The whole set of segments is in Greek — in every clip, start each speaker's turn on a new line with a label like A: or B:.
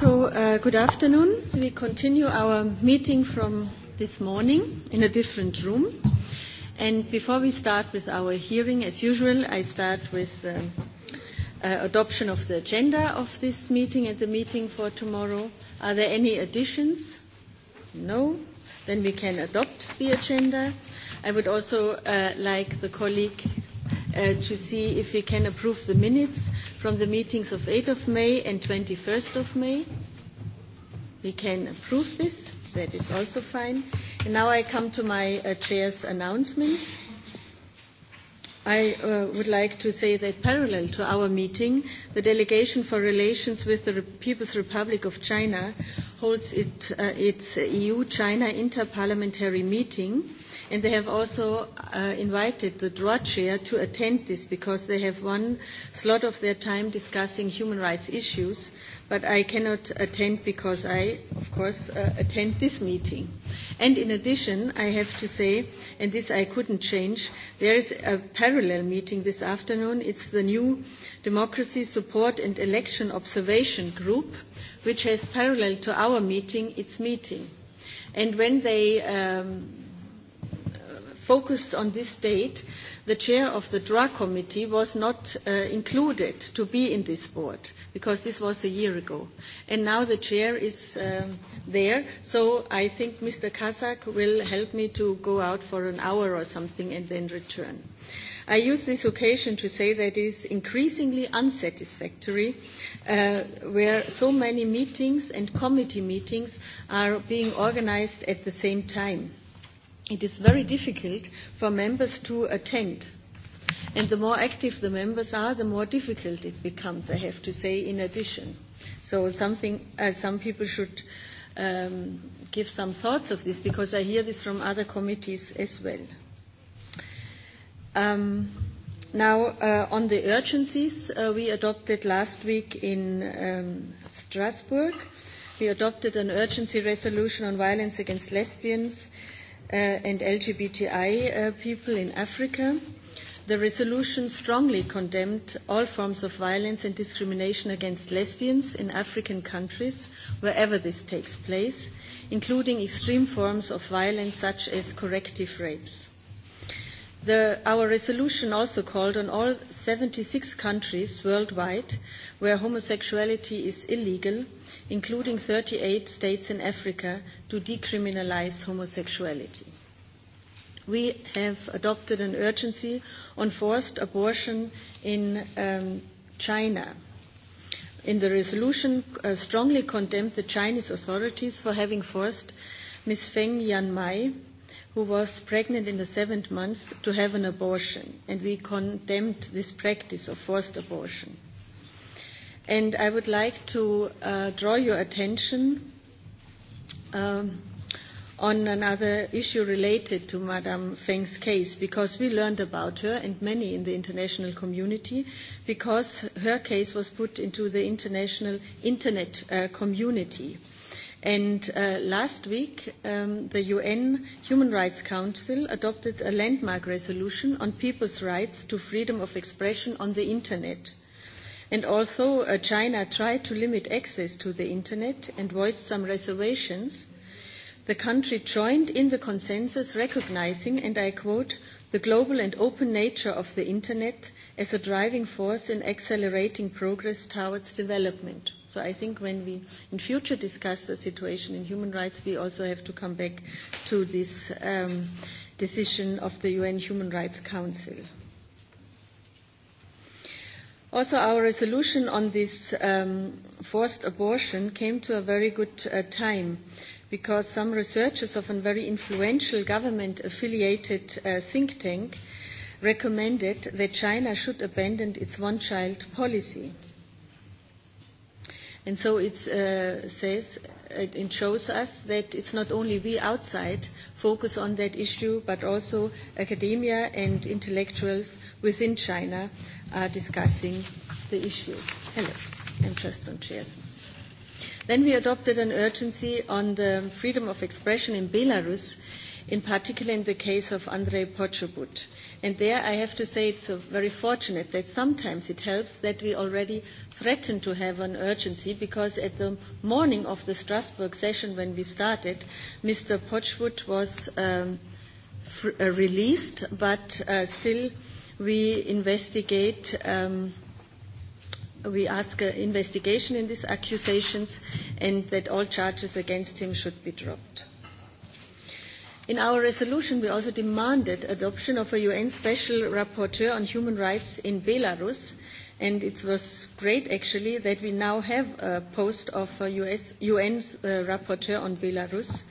A: So, good afternoon. We continue our meeting from this morning in a different room. And before we start with our hearing, as usual, I start with the adoption of the agenda of this meeting and the meeting for tomorrow. Are there any additions? No. Then we can adopt the agenda. I would also like the colleague to see if we can approve the minutes from the meetings of 8th of May and 21st of May. We can approve this. That is also fine. And now I come to my chair's announcements. I would like to say that parallel to our meeting, the Delegation for Relations with the People's Republic of China holds its EU-China Interparliamentary Meeting And they have also invited the draw chair to attend this because they have one slot of their time discussing human rights issues, but I cannot attend because I, of course, attend this meeting. And in addition, I have to say, and this I couldn't change, there is a parallel meeting this afternoon. It's the new Democracy Support and Election Observation Group, which has parallel to our meeting its meeting. And when they focused on this date, the chair of the Drug committee was not included to be in this board because this was a year ago. And now the chair is there, so I think Mr. Kazak will help me to go out for an hour or something and then return. I use this occasion to say that it is increasingly unsatisfactory where so many meetings and committee meetings are being organized at the same time it is very difficult for members to attend. And the more active the members are, the more difficult it becomes, I have to say, in addition. So something, some people should um, give some thoughts of this, because I hear this from other committees as well. Um, now, on the urgencies, we adopted last week in Strasbourg. We adopted an urgency resolution on violence against lesbians and LGBTI people in Africa. The resolution strongly condemned all forms of violence and discrimination against lesbians in African countries, wherever this takes place, including extreme forms of violence such as corrective rapes. Our resolution also called on all 76 countries worldwide where homosexuality is illegal including 38 states in Africa, to decriminalize homosexuality. We have adopted an urgency on forced abortion in China. In the resolution, strongly condemned the Chinese authorities for having forced Ms. Feng Yanmai, who was pregnant in the seventh month, to have an abortion, and we condemned this practice of forced abortion. And I would like to draw your attention on another issue related to Madame Feng's case, because we learned about her and many in the international community, because her case was put into the international internet community. And last week, the UN Human Rights Council adopted a landmark resolution on people's rights to freedom of expression on the internet. And although China tried to limit access to the Internet and voiced some reservations, the country joined in the consensus recognizing, and I quote, the global and open nature of the Internet as a driving force in accelerating progress towards development. So I think when we in future discuss the situation in human rights, we also have to come back to this decision of the UN Human Rights Council. Also, our resolution on this forced abortion came to a very good time because some researchers of a very influential government-affiliated think tank recommended that China should abandon its one-child policy. And so it says it shows us that it's not only we outside focus on that issue, but also academia and intellectuals within China are discussing the issue. Hello, I'm just on chairs. Then we adopted an urgency on the freedom of expression in Belarus, in particular in the case of Andrei Pochobut. And there I have to say it's very fortunate that sometimes it helps that we already threaten to have an urgency because at the morning of the Strasbourg session when we started, Mr. Potchwood was released, but still we investigate we ask an investigation in these accusations and that all charges against him should be dropped. In our resolution, we also demanded adoption of a UN Special Rapporteur on Human Rights in Belarus, and it was great, actually, that we now have a post of a UN Rapporteur on Belarus,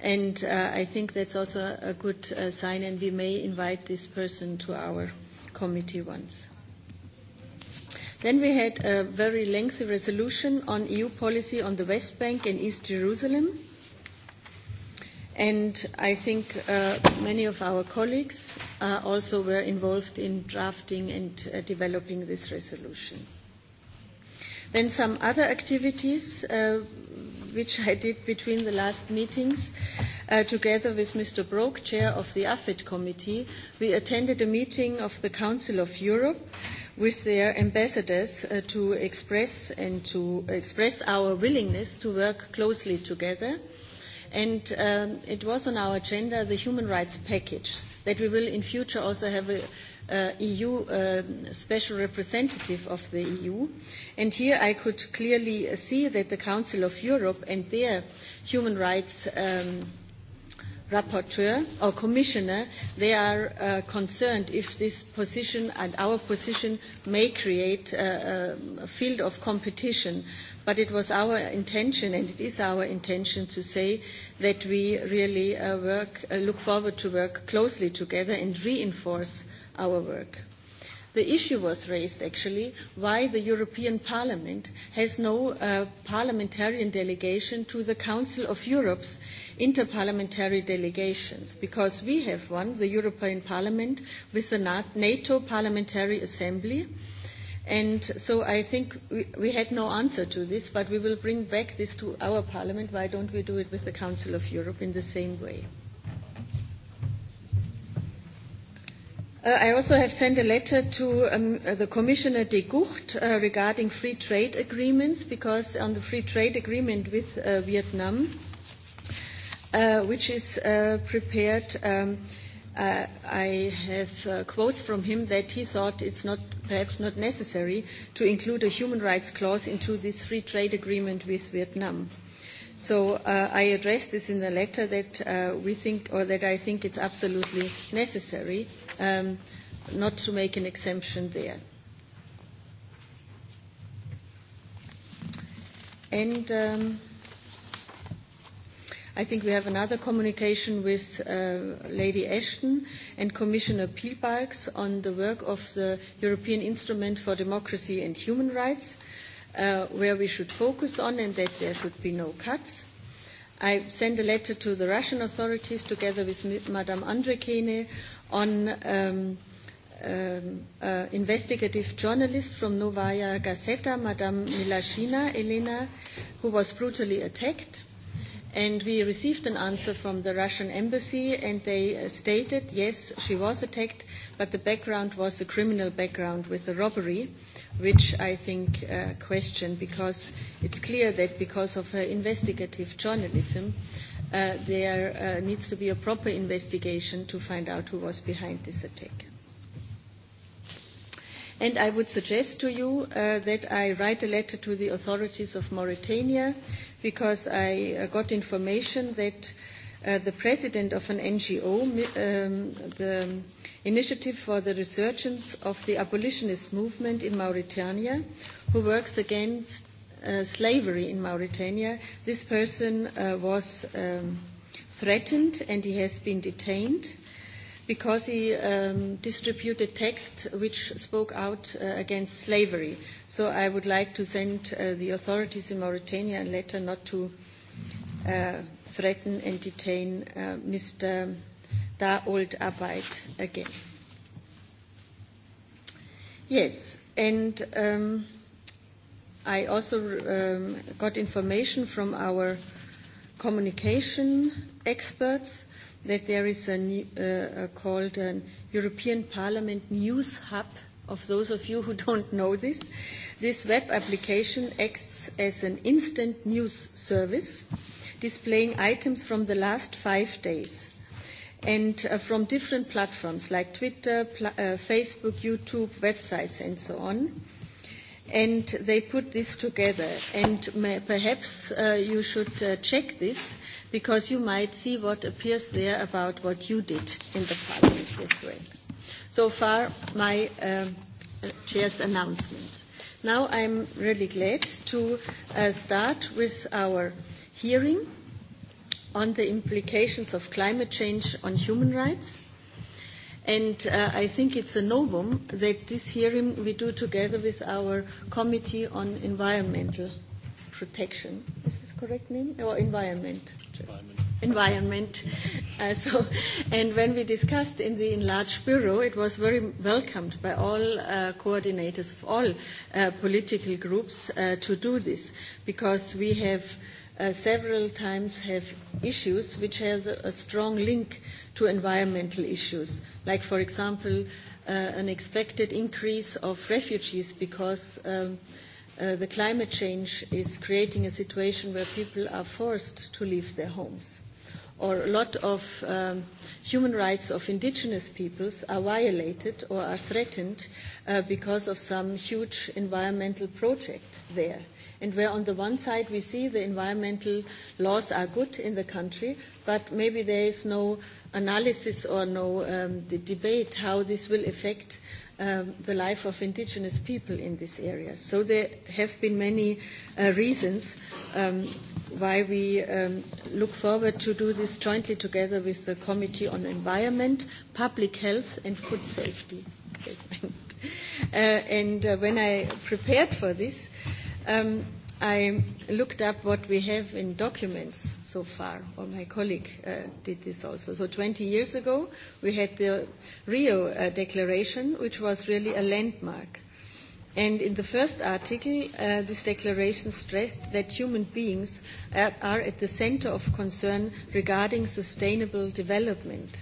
A: and I think that's also a good sign, and we may invite this person to our committee once. Then we had a very lengthy resolution on EU policy on the West Bank and East Jerusalem. And I think many of our colleagues also were involved in drafting and developing this resolution. Then some other activities which I did between the last meetings, together with Mr. Brok, chair of the AFET committee, we attended a meeting of the Council of Europe with their ambassadors to express and to express our willingness to work closely together And it was on our agenda, the human rights package, that we will in future also have a EU special representative of the EU. And here I could clearly see that the Council of Europe and their human rights rapporteur or commissioner, they are concerned if this position and our position may create a field of competition But it was our intention, and it is our intention, to say that we really work, look forward to work closely together and reinforce our work. The issue was raised, actually, why the European Parliament has no parliamentarian delegation to the Council of Europe's interparliamentary delegations, because we have one, the European Parliament, with the NATO Parliamentary Assembly And so I think we had no answer to this, but we will bring back this to our Parliament. Why don't we do it with the Council of Europe in the same way? I also have sent a letter to the Commissioner de Gucht regarding free trade agreements, because on the free trade agreement with Vietnam, which is prepared I have quotes from him that he thought it's not perhaps not necessary to include a human rights clause into this free trade agreement with Vietnam. So I addressed this in the letter that we think or that I think it's absolutely necessary not to make an exemption there. And I think we have another communication with Lady Ashton and Commissioner Piebalgs on the work of the European Instrument for Democracy and Human Rights, where we should focus on and that there should be no cuts. I send a letter to the Russian authorities together with Madame Andrekene on investigative journalist from Novaya Gazeta, Madame Milashina Elena, who was brutally attacked. And we received an answer from the Russian embassy, and they stated, yes, she was attacked, but the background was a criminal background with a robbery, which I think question because it's clear that because of her investigative journalism, there needs to be a proper investigation to find out who was behind this attack. And I would suggest to you that I write a letter to the authorities of Mauritania because I got information that the president of an NGO, the Initiative for the Resurgence of the Abolitionist Movement in Mauritania, who works against slavery in Mauritania, this person was threatened and he has been detained because he distributed text which spoke out against slavery. So I would like to send the authorities in Mauritania a letter not to threaten and detain Mr. Da Old again. Yes, and I also got information from our communication experts that there is a new called a European Parliament News Hub of those of you who don't know this. This web application acts as an instant news service displaying items from the last five days and from different platforms like Twitter, Facebook, YouTube, websites and so on. And they put this together. And perhaps you should check this because you might see what appears there about what you did in the parliament this way. So far, my chair's announcements. Now I'm really glad to start with our hearing on the implications of climate change on human rights. And I think it's a novum that this hearing we do together with our Committee on Environmental Protection correct name or environment environment so and when we discussed in the enlarged bureau it was very welcomed by all coordinators of all political groups to do this because we have several times have issues which has a strong link to environmental issues like for example an expected increase of refugees because the climate change is creating a situation where people are forced to leave their homes. Or a lot of human rights of indigenous peoples are violated or are threatened because of some huge environmental project there. And where on the one side we see the environmental laws are good in the country, but maybe there is no analysis or no debate how this will affect the life of indigenous people in this area. So there have been many reasons why we look forward to do this jointly together with the Committee on Environment, Public Health and Food Safety. And when I prepared for this, I looked up what we have in documents so far, or my colleague did this also. So 20 years ago, we had the Rio Declaration, which was really a landmark. And in the first article, this declaration stressed that human beings are at the center of concern regarding sustainable development.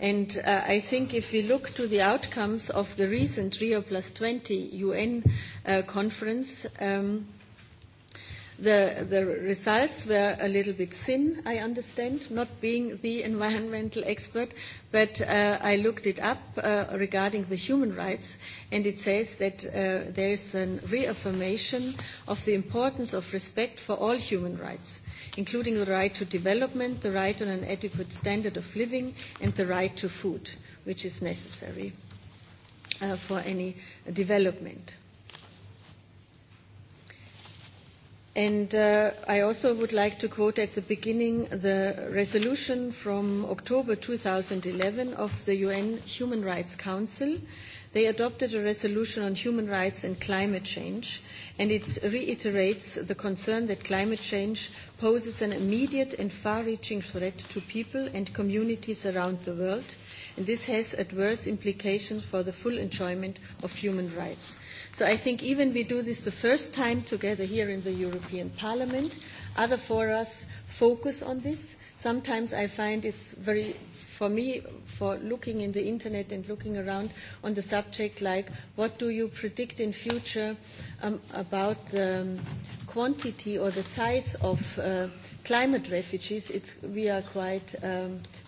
A: And I think if we look to the outcomes of the recent Rio Plus 20 UN conference, The the results were a little bit thin, I understand, not being the environmental expert, but I looked it up regarding the human rights, and it says that there is a reaffirmation of the importance of respect for all human rights, including the right to development, the right on an adequate standard of living, and the right to food, which is necessary for any development. And I also would like to quote at the beginning the resolution from October 2011 of the UN Human Rights Council. They adopted a resolution on human rights and climate change, and it reiterates the concern that climate change poses an immediate and far-reaching threat to people and communities around the world, and this has adverse implications for the full enjoyment of human rights. So I think even we do this the first time together here in the European Parliament, other forums focus on this. Sometimes I find it's very, for me, for looking in the internet and looking around on the subject like what do you predict in future about the quantity or the size of climate refugees, we are quite,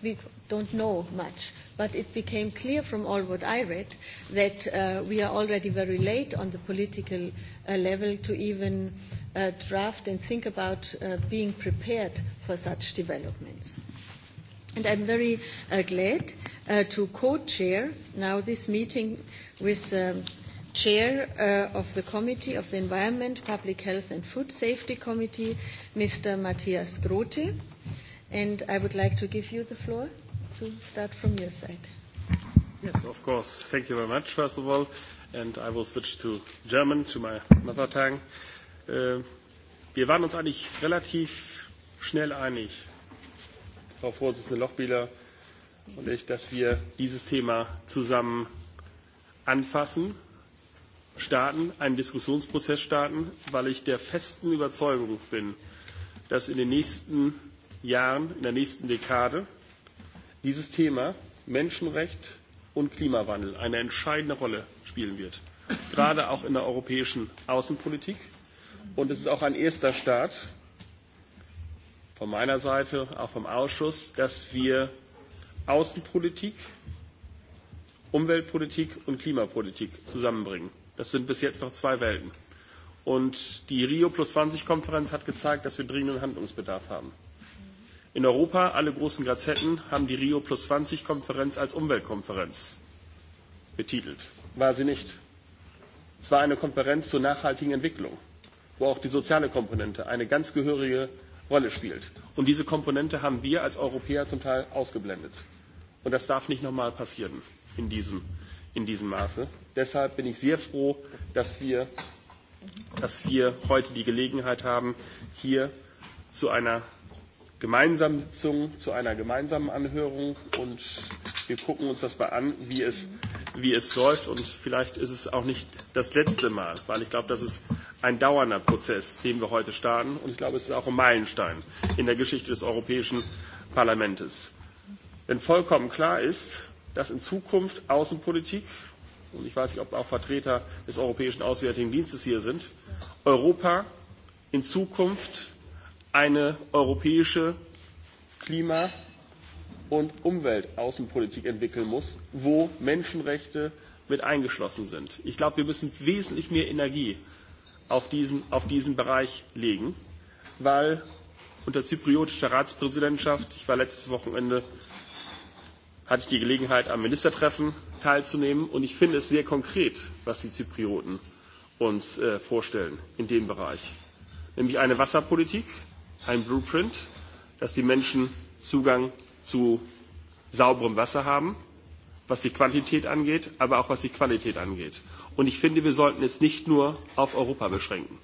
A: we don't know much. But it became clear from all what I read that we are already very late on the political level to even draft and think about being prepared for such developments. And I'm very glad to co-chair now this meeting with Chair of the Committee of the Environment, Public Health and Food Safety Committee, Mr. Matthias Grote. And I would like to give you the floor to start from your side.
B: Yes, of course. Thank you very much, first of all. And I will switch to German, to my mother tongue. Wir waren uns eigentlich relativ schnell einig, Frau Vorsitzende Lochbieler und ich, dass wir dieses Thema zusammen anfassen starten, einen Diskussionsprozess starten, weil ich der festen Überzeugung bin, dass in den nächsten Jahren, in der nächsten Dekade dieses Thema Menschenrecht und Klimawandel eine entscheidende Rolle spielen wird, gerade auch in der europäischen Außenpolitik. Und es ist auch ein erster Start von meiner Seite, auch vom Ausschuss, dass wir Außenpolitik, Umweltpolitik und Klimapolitik zusammenbringen. Das sind bis jetzt noch zwei Welten. Und die Rio Plus 20 Konferenz hat gezeigt, dass wir dringenden Handlungsbedarf haben. In Europa, alle großen Gazetten haben die Rio Plus 20 Konferenz als Umweltkonferenz betitelt. War sie nicht. Es war eine Konferenz zur nachhaltigen Entwicklung, wo auch die soziale Komponente eine ganz gehörige Rolle spielt. Und diese Komponente haben wir als Europäer zum Teil ausgeblendet. Und das darf nicht nochmal passieren in diesem in diesem Maße. Deshalb bin ich sehr froh, dass wir heute die Gelegenheit haben, hier zu einer gemeinsamen Sitzung, zu einer gemeinsamen Anhörung und wir gucken uns das mal an, wie es, läuft und vielleicht ist es auch nicht das letzte Mal, weil ich glaube, das ist ein dauernder Prozess, den wir heute starten und ich glaube, es ist auch ein Meilenstein in der Geschichte des Europäischen Parlaments. Wenn vollkommen klar ist, dass in Zukunft Außenpolitik und ich weiß nicht, ob auch Vertreter des Europäischen Auswärtigen Dienstes hier sind Europa in Zukunft eine europäische Klima und Umweltaußenpolitik entwickeln muss, wo Menschenrechte mit eingeschlossen sind. Ich glaube, wir müssen wesentlich mehr Energie auf diesen Bereich legen, weil unter zypriotischer Ratspräsidentschaft, ich war letztes Wochenende hatte ich die Gelegenheit, am Ministertreffen teilzunehmen. Und ich finde es sehr konkret, was die Zyprioten uns vorstellen in dem Bereich. Nämlich eine Wasserpolitik, ein Blueprint, dass die Menschen Zugang zu sauberem Wasser haben, was die Quantität angeht, aber auch was die Qualität angeht. Und ich finde, wir sollten es nicht nur auf Europa beschränken,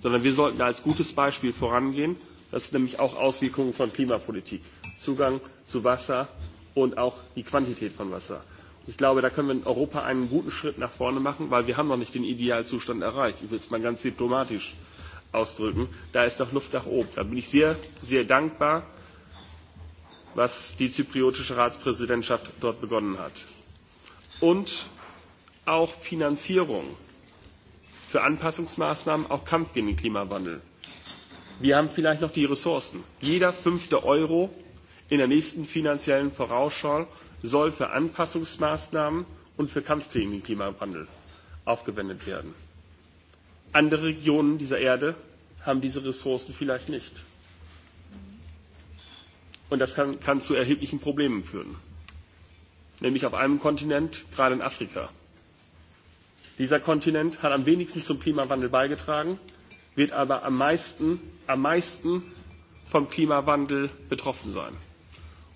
B: sondern wir sollten als gutes Beispiel vorangehen. Das ist nämlich auch Auswirkungen von Klimapolitik. Zugang zu Wasser, und auch die Quantität von Wasser. Ich glaube, da können wir in Europa einen guten Schritt nach vorne machen, weil wir haben noch nicht den Idealzustand erreicht. Ich will es mal ganz diplomatisch ausdrücken. Da ist noch Luft nach oben. Da bin ich sehr, sehr dankbar, was die zypriotische Ratspräsidentschaft dort begonnen hat. Und auch Finanzierung für Anpassungsmaßnahmen, auch Kampf gegen den Klimawandel. Wir haben vielleicht noch die Ressourcen. Jeder fünfte Euro in der nächsten finanziellen Vorausschau soll für Anpassungsmaßnahmen und für Kampf gegen den Klimawandel aufgewendet werden. Andere Regionen dieser Erde haben diese Ressourcen vielleicht nicht. Und das kann zu erheblichen Problemen führen. Nämlich auf einem Kontinent, gerade in Afrika. Dieser Kontinent hat am wenigsten zum Klimawandel beigetragen, wird aber am meisten vom Klimawandel betroffen sein.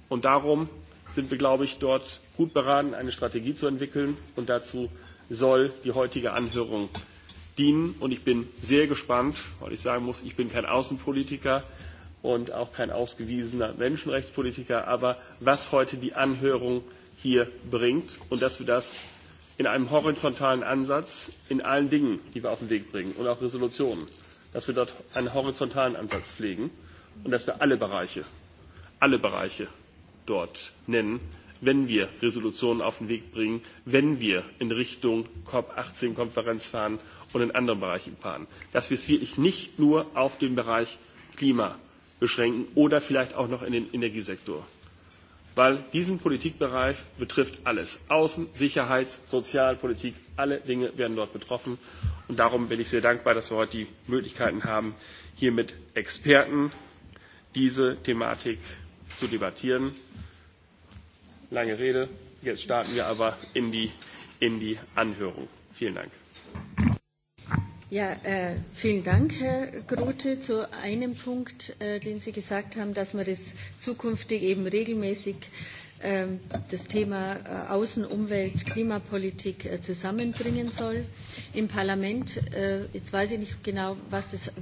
B: Und darum sind wir, glaube ich, dort gut beraten, eine Strategie zu entwickeln. Und dazu soll die heutige Anhörung dienen. Und ich bin sehr gespannt, weil ich sagen muss, ich bin kein Außenpolitiker und auch kein ausgewiesener Menschenrechtspolitiker, aber was heute die Anhörung hier bringt und dass wir das in einem horizontalen Ansatz in allen Dingen, die wir auf den Weg bringen und auch Resolutionen, dass wir dort einen horizontalen Ansatz pflegen und dass wir alle Bereiche, alle Bereiche dort nennen, wenn wir Resolutionen auf den Weg bringen, wenn wir in Richtung COP18-Konferenz fahren und in anderen Bereichen fahren. Dass wir es wirklich nicht nur auf den Bereich Klima beschränken oder vielleicht auch noch in den Energiesektor. Weil diesen Politikbereich betrifft alles. Außen-, Sicherheits-, Sozialpolitik, alle Dinge werden dort betroffen. Und darum bin ich sehr dankbar, dass wir heute die Möglichkeiten haben, hier mit Experten diese Thematik zu debattieren. Lange Rede. Jetzt starten wir aber in die, in die Anhörung. Vielen Dank.
A: Ja, vielen Dank, Herr Grote, zu einem Punkt, den Sie gesagt haben, dass man das zukünftig eben regelmäßig das Thema Außen-, Umwelt-, Klimapolitik zusammenbringen soll. Im Parlament, jetzt weiß ich nicht genau,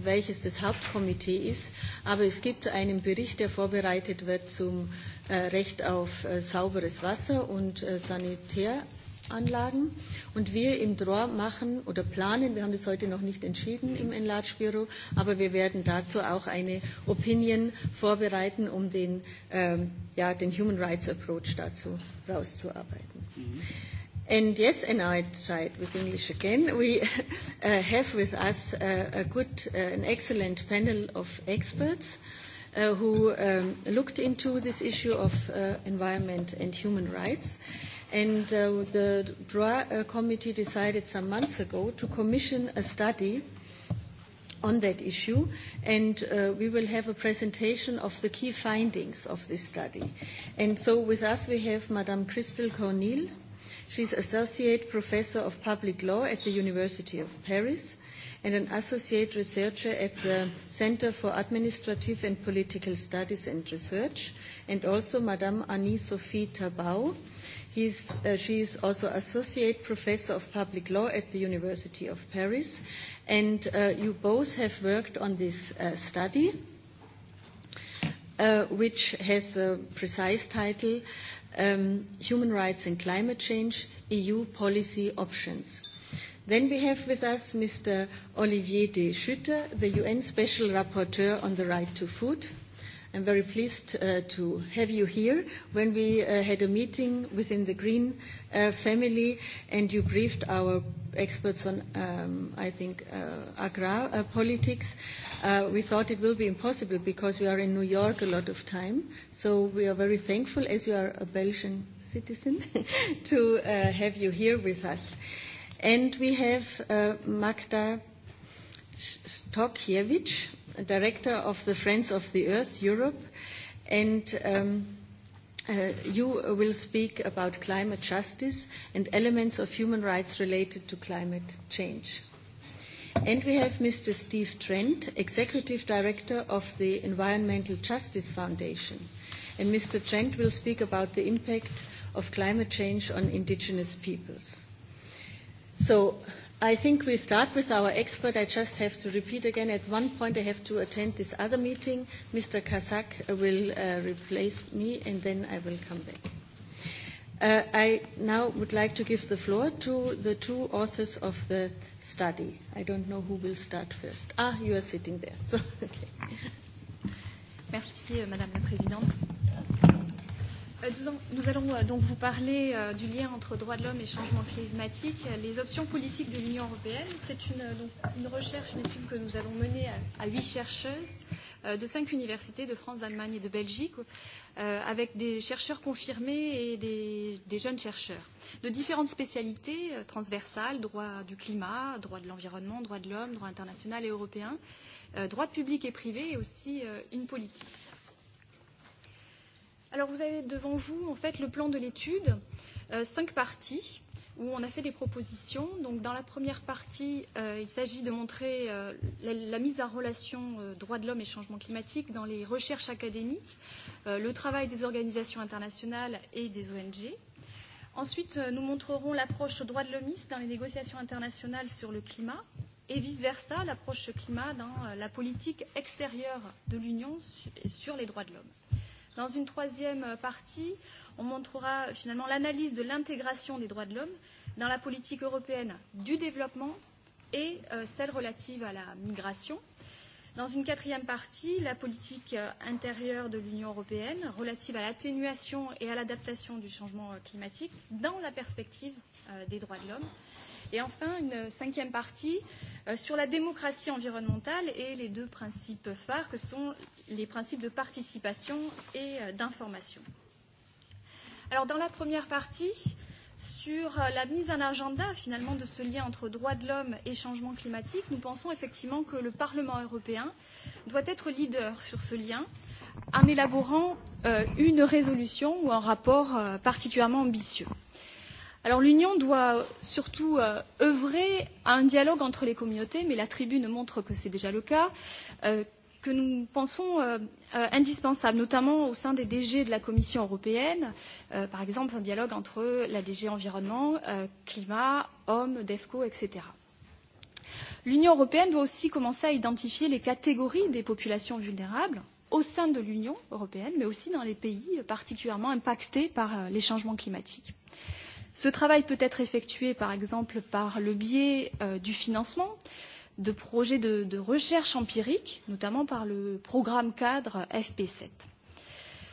A: welches das Hauptkomitee ist, aber es gibt einen Bericht, der vorbereitet wird zum Recht auf sauberes Wasser und Sanitär Anlagen. Und wir im DROR machen oder planen, wir haben das heute noch nicht entschieden im Enlarge Büro, aber wir werden dazu auch eine Opinion vorbereiten, um den, ja, den Human Rights Approach dazu rauszuarbeiten. And yes, and I tried with English again. We have with us a good, an excellent panel of experts who looked into this issue of environment and human rights. And the DRA committee decided some months ago to commission a study on that issue, and we will have a presentation of the key findings of this study. And so with us we have Madame Christel Cornil. She's Associate Professor of Public Law at the University of Paris and an Associate Researcher at the Center for Administrative and Political Studies and Research, and also Madame Annie-Sophie Tabau. She is also associate professor of public law at the University of Paris, and you both have worked on this study, which has the precise title Human Rights and Climate Change, EU Policy Options. Then we have with us Mr. Olivier de Schutter, the UN Special Rapporteur on the Right to Food. I'm very pleased to have you here. When we had a meeting within the Green family and you briefed our experts on, I think, agrar politics, we thought it will be impossible because we are in New York a lot of time. So we are very thankful, as you are a Belgian citizen, to have you here with us. And we have Magda Stokiewicz director of the Friends of the Earth Europe, and you will speak about climate justice and elements of human rights related to climate change. And we have Mr. Steve Trent, Executive Director of the Environmental Justice Foundation. And Mr. Trent will speak about the impact of climate change on indigenous peoples. So I think we start with our expert. I just have to repeat again, at one point I have to attend this other meeting. Mr. Kazak will replace me and then I will come back. I now would like to give the floor to the two authors of the study. I don't know who will start first. Ah, you are sitting there. So, okay.
C: Merci, Madame la Présidente. Nous allons donc vous parler du lien entre droits de l'homme et changement climatique, les options politiques de l'Union européenne. C'est une, une recherche, une étude que nous allons mener à huit chercheuses de cinq universités de France, d'Allemagne et de Belgique, avec des chercheurs confirmés et des, des jeunes chercheurs, de différentes spécialités transversales, droit du climat, droit de l'environnement, droit de l'homme, droit international et européen, droit public et privé et aussi une politique. Alors vous avez devant vous en fait le plan de l'étude, cinq parties où on a fait des propositions. Donc dans la première partie, il s'agit de montrer la mise en relation droits de l'homme et changement climatique dans les recherches académiques, le travail des organisations internationales et des ONG. Ensuite, nous montrerons l'approche droits de l'homiste dans les négociations internationales sur le climat et vice-versa, l'approche climat dans la politique extérieure de l'Union sur les droits de l'homme. Dans une troisième partie, on montrera finalement l'analyse de l'intégration des droits de l'homme dans la politique européenne du développement et celle relative à la migration. Dans une quatrième partie, la politique intérieure de l'Union européenne relative à l'atténuation et à l'adaptation du changement climatique dans la perspective des droits de l'homme Et enfin, une cinquième partie sur la démocratie environnementale et les deux principes phares que sont les principes de participation et d'information. Alors, dans la première partie, sur la mise en agenda finalement de ce lien entre droits de l'homme et changement climatique, nous pensons effectivement que le Parlement européen doit être leader sur ce lien en élaborant une résolution ou un rapport particulièrement ambitieux. Alors l'Union doit surtout œuvrer à un dialogue entre les communautés, mais la tribune montre que c'est déjà le cas, que nous pensons indispensable, notamment au sein des DG de la Commission européenne, par exemple un dialogue entre la DG environnement, climat, hommes, DEFCO, etc. L'Union européenne doit aussi commencer à identifier les catégories des populations vulnérables au sein de l'Union européenne, mais aussi dans les pays particulièrement impactés par les changements climatiques. Ce travail peut être effectué, par exemple, par le biais du financement de projets de recherche empirique, notamment par le programme cadre FP7.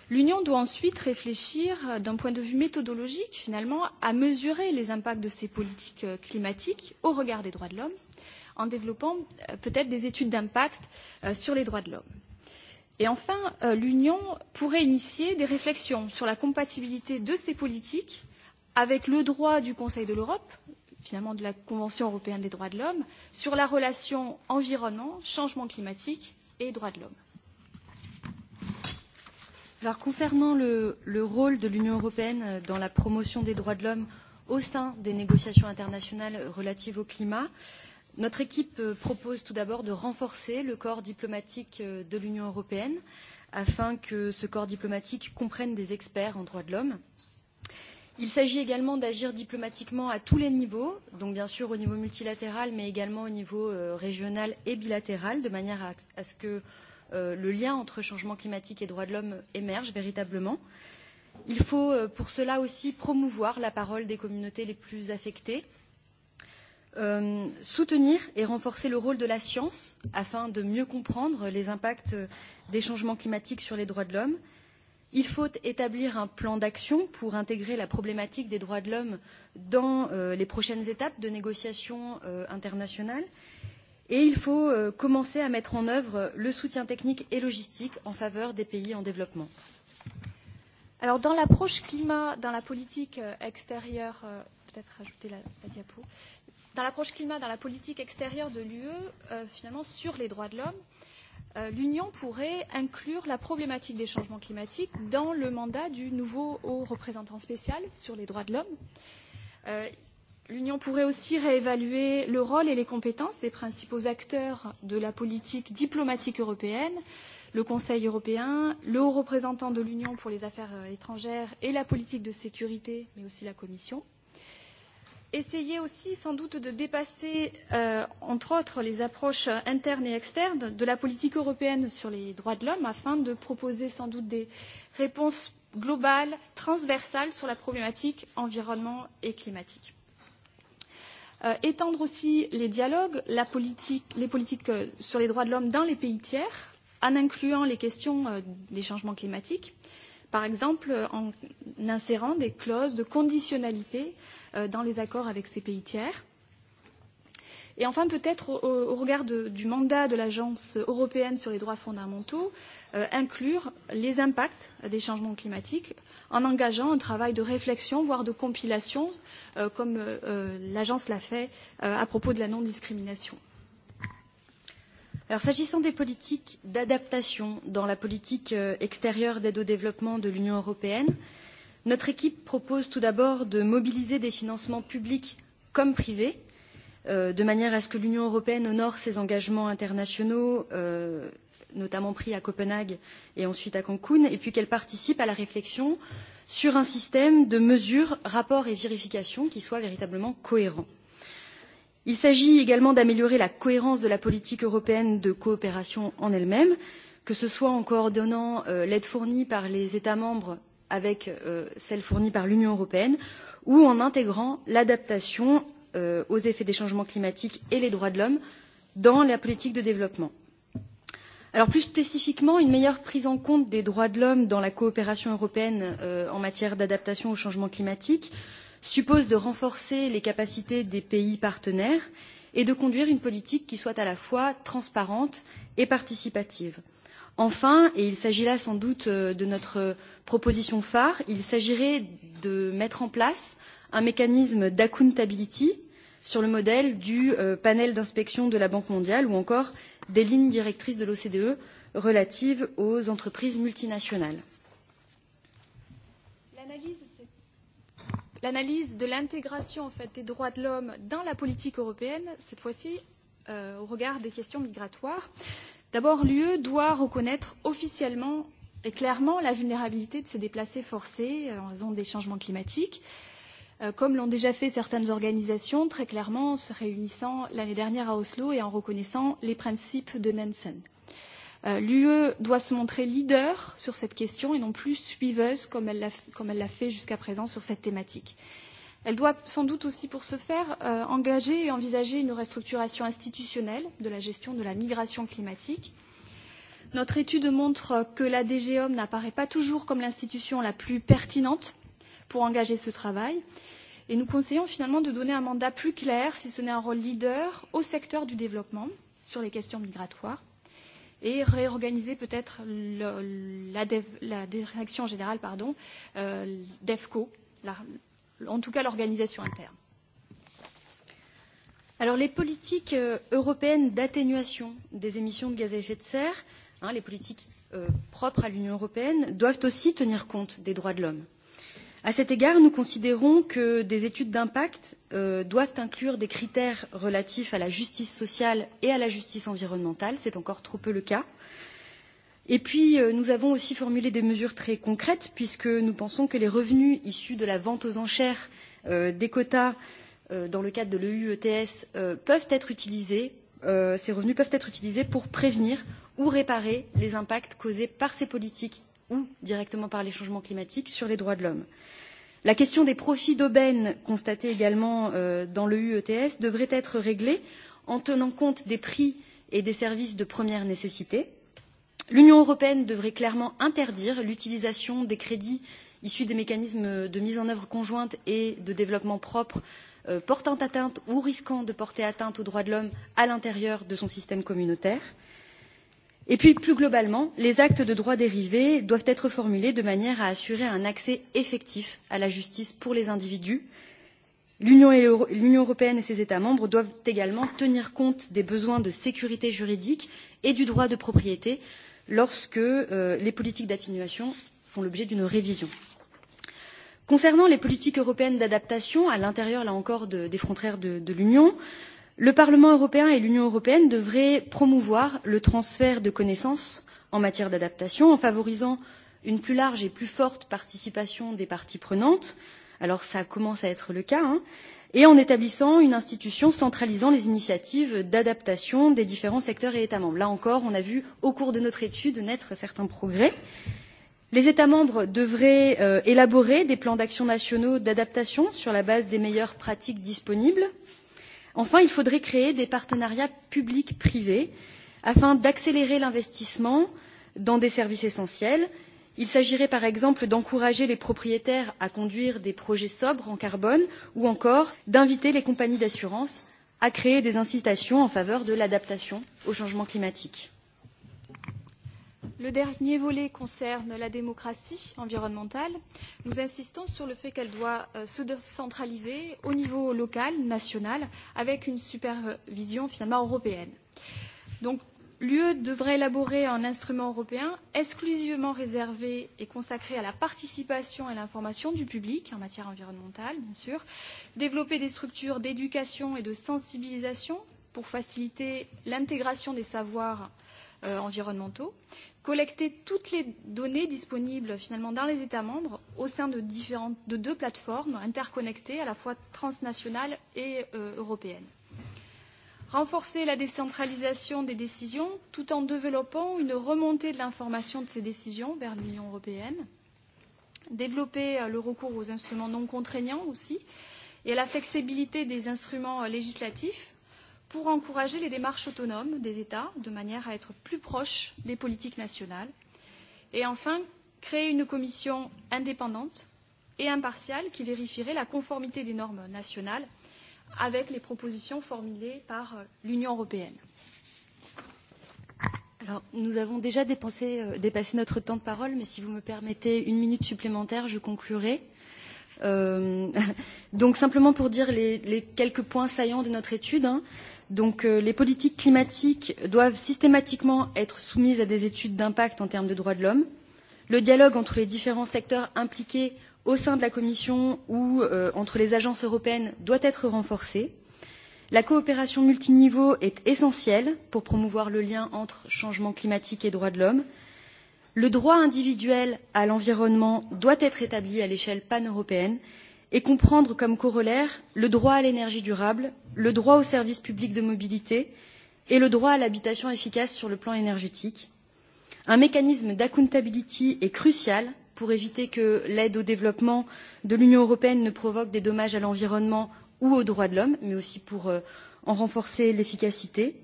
C: L'Union doit ensuite réfléchir, d'un point de vue méthodologique, finalement, à mesurer les impacts de ces politiques climatiques au regard des droits de l'homme, en développant peut-être des études d'impact sur les droits de l'homme. Et enfin, l'Union pourrait initier des réflexions sur la compatibilité de ces politiques avec le droit du Conseil de l'Europe, finalement de la Convention européenne des droits de l'homme, sur la relation environnement, changement climatique et droits de l'homme.
D: Alors, concernant le, le rôle de l'Union européenne dans la promotion des droits de l'homme au sein des négociations internationales relatives au climat, notre équipe propose tout d'abord de renforcer le corps diplomatique de l'Union européenne afin que ce corps diplomatique comprenne des experts en droits de l'homme Il s'agit également d'agir diplomatiquement à tous les niveaux, donc bien sûr au niveau multilatéral, mais également au niveau régional et bilatéral, de manière à ce que le lien entre changement climatique et droits de l'homme émerge véritablement. Il faut pour cela aussi promouvoir la parole des communautés les plus affectées, soutenir et renforcer le rôle de la science afin de mieux comprendre les impacts des changements climatiques sur les droits de l'homme Il faut établir un plan d'action pour intégrer la problématique des droits de l'homme dans les prochaines étapes de négociations internationales et il faut commencer à mettre en œuvre le soutien technique et logistique en faveur des pays en développement.
C: Alors dans l'approche climat, dans la politique extérieure, peut-être rajouter la, la diapo, dans l'approche climat, dans la politique extérieure de l'UE, finalement sur les droits de l'homme, l'Union pourrait inclure la problématique des changements climatiques dans le mandat du nouveau haut représentant spécial sur les droits de l'homme. L'Union pourrait aussi réévaluer le rôle et les compétences des principaux acteurs de la politique diplomatique européenne, le Conseil européen, le haut représentant de l'Union pour les affaires étrangères et la politique de sécurité, mais aussi la Commission essayer aussi sans doute de dépasser, entre autres, les approches internes et externes de la politique européenne sur les droits de l'homme afin de proposer sans doute des réponses globales, transversales sur la problématique environnement et climatique. Étendre aussi les dialogues, les politiques sur les droits de l'homme dans les pays tiers, en incluant les questions des changements climatiques par exemple en insérant des clauses de conditionnalité dans les accords avec ces pays tiers. Et enfin, peut-être au regard du mandat de l'Agence européenne sur les droits fondamentaux, inclure les impacts des changements climatiques en engageant un travail de réflexion, voire de compilation, comme l'Agence l'a fait à propos de la non-discrimination s'agissant des
D: politiques d'adaptation dans la politique extérieure d'aide au développement de l'Union européenne, notre équipe propose tout d'abord de mobiliser des financements publics comme privés, de manière à ce que l'Union européenne honore ses engagements internationaux, notamment pris à Copenhague et ensuite à Cancun, et puis qu'elle participe à la réflexion sur un système de mesures, rapports et vérifications qui soit véritablement cohérent. Il s'agit également d'améliorer la cohérence de la politique européenne de coopération en elle-même, que ce soit en coordonnant l'aide fournie par les États membres avec celle fournie par l'Union européenne ou en intégrant l'adaptation aux effets des changements climatiques et les droits de l'homme dans la politique de développement. plus spécifiquement, une meilleure prise en compte des droits de l'homme dans la coopération européenne en matière d'adaptation au changement climatique suppose de renforcer les capacités des pays partenaires et de conduire une politique qui soit à la fois transparente et participative. Enfin, et il s'agit là sans doute de notre proposition phare, il s'agirait de mettre en place un mécanisme d'accountability sur le modèle du panel d'inspection de la Banque mondiale ou encore des lignes directrices de l'OCDE relatives aux entreprises multinationales.
C: l'analyse de l'intégration en fait, des droits de l'homme dans la politique européenne, cette fois-ci au regard des questions migratoires. D'abord, l'UE doit reconnaître officiellement et clairement la vulnérabilité de ces déplacés forcés en raison des changements climatiques, comme l'ont déjà fait certaines organisations, très clairement en se réunissant l'année dernière à Oslo et en reconnaissant les principes de Nansen. L'UE doit se montrer leader sur cette question et non plus suiveuse comme elle l'a fait jusqu'à présent sur cette thématique. Elle doit sans doute aussi, pour ce faire, engager et envisager une restructuration institutionnelle de la gestion de la migration climatique. Notre étude montre que la Home n'apparaît pas toujours comme l'institution la plus pertinente pour engager ce travail et nous conseillons finalement de donner un mandat plus clair, si ce n'est un rôle leader, au secteur du développement sur les questions migratoires et réorganiser peut-être la direction générale pardon d'EFCO, en tout cas l'organisation interne. Alors les politiques européennes d'atténuation des émissions de gaz à effet
D: de serre, les politiques propres à l'Union européenne, doivent aussi tenir compte des droits de l'homme. À cet égard, nous considérons que des études d'impact doivent inclure des critères relatifs à la justice sociale et à la justice environnementale. C'est encore trop peu le cas. Et puis, nous avons aussi formulé des mesures très concrètes, puisque nous pensons que les revenus issus de la vente aux enchères des quotas dans le cadre de l'EUETS peuvent être utilisés, ces revenus peuvent être utilisés pour prévenir ou réparer les impacts causés par ces politiques ou directement par les changements climatiques sur les droits de l'homme. La question des profits d'aubaine constatée également dans le UETS devrait être réglée en tenant compte des prix et des services de première nécessité. L'Union européenne devrait clairement interdire l'utilisation des crédits issus des mécanismes de mise en œuvre conjointe et de développement propre portant atteinte ou risquant de porter atteinte aux droits de l'homme à l'intérieur de son système communautaire et puis plus globalement les actes de droit dérivé doivent être formulés de manière à assurer un accès effectif à la justice pour les individus. l'union européenne et ses états membres doivent également tenir compte des besoins de sécurité juridique et du droit de propriété lorsque les politiques d'atténuation font l'objet d'une révision. concernant les politiques européennes d'adaptation à l'intérieur là encore des frontières de l'union le parlement européen et l'union européenne devraient promouvoir le transfert de connaissances en matière d'adaptation en favorisant une plus large et plus forte participation des parties prenantes alors ça commence à être le cas et en établissant une institution centralisant les initiatives d'adaptation des différents secteurs et états membres. là encore on a vu au cours de notre étude naître certains progrès. les états membres devraient élaborer des plans d'action nationaux d'adaptation sur la base des meilleures pratiques disponibles Enfin, il faudrait créer des partenariats public privé afin d'accélérer l'investissement dans des services essentiels. Il s'agirait par exemple d'encourager les propriétaires à conduire des projets sobres en carbone ou encore d'inviter les compagnies d'assurance à créer des incitations en faveur de l'adaptation au changement climatique.
C: Le dernier volet concerne la démocratie environnementale. Nous insistons sur le fait qu'elle doit se décentraliser au niveau local, national, avec une supervision finalement européenne. Donc, l'UE devrait élaborer un instrument européen exclusivement réservé et consacré à la participation et à l'information du public en matière environnementale, bien sûr, développer des structures d'éducation et de sensibilisation pour faciliter l'intégration des savoirs environnementaux, collecter toutes les données disponibles finalement dans les États membres au sein de différentes de deux plateformes interconnectées à la fois transnationales et européennes. Renforcer la décentralisation des décisions tout en développant une remontée de l'information de ces décisions vers l'Union européenne. Développer le recours aux instruments non contraignants aussi et à la flexibilité des instruments législatifs pour encourager les démarches autonomes des États, de manière à être plus proches des politiques nationales, et enfin créer une commission indépendante et impartiale qui vérifierait la conformité des normes nationales avec les propositions formulées par l'Union européenne.
D: Alors, nous avons déjà dépassé notre temps de parole, mais si vous me permettez une minute supplémentaire, je conclurai. Donc, simplement pour dire les quelques points saillants de notre étude Donc les politiques climatiques doivent systématiquement être soumises à des études d'impact en termes de droits de l'homme. Le dialogue entre les différents secteurs impliqués au sein de la Commission ou entre les agences européennes doit être renforcé. La coopération multiniveau est essentielle pour promouvoir le lien entre changement climatique et droits de l'homme. Le droit individuel à l'environnement doit être établi à l'échelle paneuropéenne et comprendre comme corollaire le droit à l'énergie durable, le droit aux services publics de mobilité et le droit à l'habitation efficace sur le plan énergétique. Un mécanisme d'accountability est crucial pour éviter que l'aide au développement de l'Union européenne ne provoque des dommages à l'environnement ou aux droits de l'homme, mais aussi pour en renforcer l'efficacité.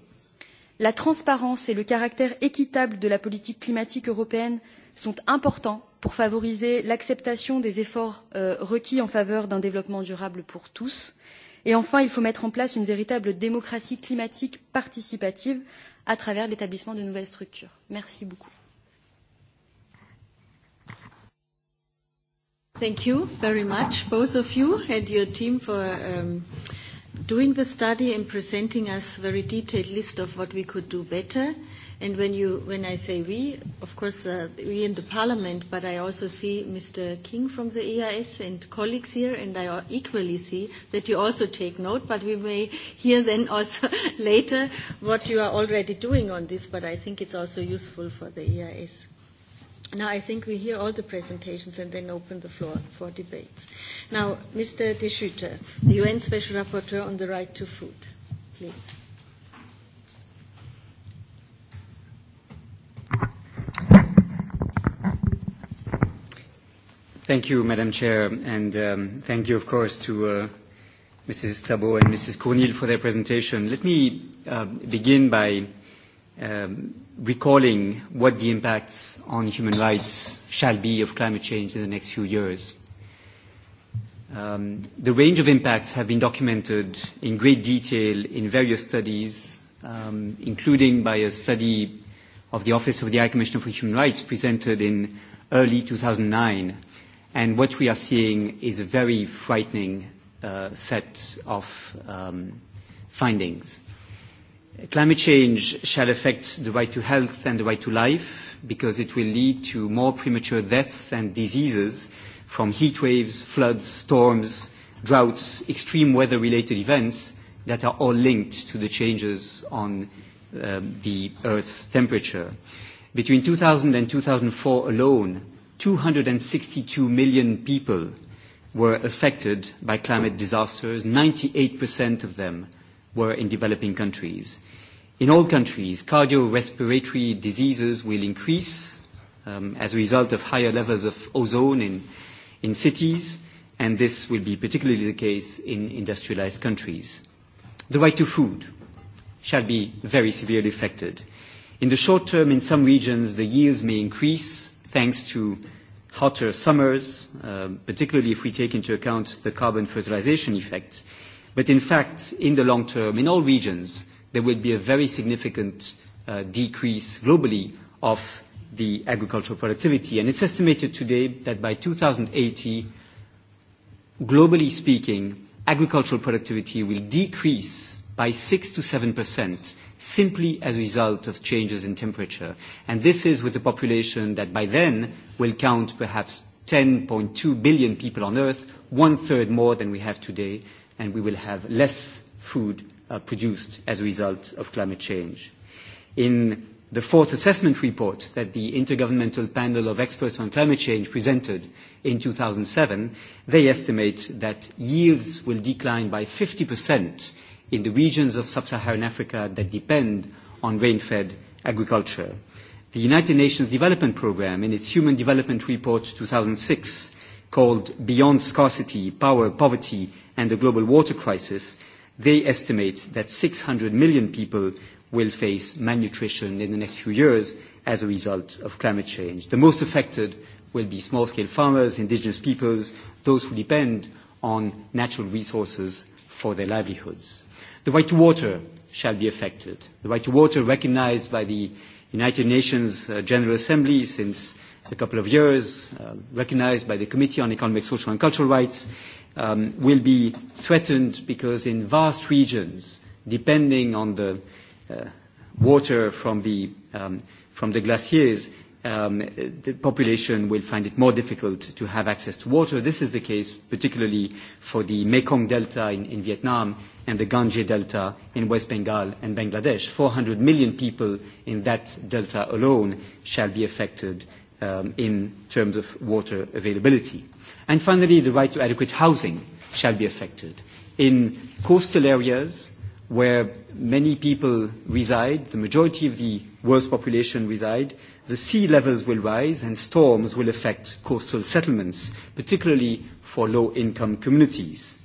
D: La transparence et le caractère équitable de la politique climatique européenne sont importants pour favoriser l'acceptation des efforts requis en faveur d'un développement durable pour tous et enfin il faut mettre en place une véritable démocratie climatique participative à travers l'établissement de nouvelles structures.
A: merci beaucoup. both of you and your team, for us very detailed list of what we could do better. And when you, when I say we, of course we in the Parliament, but I also see Mr. King from the EIS and colleagues here, and I equally see that you also take note. But we may hear then also later what you are already doing on this. But I think it's also useful for the EIS. Now I think we hear all the presentations and then open the floor for debates. Now, Mr. De Schutter, the UN Special Rapporteur on the Right to Food, please.
E: Thank you, Madam Chair, and thank you, of course, to Mrs. Tabo and Mrs. Cornil for their presentation. Let me begin by recalling what the impacts on human rights shall be of climate change in the next few years. The range of impacts have been documented in great detail in various studies, including by a study of the Office of the High Commissioner for Human Rights presented in early 2009 And what we are seeing is a very frightening set of findings. Climate change shall affect the right to health and the right to life because it will lead to more premature deaths and diseases from heat waves, floods, storms, droughts, extreme weather-related events that are all linked to the changes on the Earth's temperature. Between 2000 and 2004 alone, 262 million people were affected by climate disasters. 98% of them were in developing countries. In all countries, cardiorespiratory diseases will increase as a result of higher levels of ozone in cities, and this will be particularly the case in industrialized countries. The right to food shall be very severely affected. In the short term, in some regions, the yields may increase thanks to hotter summers, particularly if we take into account the carbon fertilization effect. But in fact, in the long term, in all regions, there will be a very significant decrease globally of the agricultural productivity. And it's estimated today that by 2080, globally speaking, agricultural productivity will decrease by 6 to 7% simply as a result of changes in temperature. And this is with a population that by then will count perhaps 10.2 billion people on Earth, one-third more than we have today, and we will have less food produced as a result of climate change. In the fourth assessment report that the Intergovernmental Panel of Experts on Climate Change presented in 2007, they estimate that yields will decline by 50% in the regions of sub-Saharan Africa that depend on rain-fed agriculture. The United Nations Development Programme, in its Human Development Report 2006, called Beyond Scarcity, Power, Poverty and the Global Water Crisis, they estimate that 600 million people will face malnutrition in the next few years as a result of climate change. The most affected will be small-scale farmers, indigenous peoples, those who depend on natural resources for their livelihoods. The right to water shall be affected. The right to water recognized by the United Nations General Assembly since a couple of years, recognized by the Committee on Economic, Social and Cultural Rights, will be threatened because in vast regions, depending on the water from the glaciers, the population will find it more difficult to have access to water. This is the case particularly for the Mekong Delta in Vietnam and the Ganges Delta in West Bengal and Bangladesh. 400 million people in that delta alone shall be affected in terms of water availability. And finally, the right to adequate housing shall be affected. In coastal areas where many people reside, the majority of the world's population reside, the sea levels will rise and storms will affect coastal settlements, particularly for low-income communities.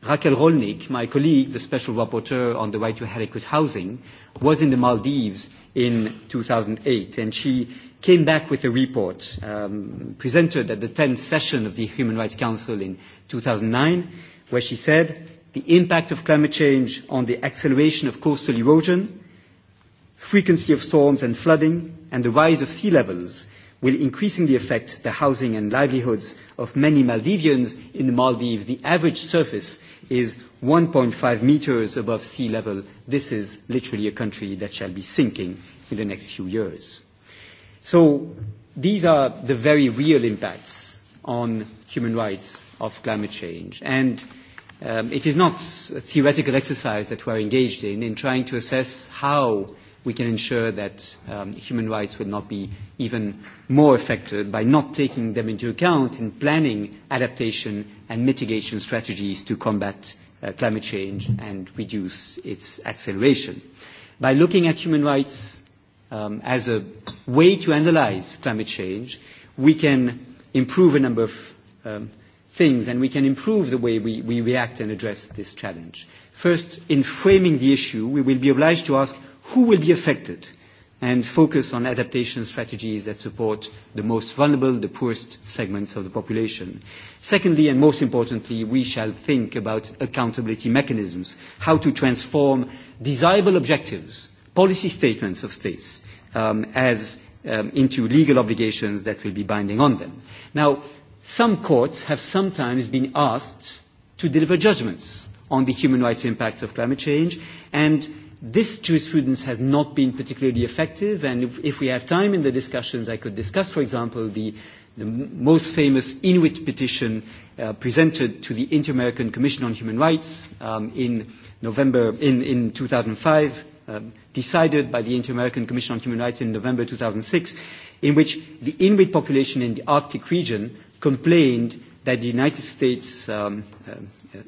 E: Raquel Rolnik, my colleague, the Special Rapporteur on the right to adequate housing, was in the Maldives in 2008, and she came back with a report presented at the 10th session of the Human Rights Council in 2009, where she said, the impact of climate change on the acceleration of coastal erosion, frequency of storms and flooding, and the rise of sea levels will increasingly affect the housing and livelihoods of many Maldivians. In the Maldives, the average surface is 1.5 meters above sea level. This is literally a country that shall be sinking in the next few years. So these are the very real impacts on human rights of climate change. And it is not a theoretical exercise that we are engaged in, in trying to assess how we can ensure that human rights would not be even more affected by not taking them into account in planning adaptation and mitigation strategies to combat climate change and reduce its acceleration. By looking at human rights as a way to analyze climate change, we can improve a number of things and we can improve the way we react and address this challenge. First, in framing the issue, we will be obliged to ask who will be affected and focus on adaptation strategies that support the most vulnerable, the poorest segments of the population. Secondly, and most importantly, we shall think about accountability mechanisms, how to transform desirable objectives, policy statements of states, as into legal obligations that will be binding on them. Now, some courts have sometimes been asked to deliver judgments on the human rights impacts of climate change, and This jurisprudence has not been particularly effective, and if we have time in the discussions, I could discuss, for example, the most famous Inuit petition presented to the Inter-American Commission on Human Rights in November in 2005, decided by the Inter-American Commission on Human Rights in November 2006, in which the Inuit population in the Arctic region complained that the United States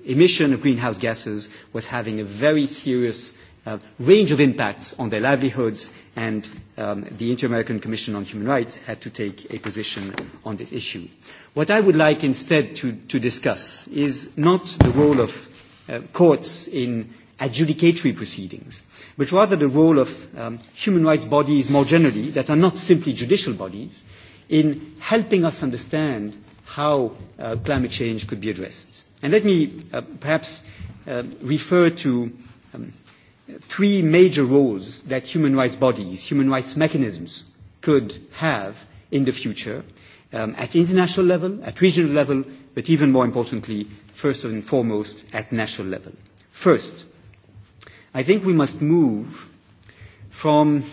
E: emission of greenhouse gases was having a very serious range of impacts on their livelihoods, and the Inter-American Commission on Human Rights had to take a position on this issue. What I would like instead to discuss is not the role of courts in adjudicatory proceedings, but rather the role of human rights bodies more generally, that are not simply judicial bodies, in helping us understand how climate change could be addressed. And let me perhaps refer to three major roles that human rights bodies, human rights mechanisms could have in the future at international level, at regional level, but even more importantly, first and foremost, at national level. First, I think we must move from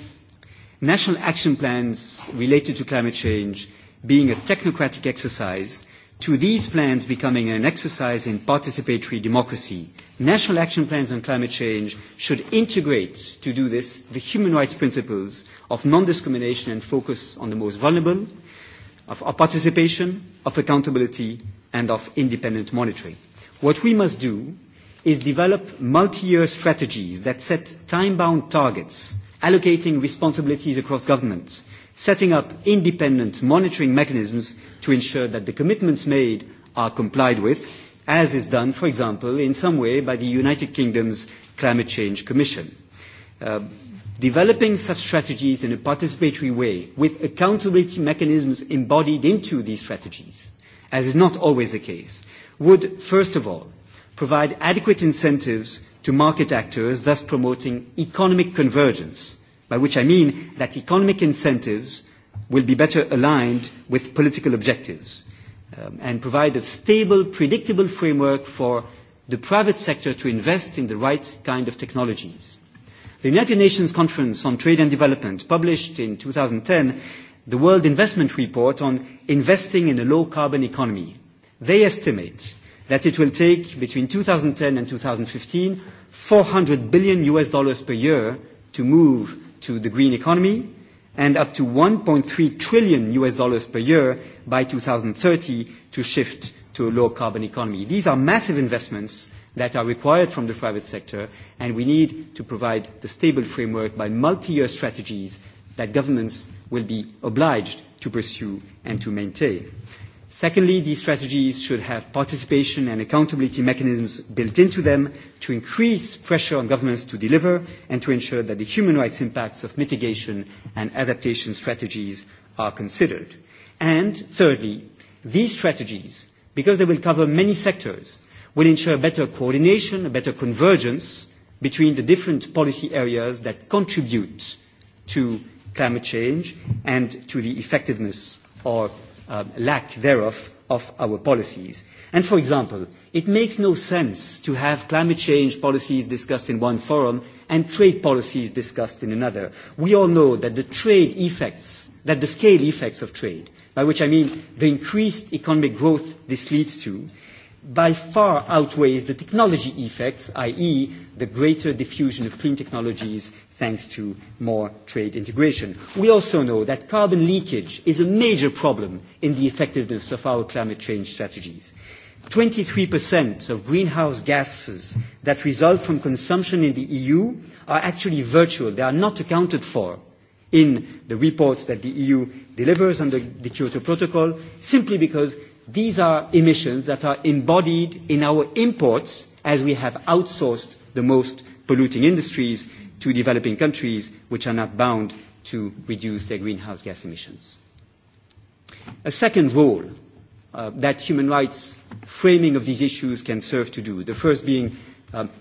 E: national action plans related to climate change being a technocratic exercise to these plans becoming an exercise in participatory democracy National action plans on climate change should integrate, to do this, the human rights principles of non-discrimination and focus on the most vulnerable, of participation, of accountability, and of independent monitoring. What we must do is develop multi-year strategies that set time-bound targets, allocating responsibilities across governments, setting up independent monitoring mechanisms to ensure that the commitments made are complied with, as is done, for example, in some way by the United Kingdom's Climate Change Commission. Developing such strategies in a participatory way, with accountability mechanisms embodied into these strategies, as is not always the case, would, first of all, provide adequate incentives to market actors, thus promoting economic convergence, by which I mean that economic incentives will be better aligned with political objectives and provide a stable, predictable framework for the private sector to invest in the right kind of technologies. The United Nations Conference on Trade and Development published in 2010 the World Investment Report on investing in a low-carbon economy. They estimate that it will take between 2010 and 2015 400 billion US dollars per year to move to the green economy and up to 1.3 trillion US dollars per year by 2030 to shift to a low-carbon economy. These are massive investments that are required from the private sector, and we need to provide the stable framework by multi-year strategies that governments will be obliged to pursue and to maintain. Secondly, these strategies should have participation and accountability mechanisms built into them to increase pressure on governments to deliver and to ensure that the human rights impacts of mitigation and adaptation strategies are considered. And thirdly, these strategies, because they will cover many sectors, will ensure better coordination, a better convergence between the different policy areas that contribute to climate change and to the effectiveness or lack thereof of our policies. And for example, it makes no sense to have climate change policies discussed in one forum and trade policies discussed in another. We all know that the trade effects, that the scale effects of trade by which I mean the increased economic growth this leads to, by far outweighs the technology effects, i.e. the greater diffusion of clean technologies thanks to more trade integration. We also know that carbon leakage is a major problem in the effectiveness of our climate change strategies. 23% of greenhouse gases that result from consumption in the EU are actually virtual. They are not accounted for in the reports that the EU delivers under the Kyoto Protocol, simply because these are emissions that are embodied in our imports as we have outsourced the most polluting industries to developing countries which are not bound to reduce their greenhouse gas emissions. A second role that human rights framing of these issues can serve to do, the first being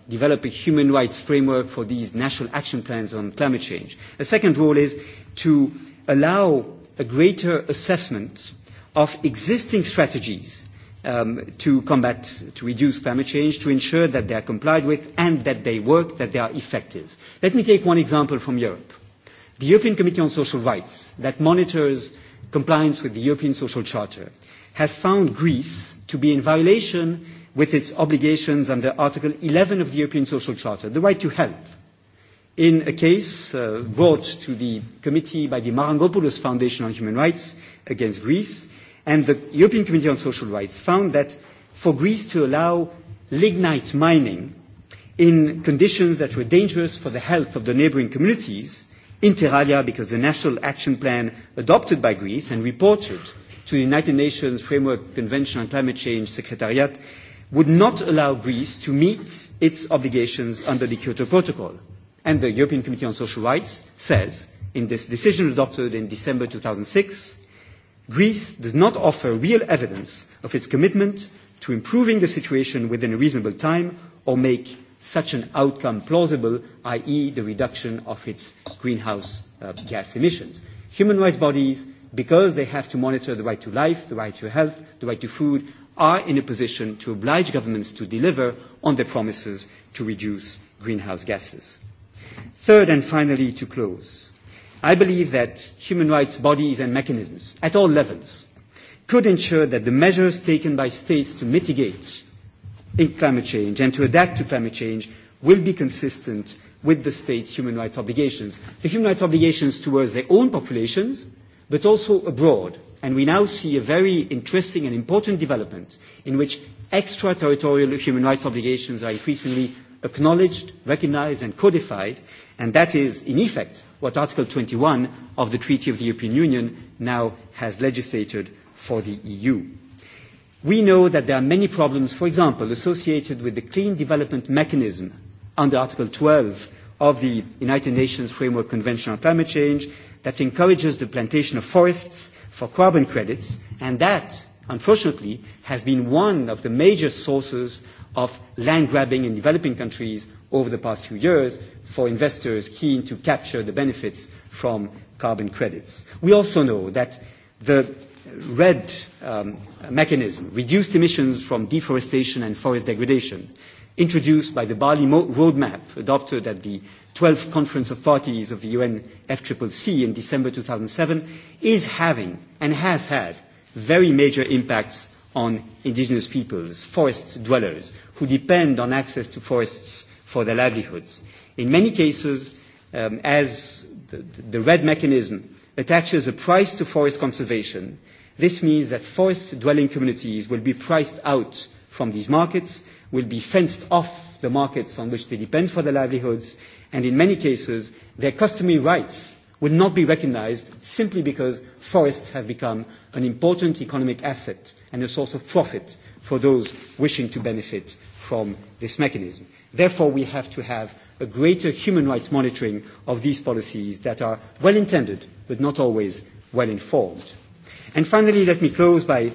E: develop a human rights framework for these national action plans on climate change. A second role is to allow a greater assessment of existing strategies to combat, to reduce climate change, to ensure that they are complied with and that they work, that they are effective. Let me take one example from Europe. The European Committee on Social Rights, that monitors compliance with the European Social Charter, has found Greece to be in violation with its obligations under Article 11 of the European Social Charter, the right to health. In a case brought to the committee by the Marangopoulos Foundation on Human Rights against Greece, and the European Committee on Social Rights found that for Greece to allow lignite mining in conditions that were dangerous for the health of the neighboring communities, inter alia because the National Action Plan adopted by Greece and reported to the United Nations Framework Convention on Climate Change Secretariat would not allow Greece to meet its obligations under the Kyoto Protocol. And the European Committee on Social Rights says, in this decision adopted in December 2006, Greece does not offer real evidence of its commitment to improving the situation within a reasonable time or make such an outcome plausible, i.e. the reduction of its greenhouse gas emissions. Human rights bodies, because they have to monitor the right to life, the right to health, the right to food, are in a position to oblige governments to deliver on their promises to reduce greenhouse gases. Third and finally, to close, I believe that human rights bodies and mechanisms at all levels could ensure that the measures taken by states to mitigate climate change and to adapt to climate change will be consistent with the states' human rights obligations, the human rights obligations towards their own populations, but also abroad And we now see a very interesting and important development in which extraterritorial human rights obligations are increasingly acknowledged, recognised and codified, and that is, in effect, what Article 21 of the Treaty of the European Union now has legislated for the EU. We know that there are many problems, for example, associated with the clean development mechanism under Article 12 of the United Nations Framework Convention on Climate Change that encourages the plantation of forests for carbon credits, and that, unfortunately, has been one of the major sources of land grabbing in developing countries over the past few years for investors keen to capture the benefits from carbon credits. We also know that the red mechanism, reduced emissions from deforestation and forest degradation, introduced by the Bali Roadmap adopted at the 12th Conference of Parties of the UN FCCC in December 2007, is having and has had very major impacts on indigenous peoples, forest dwellers, who depend on access to forests for their livelihoods. In many cases, as the red mechanism attaches a price to forest conservation, this means that forest-dwelling communities will be priced out from these markets, will be fenced off the markets on which they depend for their livelihoods, and in many cases their customary rights would not be recognized simply because forests have become an important economic asset and a source of profit for those wishing to benefit from this mechanism. Therefore, we have to have a greater human rights monitoring of these policies that are well-intended but not always well-informed. And finally, let me close by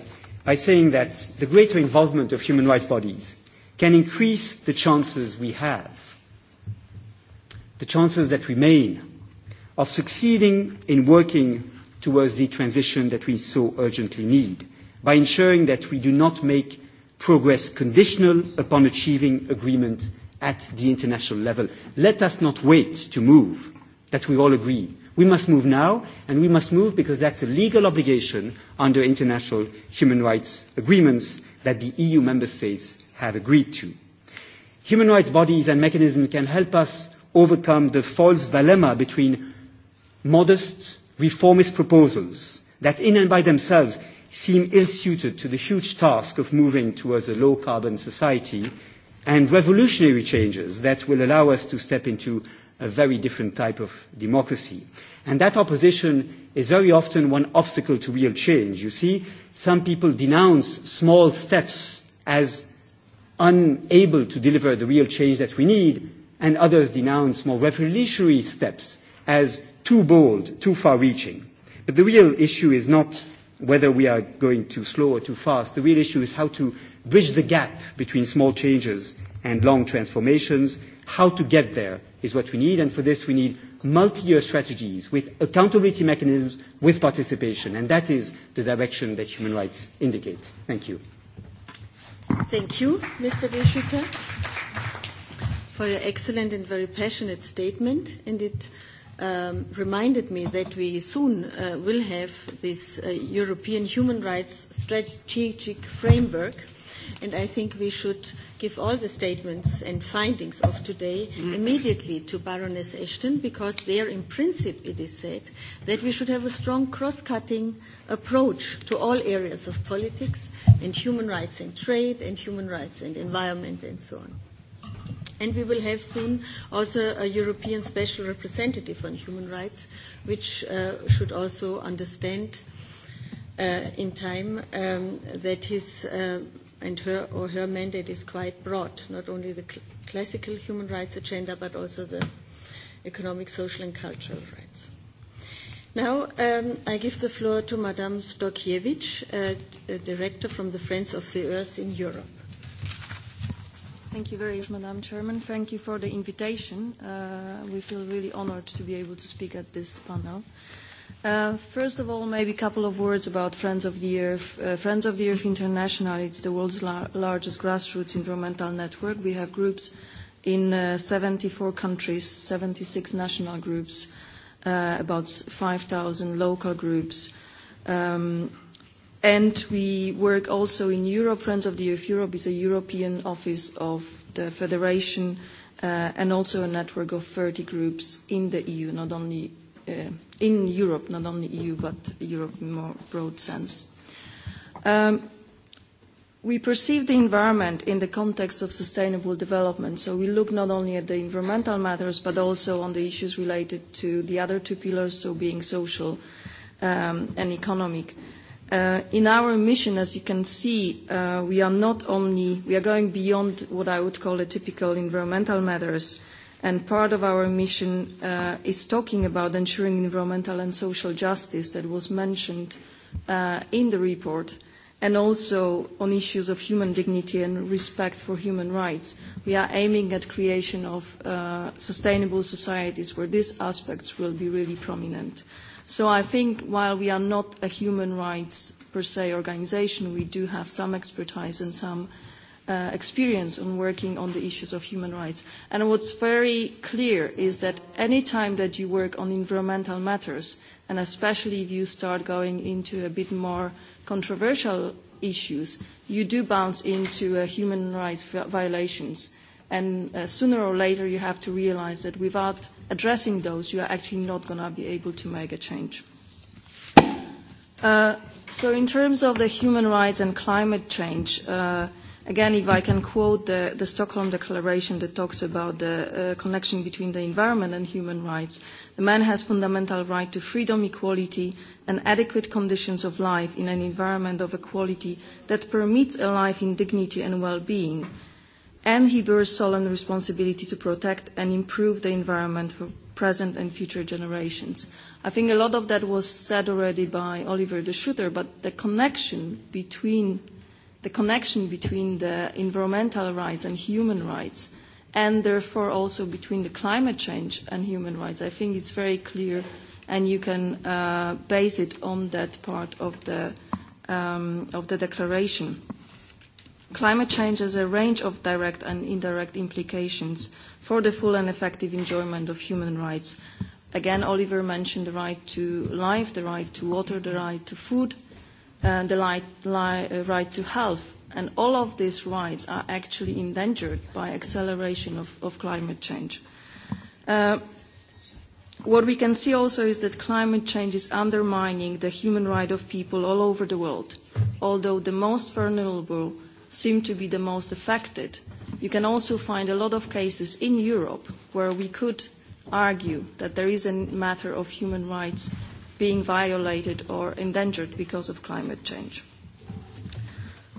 E: saying that the greater involvement of human rights bodies can increase the chances we have the chances that remain of succeeding in working towards the transition that we so urgently need by ensuring that we do not make progress conditional upon achieving agreement at the international level. Let us not wait to move that we all agree. We must move now, and we must move because that's a legal obligation under international human rights agreements that the EU member states have agreed to. Human rights bodies and mechanisms can help us overcome the false dilemma between modest reformist proposals that in and by themselves seem ill-suited to the huge task of moving towards a low-carbon society and revolutionary changes that will allow us to step into a very different type of democracy. And that opposition is very often one obstacle to real change. You see, some people denounce small steps as unable to deliver the real change that we need, and others denounce more revolutionary steps as too bold, too far-reaching. But the real issue is not whether we are going too slow or too fast. The real issue is how to bridge the gap between small changes and long transformations. How to get there is what we need, and for this we need multi-year strategies with accountability mechanisms, with participation, and that is the direction that human rights indicate. Thank you.
A: Thank you, Mr. De for your excellent and very passionate statement, and it reminded me that we soon will have this European human rights strategic framework, and I think we should give all the statements and findings of today immediately to Baroness Ashton, because there in principle it is said that we should have a strong cross-cutting approach to all areas of politics and human rights and trade and human rights and environment and so on. And we will have soon also a European Special Representative on Human Rights, which should also understand in time that his and her or her mandate is quite broad, not only the classical human rights agenda, but also the economic, social and cultural rights. Now I give the floor to Madame Stokiewicz, Director from the Friends
F: of the Earth in Europe. Thank you very much, Madam Chairman. Thank you for the invitation. We feel really honored to be able to speak at this panel. First of all, maybe a couple of words about Friends of the Earth. Friends of the Earth International, it's the world's largest grassroots environmental network. We have groups in 74 countries, 76 national groups, about 5,000 local groups. And we work also in Europe. Friends of the Earth Europe is a European office of the Federation and also a network of 30 groups in the EU, not only in Europe, not only EU, but Europe in more broad sense. We perceive the environment in the context of sustainable development, so we look not only at the environmental matters, but also on the issues related to the other two pillars, so being social and economic. In our mission, as you can see, we are not only, we are going beyond what I would call a typical environmental matters, and part of our mission is talking about ensuring environmental and social justice that was mentioned in the report, and also on issues of human dignity and respect for human rights. We are aiming at creation of sustainable societies where these aspects will be really prominent. So I think while we are not a human rights per se organisation, we do have some expertise and some experience on working on the issues of human rights. And what's very clear is that any time that you work on environmental matters, and especially if you start going into a bit more controversial issues, you do bounce into human rights violations and sooner or later you have to realize that without addressing those, you are actually not going to be able to make a change. So in terms of the human rights and climate change, again, if I can quote the Stockholm Declaration that talks about the connection between the environment and human rights, the man has fundamental right to freedom, equality, and adequate conditions of life in an environment of equality that permits a life in dignity and well-being and he bears solemn responsibility to protect and improve the environment for present and future generations. I think a lot of that was said already by Oliver De Schutter, but the connection between the connection between environmental rights and human rights, and therefore also between the climate change and human rights, I think it's very clear, and you can base it on that part of the declaration. Climate change has a range of direct and indirect implications for the full and effective enjoyment of human rights. Again, Oliver mentioned the right to life, the right to water, the right to food, the right to health. And all of these rights are actually endangered by acceleration of climate change. What we can see also is that climate change is undermining the human right of people all over the world, although the most vulnerable seem to be the most affected, you can also find a lot of cases in Europe where we could argue that there is a matter of human rights being violated or endangered because of climate change.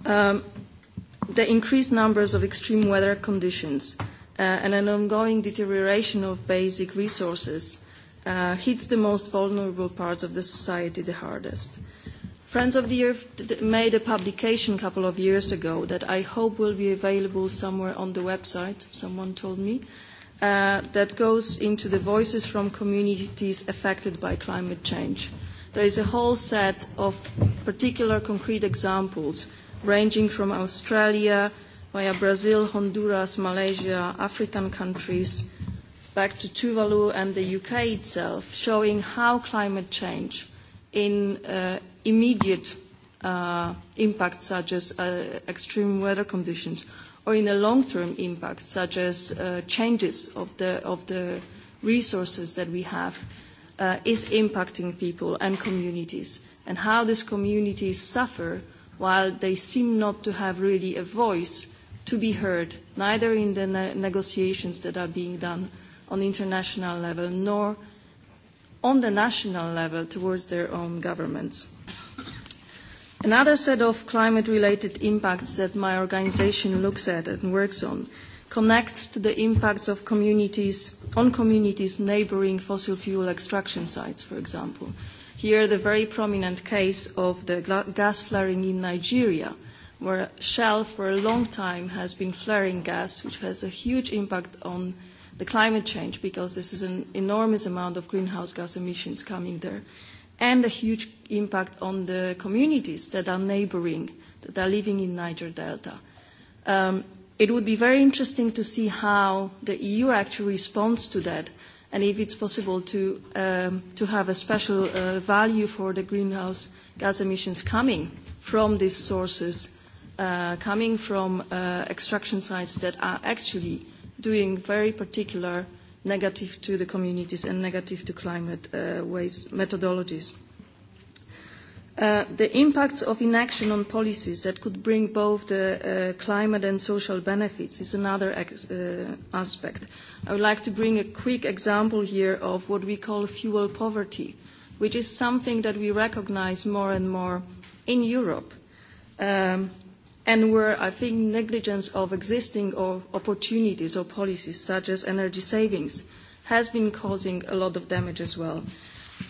F: The increased numbers of extreme weather conditions and an ongoing deterioration of basic resources hits the most vulnerable parts of the society the hardest. Friends of the Earth made a publication a couple of years ago that I hope will be available somewhere on the website, someone told me, that goes into the voices from communities affected by climate change. There is a whole set of particular concrete examples ranging from Australia via Brazil, Honduras, Malaysia, African countries, back to Tuvalu and the UK itself, showing how climate change in immediate impacts such as extreme weather conditions or in the long-term impact such as changes of the resources that we have is impacting people and communities and how these communities suffer while they seem not to have really a voice to be heard neither in the negotiations that are being done on international level nor on the national level towards their own governments. Another set of climate-related impacts that my organisation looks at and works on connects to the impacts of communities on communities neighbouring fossil fuel extraction sites, for example. Here, the very prominent case of the gas flaring in Nigeria, where Shell for a long time has been flaring gas, which has a huge impact on the climate change because this is an enormous amount of greenhouse gas emissions coming there and a huge impact on the communities that are neighboring, that are living in Niger Delta. It would be very interesting to see how the EU actually responds to that and if it's possible to have a special value for the greenhouse gas emissions coming from these sources, coming from extraction sites that are actually doing very particular negative to the communities and negative to climate waste methodologies. The impacts of inaction on policies that could bring both the climate and social benefits is another aspect. I would like to bring a quick example here of what we call fuel poverty, which is something that we recognize more and more in Europe and where I think, negligence of existing opportunities or policies such as energy savings has been causing a lot of damage as well.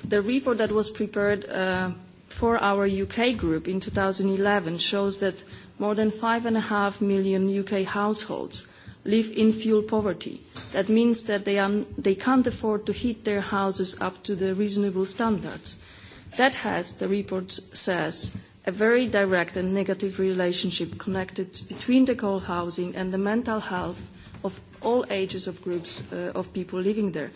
F: The report that was prepared for our UK group in 2011 shows that more than half million UK households live in fuel poverty. That means that they can't afford to heat their houses up to the reasonable standards. That has, the report says, a very direct and negative relationship connected between the cold housing and the mental health of all ages of groups of people living there.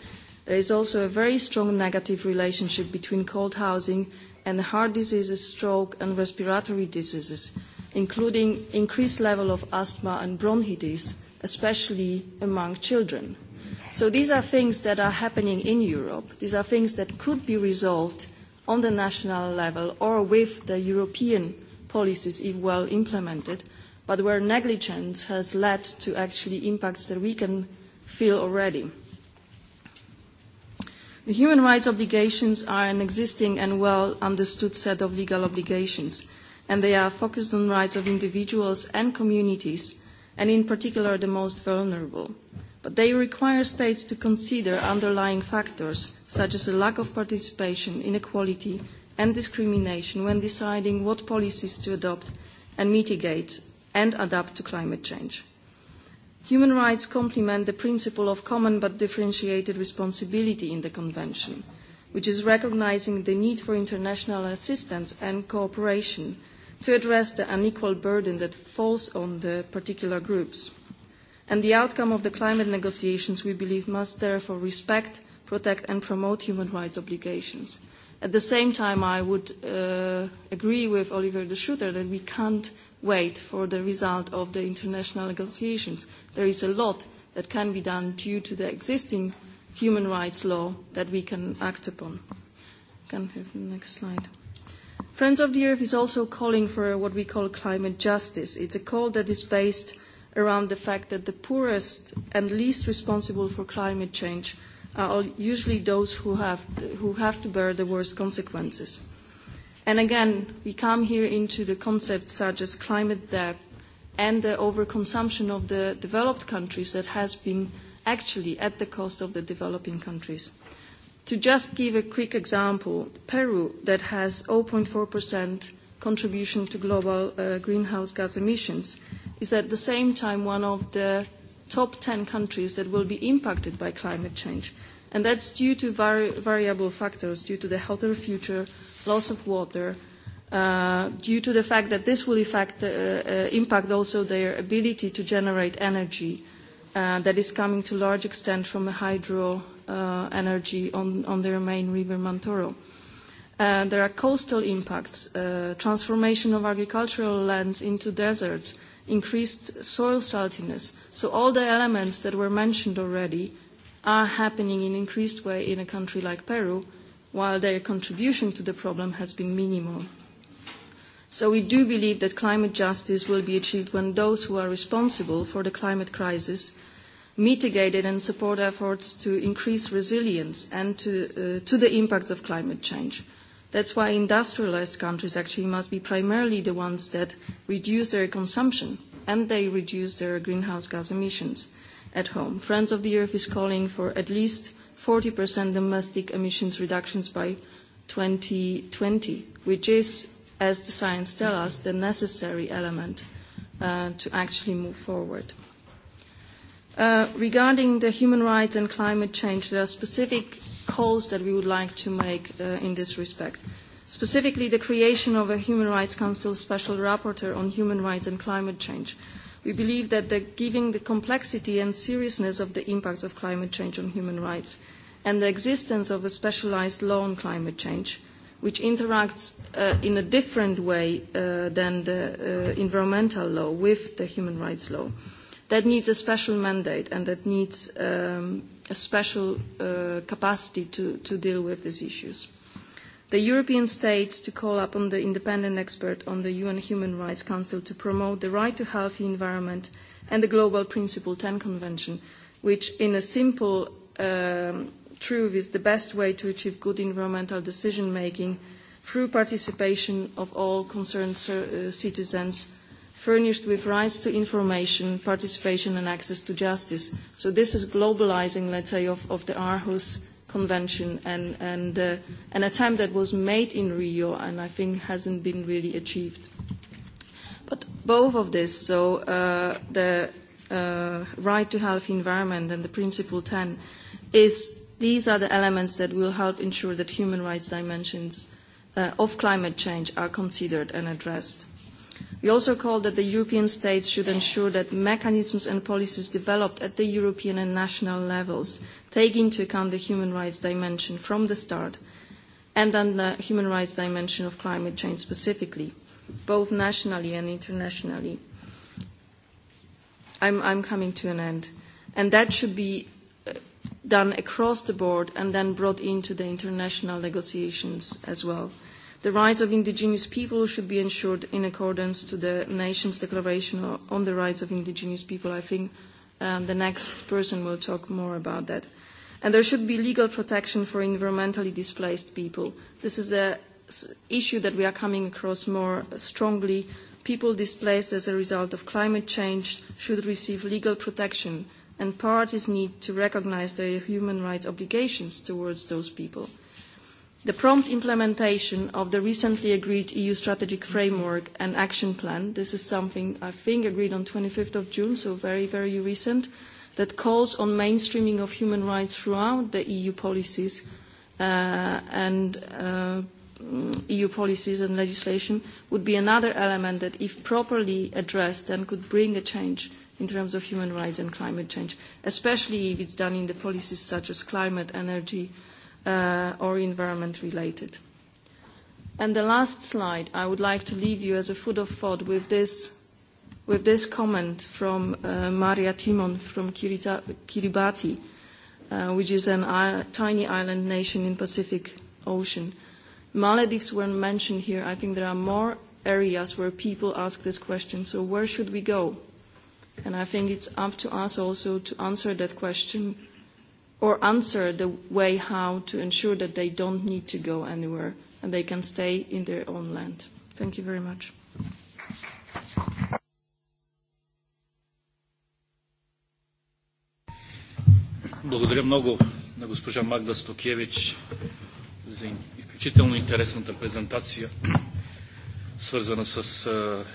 F: There is also a very strong negative relationship between cold housing and heart diseases, stroke and respiratory diseases, including increased level of asthma and bronchitis, especially among children. So these are things that are happening in Europe. These are things that could be resolved on the national level or with the European policies if well implemented, but where negligence has led to actually impacts that we can feel already. The human rights obligations are an existing and well understood set of legal obligations, and they are focused on the rights of individuals and communities, and in particular the most vulnerable. But they require states to consider underlying factors such as a lack of participation, inequality and discrimination when deciding what policies to adopt and mitigate and adapt to climate change. Human rights complement the principle of common but differentiated responsibility in the Convention, which is recognising the need for international assistance and cooperation to address the unequal burden that falls on the particular groups. And the outcome of the climate negotiations, we believe, must therefore respect protect and promote human rights obligations. At the same time, I would agree with Oliver de Schutter that we can't wait for the result of the international negotiations. There is a lot that can be done due to the existing human rights law that we can act upon. Can have next slide. Friends of the Earth is also calling for what we call climate justice. It's a call that is based around the fact that the poorest and least responsible for climate change are usually those who have who have to bear the worst consequences. And again, we come here into the concepts such as climate debt and the overconsumption of the developed countries that has been actually at the cost of the developing countries. To just give a quick example, Peru, that has 0.4% contribution to global greenhouse gas emissions, is at the same time one of the top 10 countries that will be impacted by climate change and that's due to variable factors, due to the healthier future, loss of water, due to the fact that this will impact also their ability to generate energy that is coming to a large extent from hydro energy on their main river Mantoro. There are coastal impacts, transformation of agricultural lands into deserts, increased soil saltiness. So all the elements that were mentioned already are happening in an increased way in a country like Peru, while their contribution to the problem has been minimal. So we do believe that climate justice will be achieved when those who are responsible for the climate crisis mitigate it and support efforts to increase resilience and to the impacts of climate change. That's why industrialised countries actually must be primarily the ones that reduce their consumption and they reduce their greenhouse gas emissions at home. Friends of the Earth is calling for at least 40% domestic emissions reductions by 2020, which is, as the science tells us, the necessary element to actually move forward. Regarding the human rights and climate change, there are specific calls that we would like to make in this respect. Specifically, the creation of a Human Rights Council Special Rapporteur on Human Rights and Climate Change. We believe that given the complexity and seriousness of the impact of climate change on human rights and the existence of a specialised law on climate change, which interacts in a different way than the environmental law with the human rights law, that needs a special mandate and that needs a special capacity to deal with these issues the European states to call upon the independent expert on the UN Human Rights Council to promote the right to healthy environment and the Global Principle 10 Convention, which in a simple truth is the best way to achieve good environmental decision-making through participation of all concerned citizens furnished with rights to information, participation and access to justice. So this is globalizing, let's say, of the Aarhus Convention and an attempt that was made in Rio and I think hasn't been really achieved. But both of this, so the right to healthy environment and the Principle 10, these are the elements that will help ensure that human rights dimensions of climate change are considered and addressed. We also call that the European states should ensure that mechanisms and policies developed at the European and national levels take into account the human rights dimension from the start and then the human rights dimension of climate change specifically, both nationally and internationally. I'm coming to an end. And that should be done across the board and then brought into the international negotiations as well. The rights of indigenous people should be ensured in accordance to the Nation's Declaration on the Rights of Indigenous People. I think the next person will talk more about that. And there should be legal protection for environmentally displaced people. This is an issue that we are coming across more strongly. People displaced as a result of climate change should receive legal protection and parties need to recognise their human rights obligations towards those people. The prompt implementation of the recently agreed EU strategic framework and action plan, this is something I think agreed on 25th of June, so very, very recent, that calls on mainstreaming of human rights throughout the EU policies and EU policies and legislation would be another element that, if properly addressed, then could bring a change in terms of human rights and climate change, especially if it's done in the policies such as climate, energy, or environment related. And the last slide, I would like to leave you as a food of thought with this with this comment from Maria Timon from Kiribati, which is a tiny island nation in Pacific Ocean. Maldives were mentioned here. I think there are more areas where people ask this question, so where should we go? And I think it's up to us also to answer that question or answer the way how to ensure that they don't need to go anywhere and they can stay in their own land. Thank you very much.
G: Благодаря много на госпожа Магда Стокевич за изключително интересната презентация, свързана с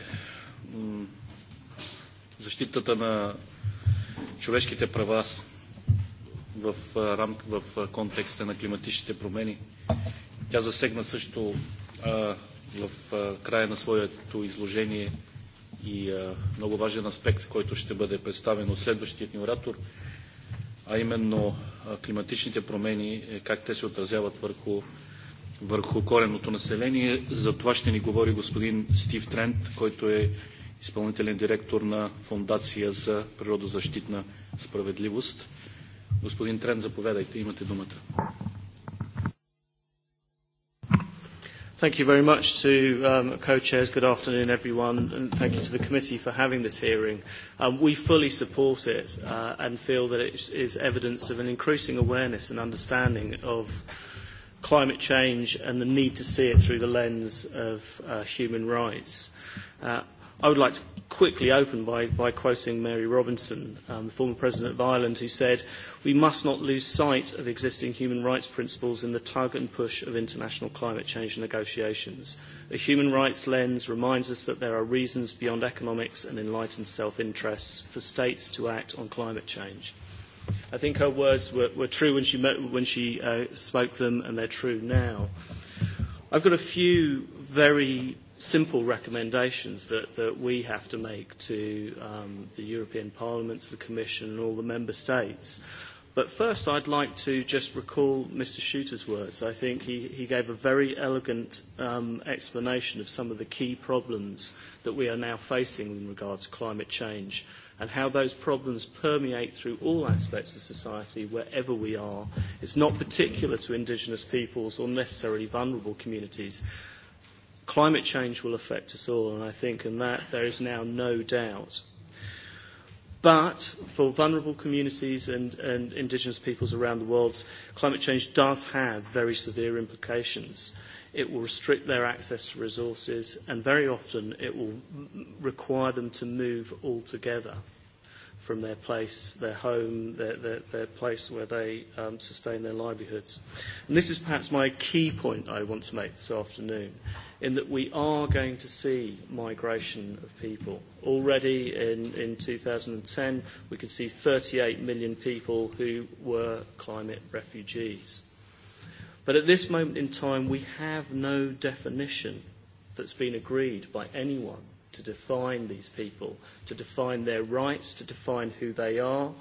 G: защитата на човешките права, в, рамка, в контекста на климатичните промени. Тя засегна също в края на своето изложение и много важен аспект, който ще бъде представен от следващия ни оратор, а именно климатичните промени, как те се отразяват върху, върху коренното население. За това ще ни говори господин Стив Трент, който е изпълнителен директор на Фондация за природозащитна справедливост. Господин
H: Трен, Thank you very much to co-chairs. Good afternoon, everyone, and thank you to the committee for having this hearing. We fully support it and feel that it is evidence of an increasing awareness and understanding of climate change and the need to see it through the lens of human rights. I would like to quickly open by quoting Mary Robinson, the former President of Ireland, who said, we must not lose sight of existing human rights principles in the tug and push of international climate change negotiations. A human rights lens reminds us that there are reasons beyond economics and enlightened self-interests for states to act on climate change. I think her words were true when she spoke them, and they're true now. I've got a few very simple recommendations that, that we have to make to um, the European Parliament, to the Commission and all the Member States. But first I'd like to just recall Mr Shooter's words. I think he, he gave a very elegant um, explanation of some of the key problems that we are now facing in regard to climate change and how those problems permeate through all aspects of society wherever we are. It's not particular to indigenous peoples or necessarily vulnerable communities. Climate change will affect us all, and I think in that there is now no doubt. But for vulnerable communities and indigenous peoples around the world, climate change does have very severe implications. It will restrict their access to resources, and very often it will require them to move altogether from their place, their home, their, their, their place where they sustain their livelihoods. And this is perhaps my key point I want to make this afternoon, in that we are going to see migration of people. Already in, in 2010, we could see 38 million people who were climate refugees. But at this moment in time, we have no definition that's been agreed by anyone to define these people, to define their rights, to define who they are.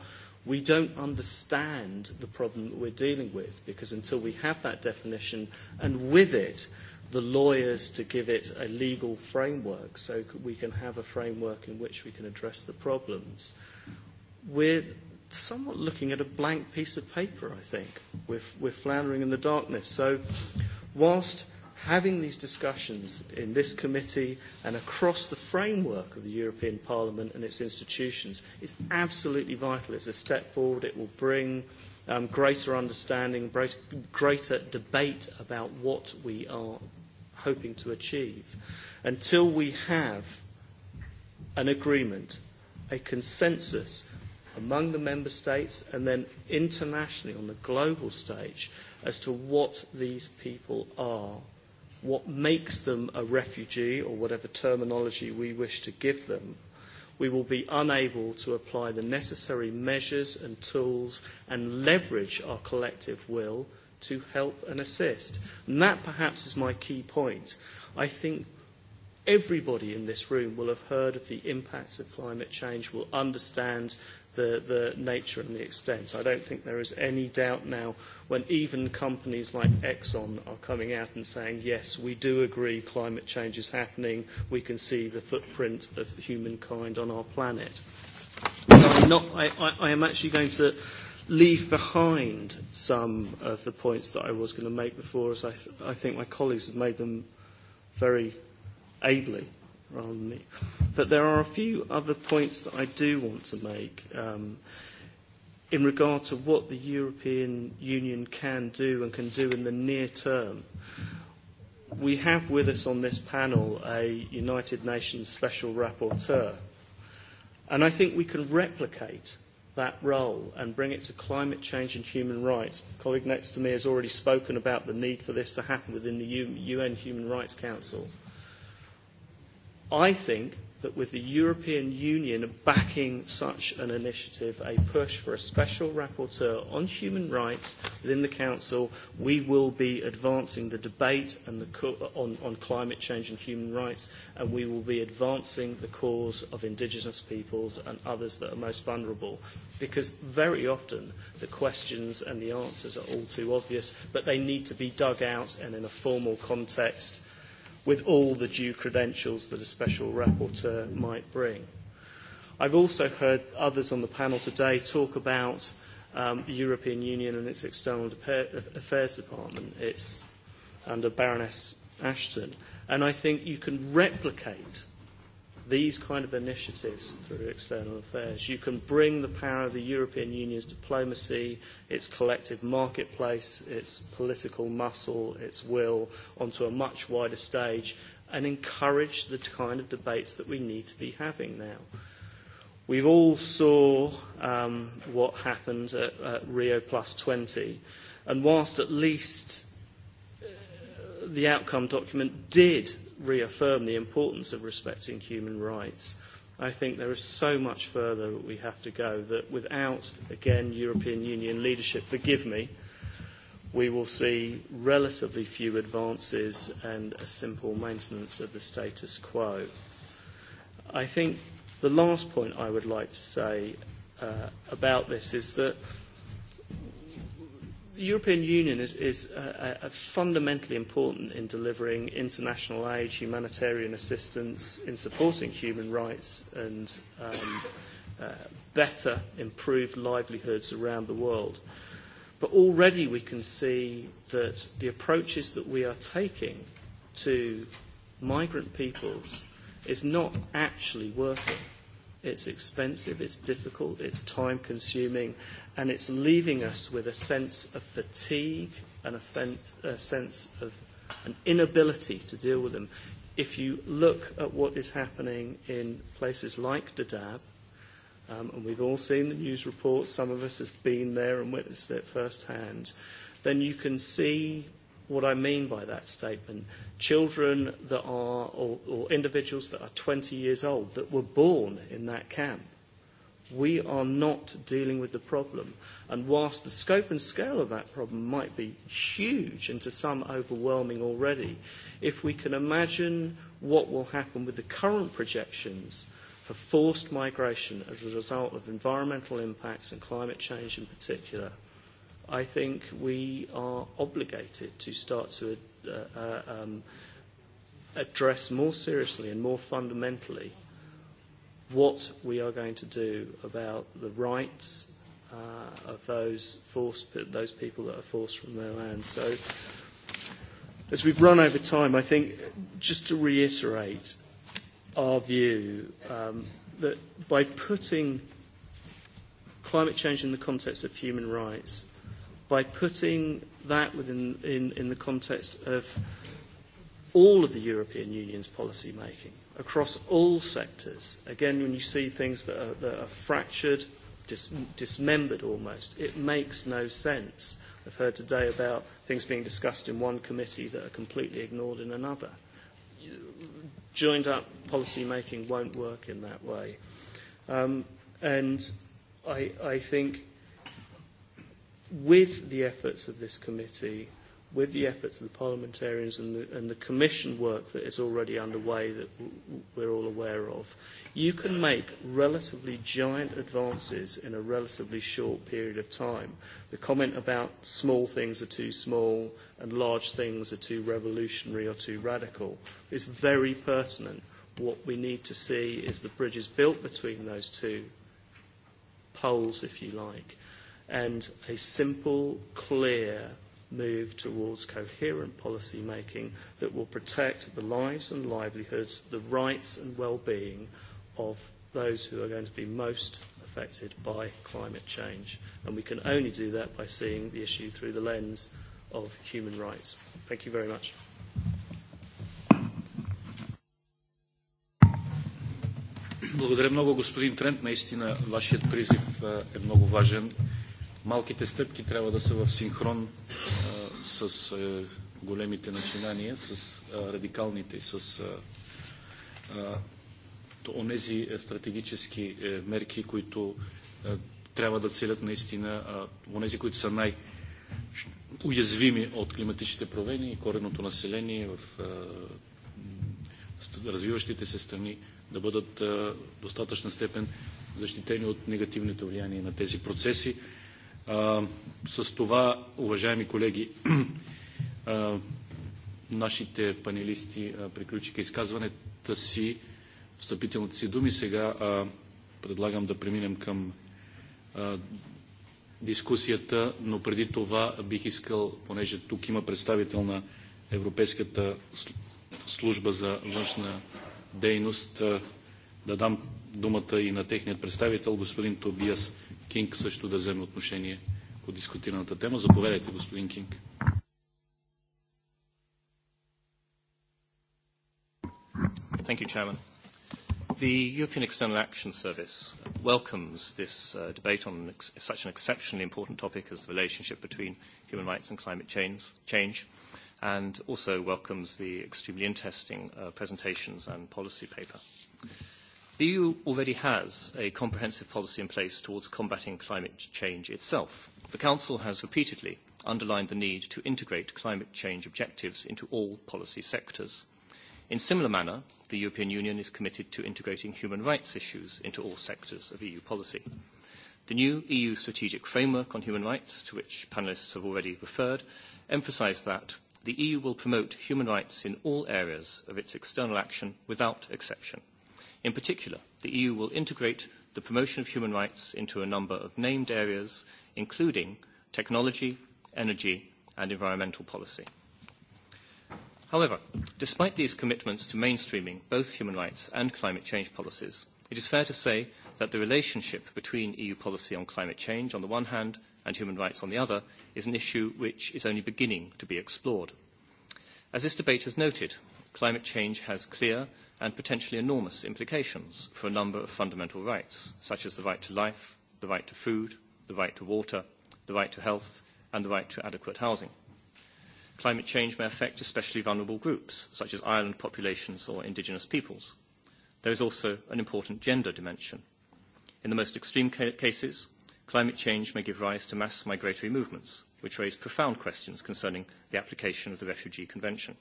H: We don't understand the problem that we're dealing with because until we have that definition and with it, the lawyers to give it a legal framework so we can have a framework in which we can address the problems. We're somewhat looking at a blank piece of paper, I think. We're, we're floundering in the darkness. So whilst having these discussions in this committee and across the framework of the European Parliament and its institutions is absolutely vital. It's a step forward. It will bring greater understanding, greater debate about what we are hoping to achieve. Until we have an agreement, a consensus among the member states and then internationally on the global stage as to what these people are, what makes them a refugee or whatever terminology we wish to give them, we will be unable to apply the necessary measures and tools and leverage our collective will to help and assist. And that perhaps is my key point. I think everybody in this room will have heard of the impacts of climate change, will understand the, nature and the extent. I don't think there is any doubt now when even companies like Exxon are coming out and saying, yes, we do agree climate change is happening. We can see the footprint of humankind on our planet. So I'm not, I, I am actually going to leave behind some of the points that I was going to make before, as I think my colleagues have made them very ably rather than me. But there are a few other points that I do want to make in regard to what the European Union can do and can do in the near term. We have with us on this panel a United Nations Special Rapporteur, and I think we can replicate that role and bring it to climate change and human rights. A colleague next to me has already spoken about the need for this to happen within the UN Human Rights Council. I think that with the European Union backing such an initiative, a push for a special rapporteur on human rights within the Council, we will be advancing the debate on climate change and human rights, and we will be advancing the cause of indigenous peoples and others that are most vulnerable. Because very often the questions and the answers are all too obvious, but they need to be dug out and in a formal context with all the due credentials that a special rapporteur might bring. I've also heard others on the panel today talk about the European Union and its External Affairs Department. It's under Baroness Ashton. And I think you can replicate these kind of initiatives through external affairs. You can bring the power of the European Union's diplomacy, its collective marketplace, its political muscle, its will onto a much wider stage and encourage the kind of debates that we need to be having now. We've all saw what happened at Rio Plus 20 and whilst at least the outcome document did reaffirm the importance of respecting human rights. I think there is so much further that we have to go that without, again, European Union leadership, forgive me, we will see relatively few advances and a simple maintenance of the status quo. I think the last point I would like to say about this is that the European Union is, is fundamentally important in delivering international aid, humanitarian assistance, in supporting human rights and better, improved livelihoods around the world. But already we can see that the approaches that we are taking to migrant peoples is not actually working. It's expensive, it's difficult, it's time consuming, and it's leaving us with a sense of fatigue and a sense of an inability to deal with them. If you look at what is happening in places like Dadaab, and we've all seen the news reports, some of us have been there and witnessed it firsthand, then you can see what I mean by that statement. Children that are, or individuals that are 20 years old, that were born in that camp. We are not dealing with the problem. And whilst the scope and scale of that problem might be huge and to some overwhelming already, if we can imagine what will happen with the current projections for forced migration as a result of environmental impacts and climate change in particular, I think we are obligated to start to address more seriously and more fundamentally what we are going to do about the rights of those those people that are forced from their land. So as we've run over time, I think just to reiterate our view that by putting climate change in the context of human rights by putting that within in in the context of all of the European Union's policy making across all sectors. Again, when you see things that are, that are fractured, dismembered almost, it makes no sense. I've heard today about things being discussed in one committee that are completely ignored in another. Joined up policy making won't work in that way. Um, and I, I think with the efforts of this committee, with the efforts of the parliamentarians and the, and the commission work that is already underway that we're all aware of, you can make relatively giant advances in a relatively short period of time. The comment about small things are too small and large things are too revolutionary or too radical is very pertinent. What we need to see is the bridges built between those two poles, if you like and a simple, clear move towards coherent policy making that will protect the lives and livelihoods, the rights and well-being of those who are going to be most affected by climate change. And we can only do that by seeing the issue through the lens of human rights. Thank you very much.
G: Благодаря много, господин Трент. Наистина, вашият призив е много важен малките стъпки трябва да са в синхрон с големите начинания, с радикалните, с онези стратегически мерки, които трябва да целят наистина онези, които са най- уязвими от климатичните провени и кореното население в развиващите се страни да бъдат достатъчна степен защитени от негативните влияния на тези процеси С това, уважаеми колеги, нашите панелисти приключиха изказването си, встъпителните си думи. Сега предлагам да преминем към дискусията, но преди това бих искал, понеже тук има представител на Европейската служба за външна дейност, да дам думата и на техният представител, господин Тобиас Кинг също да вземе отношение по дискутираната
I: тема. Заповядайте, господин Кинг. Thank you, Chairman. The European External Action Service welcomes this debate on such an exceptionally important topic as the relationship between human rights and climate change, and also welcomes the extremely interesting presentations and policy paper. The EU already has a comprehensive policy in place towards combating climate change itself. The Council has repeatedly underlined the need to integrate climate change objectives into all policy sectors. In similar manner, the European Union is committed to integrating human rights issues into all sectors of EU policy. The new EU strategic framework on human rights, to which panellists have already referred, emphasised that the EU will promote human rights in all areas of its external action without exception In particular, the EU will integrate the promotion of human rights into a number of named areas, including technology, energy and environmental policy. However, despite these commitments to mainstreaming both human rights and climate change policies, it is fair to say that the relationship between EU policy on climate change on the one hand and human rights on the other is an issue which is only beginning to be explored. As this debate has noted, climate change has clear and potentially enormous implications for a number of fundamental rights, such as the right to life, the right to food, the right to water, the right to health, and the right to adequate housing. Climate change may affect especially vulnerable groups, such as island populations or indigenous peoples. There is also an important gender dimension. In the most extreme cases, climate change may give rise to mass migratory movements, which raise profound questions concerning the application of the Refugee Convention.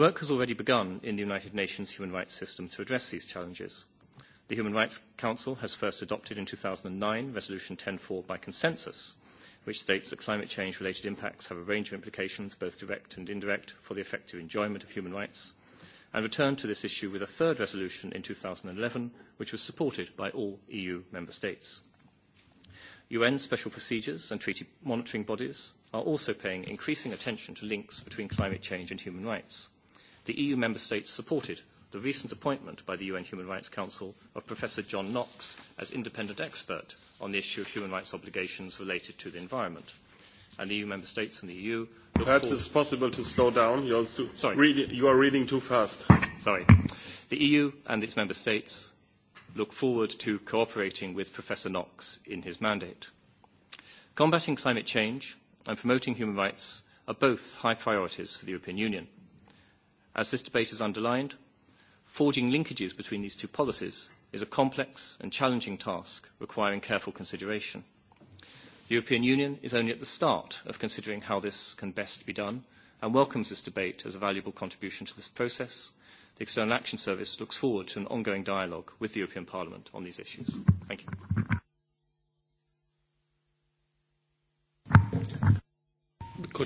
I: Work has already begun in the United Nations human rights system to address these challenges. The Human Rights Council has first adopted in 2009 Resolution 10.4 by consensus, which states that climate change-related impacts have a range of implications, both direct and indirect, for the effective enjoyment of human rights, and returned to this issue with a third resolution in 2011, which was supported by all EU member states. UN special procedures and treaty monitoring bodies are also paying increasing attention to links between climate change and human rights the EU member states supported the recent appointment by the UN Human Rights Council of Professor John Knox as independent expert on the issue of human rights obligations related to the environment. And the EU member states and the EU.
B: look Perhaps it's possible to slow down. You
I: are reading too fast. Sorry. The EU and its member states look forward to cooperating with Professor Knox in his mandate. Combating climate change and promoting human rights are both high priorities for the European Union As this debate has underlined, forging linkages between these two policies is a complex and challenging task requiring careful consideration. The European Union is only at the start of considering how this can best be done and welcomes this debate as a valuable contribution to this process. The External Action Service looks forward to an ongoing dialogue with the European Parliament on these issues. Thank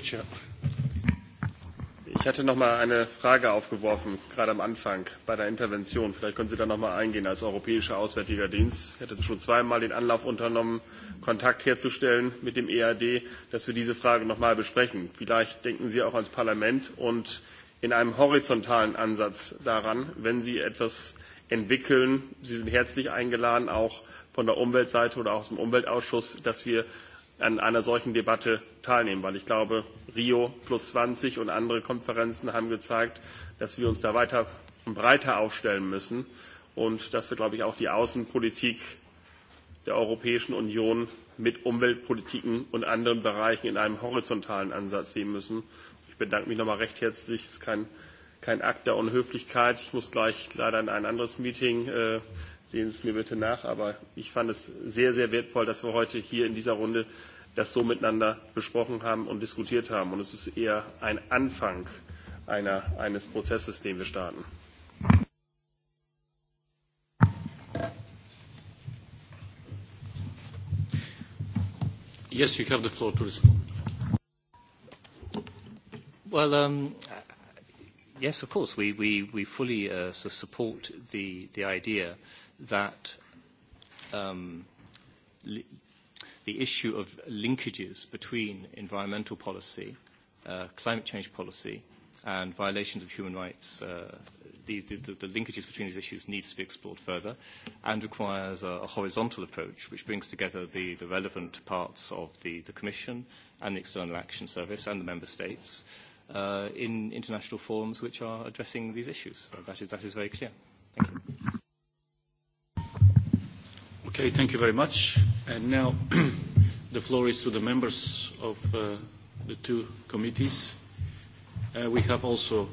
B: you. Ich hatte noch mal eine Frage aufgeworfen, gerade am Anfang bei der Intervention. Vielleicht können Sie da noch einmal eingehen als Europäischer Auswärtiger Dienst. Ich hatte schon zweimal den Anlauf unternommen, Kontakt herzustellen mit dem EAD, dass wir diese Frage noch mal besprechen. Vielleicht denken Sie auch als Parlament und in einem horizontalen Ansatz daran, wenn Sie etwas entwickeln. Sie sind herzlich eingeladen, auch von der Umweltseite oder auch aus dem Umweltausschuss, dass wir an einer solchen Debatte teilnehmen, weil ich glaube, Rio plus 20 und andere Konferenzen haben gezeigt, dass wir uns da weiter und breiter aufstellen müssen und dass wir, glaube ich, auch die Außenpolitik der Europäischen Union mit Umweltpolitiken und anderen Bereichen in einem horizontalen Ansatz sehen müssen. Ich bedanke mich nochmal recht herzlich. Es ist kein Akt der Unhöflichkeit. Ich muss gleich leider in ein anderes Meeting. Sehen Sie es mir bitte nach, aber ich fand es sehr, sehr wertvoll, dass wir heute hier in dieser Runde das so miteinander besprochen haben und diskutiert haben. Und es ist eher ein Anfang eines Prozesses, den wir starten. Yes, you have the
I: floor to respond. Well, yes, of course, we fully support the idea that the issue of linkages between environmental policy, climate change policy, and violations of human rights, the linkages between these issues needs to be explored further and requires a horizontal approach which brings together the relevant parts of the Commission and the External Action Service and the Member States in international forums which are addressing these issues. That is very clear. Thank you
G: thank you very much. And now the floor is to the members of the two committees. We have also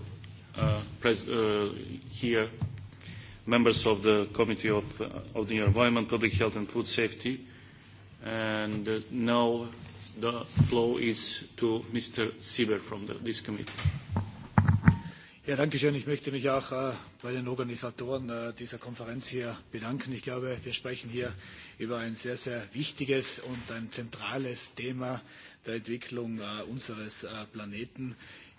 G: here members of the Committee of the Environment, Public Health and Food Safety. And now the floor is to Mr. Sieber from this committee.
J: Ja, danke Ich möchte mich auch bei den Organisatoren dieser Konferenz hier bedanken. Ich glaube, wir sprechen hier über ein sehr, sehr wichtiges und ein zentrales Thema der Entwicklung unseres Planeten.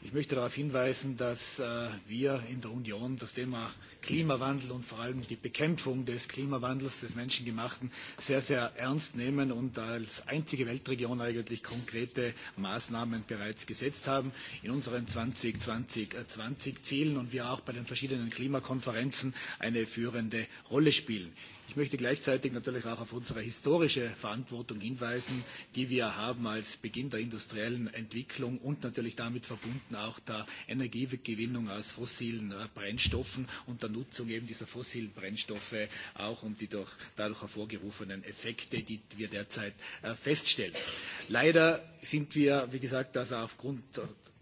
J: Ich möchte darauf hinweisen, dass wir in der Union das Thema Klimawandel und vor allem die Bekämpfung des Klimawandels, des menschengemachten, sehr, sehr ernst nehmen und als einzige Weltregion eigentlich konkrete Maßnahmen bereits gesetzt haben in unseren 2020-Zielen und wir auch bei den verschiedenen Klimakonferenzen eine führende Rolle spielen. Ich möchte gleichzeitig natürlich auch auf unsere historische Verantwortung hinweisen, die wir haben als Beginn der industriellen Entwicklung und natürlich damit verbunden auch der Energiegewinnung aus fossilen Brennstoffen und der Nutzung eben dieser fossilen Brennstoffe auch um die dadurch hervorgerufenen Effekte, die wir derzeit feststellen. Leider sind wir, wie gesagt, also aufgrund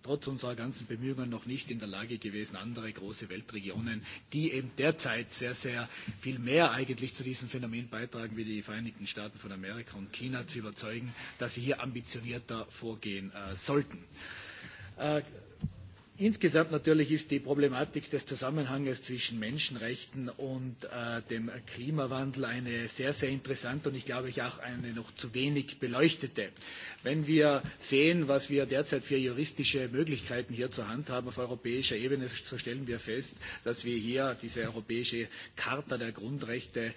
J: trotz unserer ganzen Bemühungen noch nicht in der Lage gewesen, andere große Weltregionen, die eben derzeit sehr, sehr viel mehr eigentlich zu diesem Phänomen beitragen, wie die Vereinigten Staaten von Amerika und China, zu überzeugen, dass sie hier ambitionierter vorgehen sollten. Insgesamt natürlich ist die Problematik des Zusammenhanges zwischen Menschenrechten und dem Klimawandel eine sehr, sehr interessante und ich glaube ich auch eine noch zu wenig beleuchtete. Wenn wir sehen, was wir derzeit für juristische Möglichkeiten hier zur Hand haben auf europäischer Ebene, so stellen wir fest, dass wir hier diese europäische Charta der Grundrechte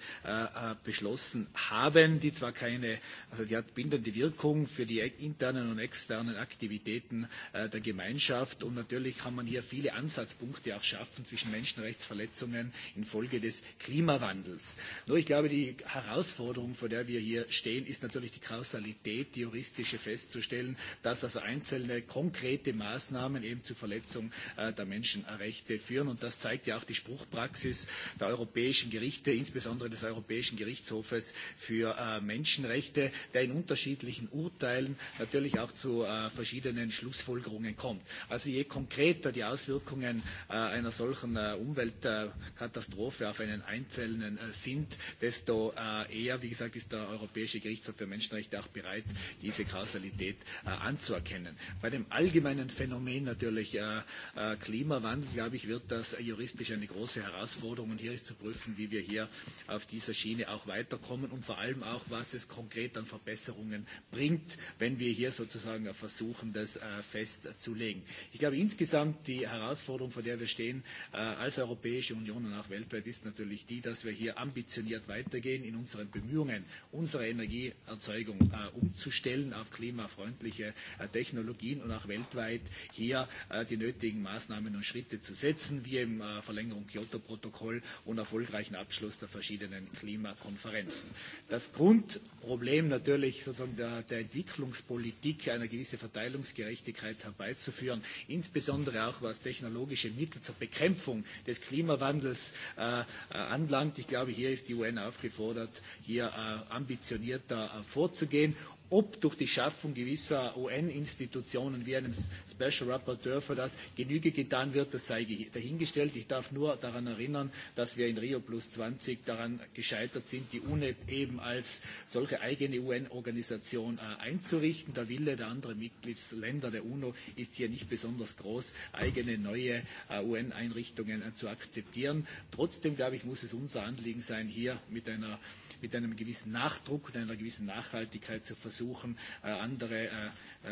J: beschlossen haben, die zwar keine, also die hat bindende Wirkung für die internen und externen Aktivitäten der Gemeinschaft und natürlich kann man hier viele Ansatzpunkte auch schaffen zwischen Menschenrechtsverletzungen infolge des Klimawandels. Nur ich glaube, die Herausforderung, vor der wir hier stehen, ist natürlich die Kausalität, die juristische festzustellen, dass also einzelne konkrete Maßnahmen eben zur Verletzung der Menschenrechte führen. Und das zeigt ja auch die Spruchpraxis der europäischen Gerichte, insbesondere des Europäischen Gerichtshofes für Menschenrechte, der in unterschiedlichen Urteilen natürlich auch zu verschiedenen Schlussfolgerungen kommt. Also je konkreter die Auswirkungen einer solchen Umweltkatastrophe auf einen Einzelnen sind, desto eher, wie gesagt, ist der Europäische Gerichtshof für Menschenrechte auch bereit, diese Kausalität anzuerkennen. Bei dem allgemeinen Phänomen natürlich Klimawandel, glaube ich, wird das juristisch eine große Herausforderung. Und hier ist zu prüfen, wie wir hier auf dieser Schiene auch weiterkommen und vor allem auch, was es konkret an Verbesserungen bringt, wenn wir hier sozusagen versuchen, das festzulegen. Ich glaube, insgesamt die Herausforderung, vor der wir stehen als Europäische Union und auch weltweit, ist natürlich die, dass wir hier ambitioniert weitergehen in unseren Bemühungen, unsere Energieerzeugung umzustellen auf klimafreundliche Technologien und auch weltweit hier die nötigen Maßnahmen und Schritte zu setzen, wie im Verlängerung Kyoto-Protokoll und erfolgreichen Abschluss der verschiedenen Klimakonferenzen. Das Grundproblem natürlich sozusagen der Entwicklungspolitik eine gewisse Verteilungsgerechtigkeit herbeizuführen, insbesondere insbesondere auch was technologische Mittel zur Bekämpfung des Klimawandels anlangt. Ich glaube, hier ist die UN aufgefordert, hier ambitionierter vorzugehen ob durch die Schaffung gewisser UN-Institutionen wie einem Special Rapporteur für das Genüge getan wird, das sei dahingestellt. Ich darf nur daran erinnern, dass wir in Rio plus 20 daran gescheitert sind, die UNEP eben als solche eigene UN-Organisation einzurichten. Der Wille der anderen Mitgliedsländer der UNO ist hier nicht besonders groß, eigene neue UN-Einrichtungen zu akzeptieren. Trotzdem, glaube ich, muss es unser Anliegen sein, hier mit einem gewissen Nachdruck und einer gewissen Nachhaltigkeit zu versuchen, andere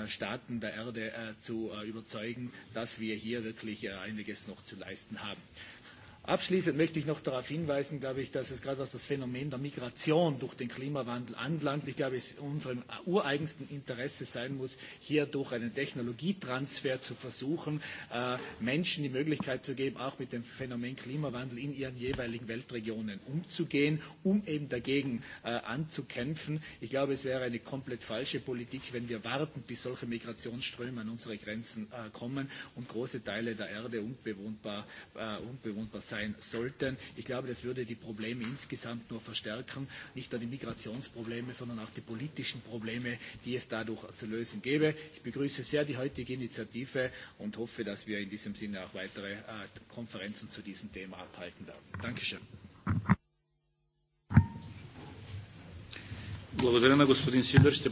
J: Staaten der Erde zu überzeugen, dass wir hier wirklich einiges noch zu leisten haben. Abschließend möchte ich noch darauf hinweisen, glaube ich, dass es gerade was das Phänomen der Migration durch den Klimawandel anbelangt, ich glaube, es in unserem ureigensten Interesse sein muss, hier durch einen Technologietransfer zu versuchen, Menschen die Möglichkeit zu geben, auch mit dem Phänomen Klimawandel in ihren jeweiligen Weltregionen umzugehen, um eben dagegen anzukämpfen. Ich glaube, es wäre eine komplett falsche Politik, wenn wir warten, bis solche Migrationsströme an unsere Grenzen kommen und große Teile der Erde unbewohnbar sein sollten. Ich glaube, das würde die Probleme insgesamt nur verstärken, nicht nur die Migrationsprobleme, sondern auch die politischen Probleme, die es dadurch zu lösen gäbe. Ich begrüße sehr die heutige Initiative und hoffe, dass wir in diesem Sinne auch weitere Konferenzen zu diesem Thema abhalten werden. Dankeschön.
G: господин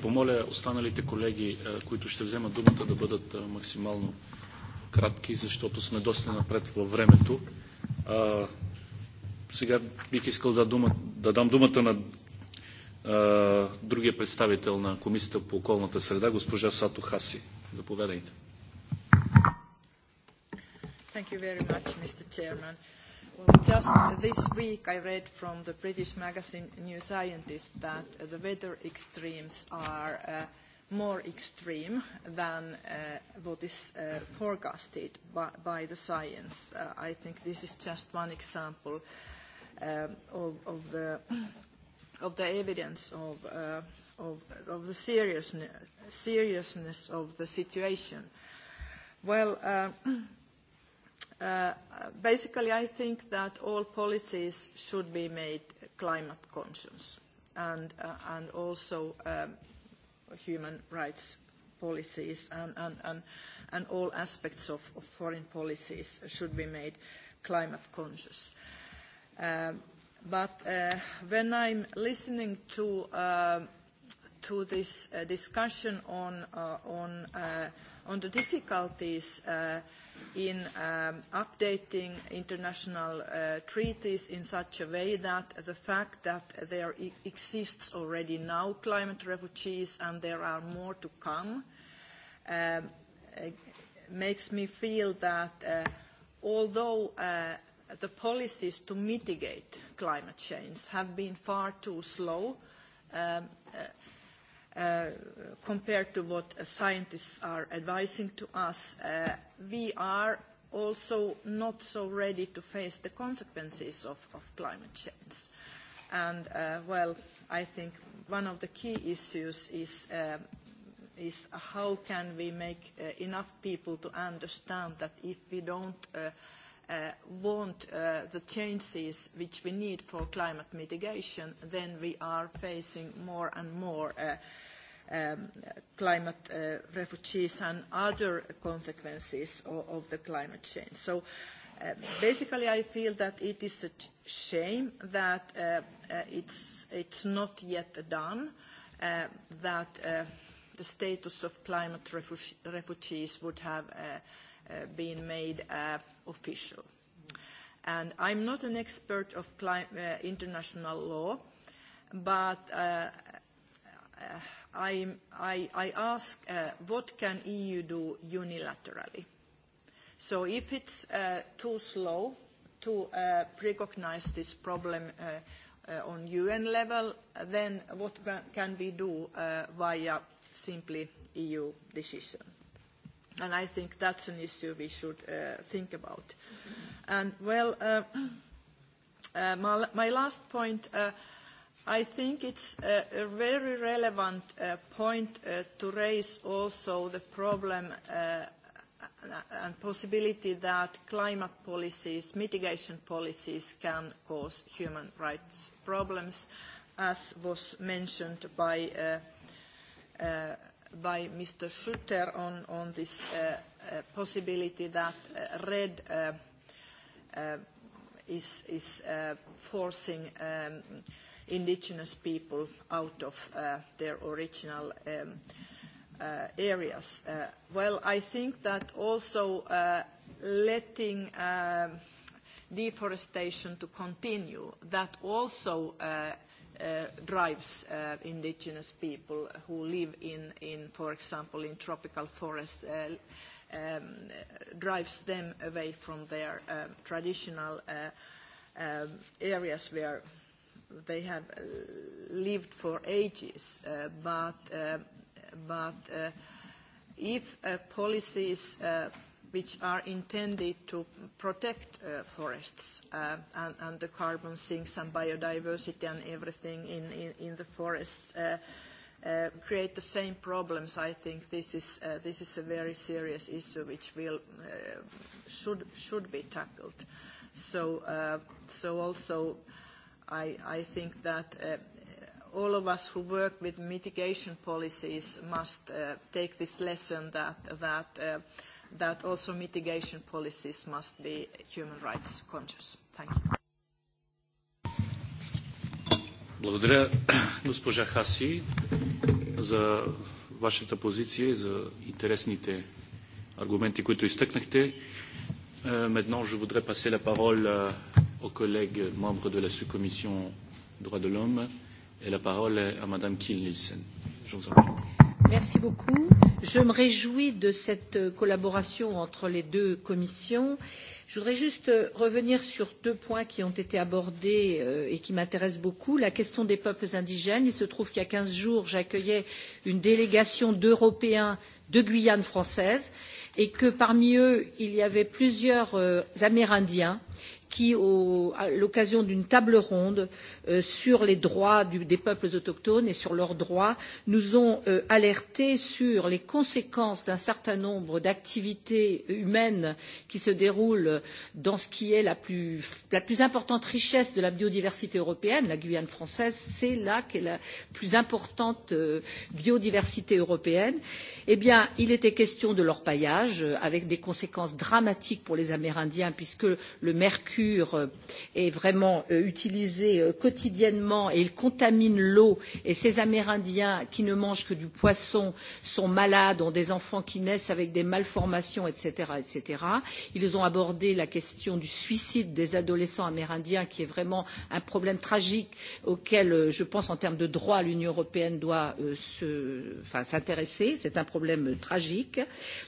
G: помоля останалите колеги, които ще вземат думата, да бъдат максимално кратки, защото сме доста във времето. Сега бих искал да дам думата на а, другия представител на Комисията по околната среда, госпожа Сато Хаси. Заповядайте.
K: Thank you very much, Mr. Chairman. Just this week I read from the British magazine New Scientist that the weather extremes are more extreme than what is forecasted by the science. I think this is just one example of the evidence of the seriousness of the situation. Well, basically I think that all policies should be made climate conscious and also human rights policies and all aspects of foreign policies should be made climate conscious. But when I'm listening to this discussion on on the difficulties in updating international treaties in such a way that the fact that there exists already now climate refugees and there are more to come makes me feel that although the policies to mitigate climate change have been far too slow compared to what scientists are advising to us, we are also not so ready to face the consequences of climate change. And, well, I think one of the key issues is how can we make enough people to understand that if we don't want the changes which we need for climate mitigation, then we are facing more and more climate refugees and other consequences of the climate change. So basically I feel that it is a shame that it's not yet done, that the status of climate refugees would have been made official. And I'm not an expert of international law, but I ask what can EU do unilaterally. So if it's too slow to recognize this problem on UN level, then what can we do via simply EU decision? and I think that's an issue we should think about. And well, my last point, I think it's a very relevant point to raise also the problem and possibility that climate policies, mitigation policies can cause human rights problems, as was mentioned by by Mr. Schutter on this possibility that RED is forcing indigenous people out of their original areas. Well, I think that also letting deforestation to continue, that also drives indigenous people who live in, in for example, in tropical forests, drives them away from their traditional areas where they have lived for ages. But if policies which are intended to protect forests and the carbon sinks and biodiversity and everything in the forests create the same problems. I think this is a very serious issue which should be tackled. So also I think that all of us who work with mitigation policies must take this lesson that that also mitigation policies must be human rights conscious. Thank you.
G: Благодаря, госпожа Хаси, за вашата позиция и за интересните аргументи, които изтъкнахте. Maintenant, je voudrais passer la parole aux collègues membres de la sous-commission droits de l'homme. Et la parole est à Madame Kiel Nielsen. Je vous en prie.
L: Merci beaucoup. Je me réjouis de cette collaboration entre les deux commissions. Je voudrais juste revenir sur deux points qui ont été abordés et qui m'intéressent beaucoup. La question des peuples indigènes. Il se trouve qu'il y a quinze jours, j'accueillais une délégation d'Européens de Guyane française et que parmi eux, il y avait plusieurs Amérindiens qui, à l'occasion d'une table ronde sur les droits des peuples autochtones et sur leurs droits, nous ont alertés sur les conséquences d'un certain nombre d'activités humaines qui se déroulent dans ce qui est la plus importante richesse de la biodiversité européenne, la Guyane française, c'est là qu'est la plus importante biodiversité européenne. Eh bien, il était question de leur l'orpaillage, avec des conséquences dramatiques pour les Amérindiens, puisque le mercure mercure est vraiment utilisé quotidiennement et il contamine l'eau et ces amérindiens qui ne mangent que du poisson sont malades ont des enfants qui naissent avec des malformations etc. ils ont abordé la question du suicide des adolescents amérindiens qui est vraiment un problème tragique auquel je pense en termes de droit l'union européenne doit s'intéresser c'est un problème tragique.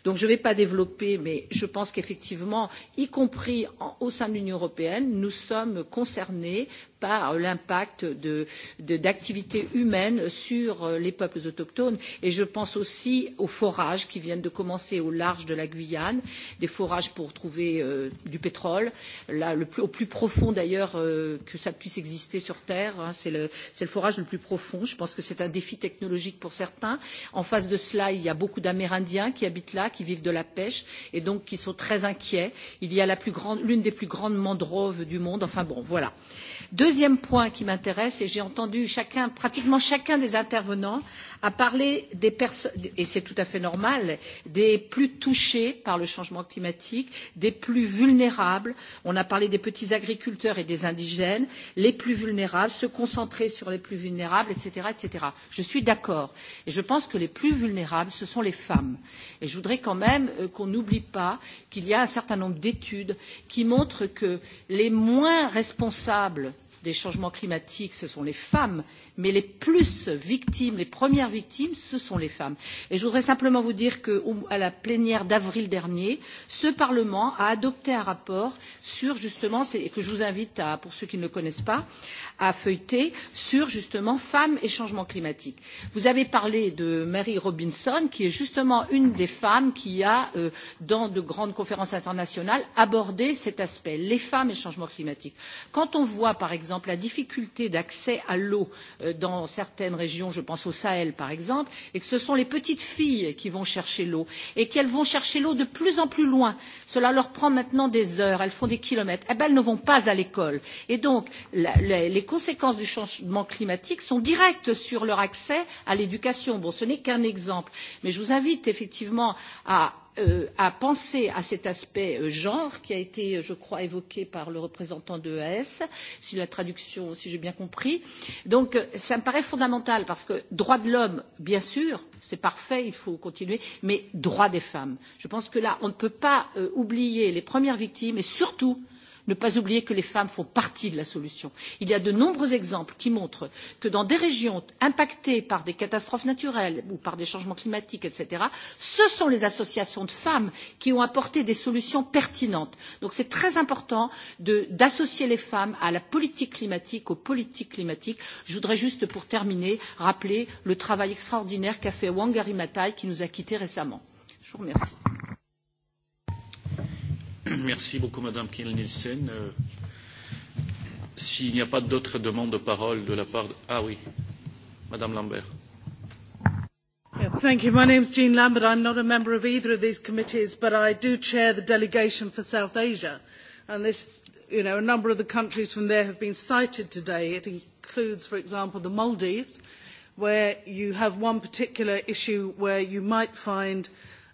L: donc je ne vais pas développer mais je pense qu'effectivement y compris au sein de l'union européenne nous sommes concernés par l'impact d'activités humaines sur les peuples autochtones. Et je pense aussi aux forages qui viennent de commencer au large de la Guyane, des forages pour trouver du pétrole, au plus profond d'ailleurs que ça puisse exister sur Terre. C'est le forage le plus profond. Je pense que c'est un défi technologique pour certains. En face de cela, il y a beaucoup d'Amérindiens qui habitent là, qui vivent de la pêche et donc qui sont très inquiets. Il y a l'une des plus grandes mangroves du monde. Enfin bon, voilà. Deuxième point qui m'intéresse, et j'ai entendu pratiquement chacun des intervenants, a parlé des personnes, et c'est tout à fait normal, des plus touchés par le changement climatique, des plus vulnérables. On a parlé des petits agriculteurs et des indigènes, les plus vulnérables, se concentrer sur les plus vulnérables, etc. etc. Je suis d'accord. Et je pense que les plus vulnérables, ce sont les femmes. Et je voudrais quand même qu'on n'oublie pas qu'il y a un certain nombre d'études qui montrent que les moins responsables des changements climatiques, ce sont les femmes, mais les plus victimes, les premières victimes, ce sont les femmes. Et je voudrais simplement vous dire qu'à la plénière d'avril dernier, ce Parlement a adopté un rapport sur justement, et que je vous invite, pour ceux qui ne le connaissent pas, à feuilleter, sur justement femmes et changements climatiques. Vous avez parlé de Mary Robinson, qui est justement une des femmes qui a, dans de grandes conférences internationales, abordé cet aspect, les femmes et changements climatiques. Quand on voit, par exemple, exemple la difficulté d'accès à l'eau dans certaines régions, je pense au Sahel par exemple, et que ce sont les petites filles qui vont chercher l'eau et qu'elles vont chercher l'eau de plus en plus loin. Cela leur prend maintenant des heures, elles font des kilomètres. elles ne vont pas à l'école. Et donc, les conséquences du changement climatique sont directes sur leur accès à l'éducation. Bon, ce n'est qu'un exemple. Mais je vous invite effectivement à à penser à cet aspect genre qui a été, je crois, évoqué par le représentant de l'EAS, si la traduction, si j'ai bien compris. Donc, ça me paraît fondamental parce que droit de l'homme, bien sûr, c'est parfait, il faut continuer, mais droits des femmes. Je pense que là, on ne peut pas oublier les premières victimes et surtout ne pas oublier que les femmes font partie de la solution. il y a de nombreux exemples qui montrent que dans des régions impactées par des catastrophes naturelles ou par des changements climatiques etc. ce sont les associations de femmes qui ont apporté des solutions pertinentes. donc c'est très important d'associer les femmes à la politique climatique aux politiques climatiques. je voudrais juste pour terminer rappeler le travail extraordinaire qu'a fait wangari maathai qui nous a quittés récemment. je vous remercie.
G: Merci beaucoup, Madame Kiel-Nielsen. S'il n'y a pas d'autres demandes de parole de la part... Ah oui, Madame Lambert.
M: Thank you. My name is Jean Lambert. I'm not a member of either of these committees, but I do chair the delegation for South Asia. And this, you know, a number of the countries from there have been cited today. It includes, for example, the Maldives, where you have one particular issue where you might find,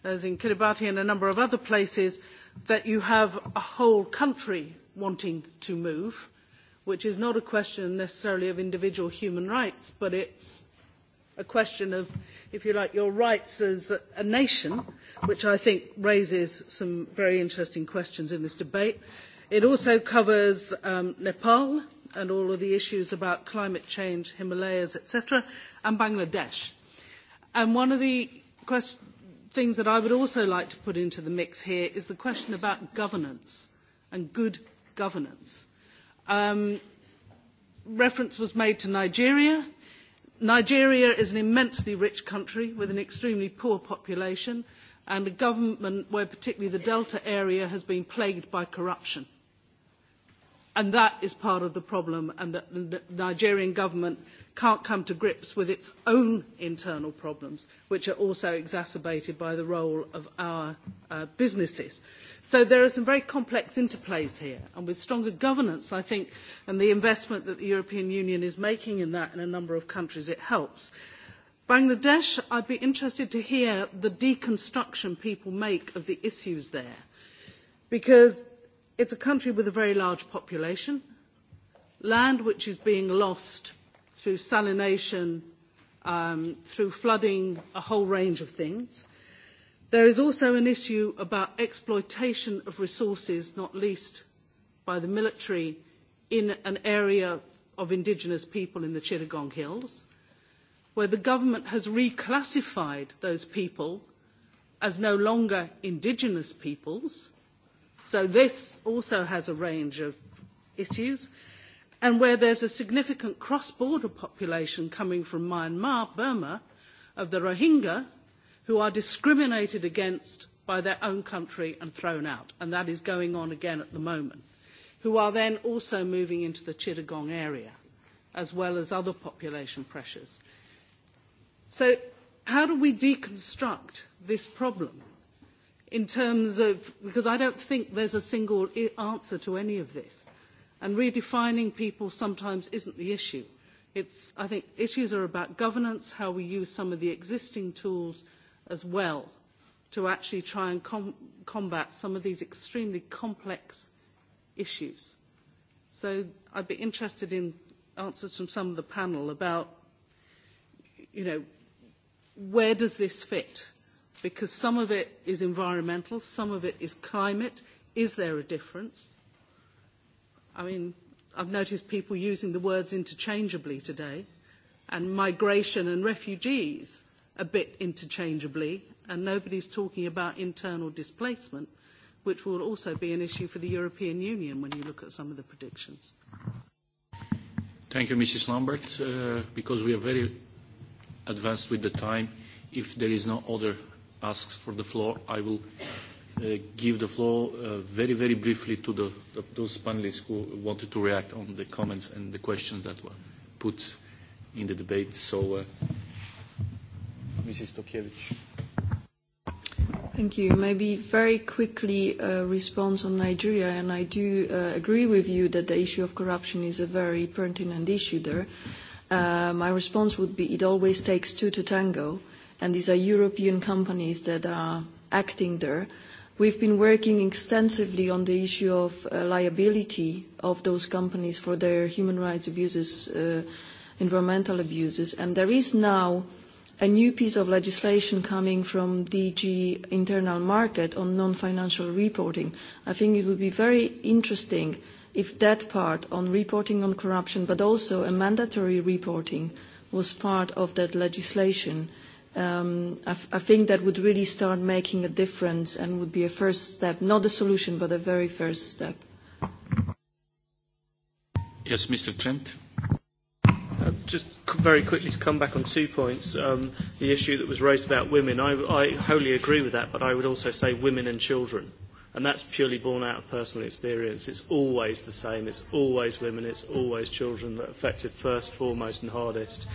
M: as in Kiribati and a number of other places, that you have a whole country wanting to move, which is not a question necessarily of individual human rights, but it's a question of, if you like, your rights as a nation, which I think raises some very interesting questions in this debate. It also covers Nepal and all of the issues about climate change, Himalayas, etc., and Bangladesh. And one of the things that I would also like to put into the mix here is the question about governance and good governance. Reference was made to Nigeria. Nigeria is an immensely rich country with an extremely poor population and a government where particularly the Delta area has been plagued by corruption. And that is part of the problem and that the Nigerian government can't come to grips with its own internal problems, which are also exacerbated by the role of our businesses. So there are some very complex interplays here, and with stronger governance, I think, and the investment that the European Union is making in that in a number of countries, it helps. Bangladesh, I'd be interested to hear the deconstruction people make of the issues there, because it's a country with a very large population, land which is being lost through salination, through flooding, a whole range of things. There is also an issue about exploitation of resources, not least by the military, in an area of indigenous people in the Chittagong Hills, where the government has reclassified those people as no longer indigenous peoples. So this also has a range of issues and where is a significant cross-border population coming from Myanmar, Burma, of the Rohingya, who are discriminated against by their own country and thrown out, and that is going on again at the moment, who are then also moving into the Chittagong area, as well as other population pressures. So how do we deconstruct this problem in terms of, because I don't think there's a single answer to any of this and redefining people sometimes isn't the issue. I think issues are about governance, how we use some of the existing tools as well to actually try and combat some of these extremely complex issues. So I'd be interested in answers from some of the panel about, you know, where does this fit? Because some of it is environmental, some of it is climate. Is there a difference? I mean, I've noticed people using the words interchangeably today, and migration and refugees a bit interchangeably, and nobody's talking about internal displacement, which will also be an issue for the European Union when you look at some of the predictions.
G: Thank you, Mrs. Lambert. Because we are very advanced with the time, if there is no other asks for the floor, I will give the floor very, very briefly to those panelists who wanted to react on the comments and the questions that were put in the debate. So, Mrs. Tokiewicz.
F: Thank you. Maybe very quickly a response on Nigeria, and I do agree with you that the issue of corruption is a very pertinent issue there. My response would be it always takes two to tango, and these are European companies that are acting there. We've been working extensively on the issue of liability of those companies for their human rights abuses, environmental abuses, and there is now a new piece of legislation coming from DG Internal Market on non-financial reporting. I think it would be very interesting if that part on reporting on corruption, but also a mandatory reporting, was part of that legislation I think that would really start making a difference and would be a first step, not the solution, but a very first step.
G: Yes, Mr. Trent.
H: Just very quickly to come back on two points. The issue that was raised about women, I wholly agree with that, but I would also say women and children. And that's purely born out of personal experience. It's always the same. It's always women. It's always children that are affected first, foremost, and hardest.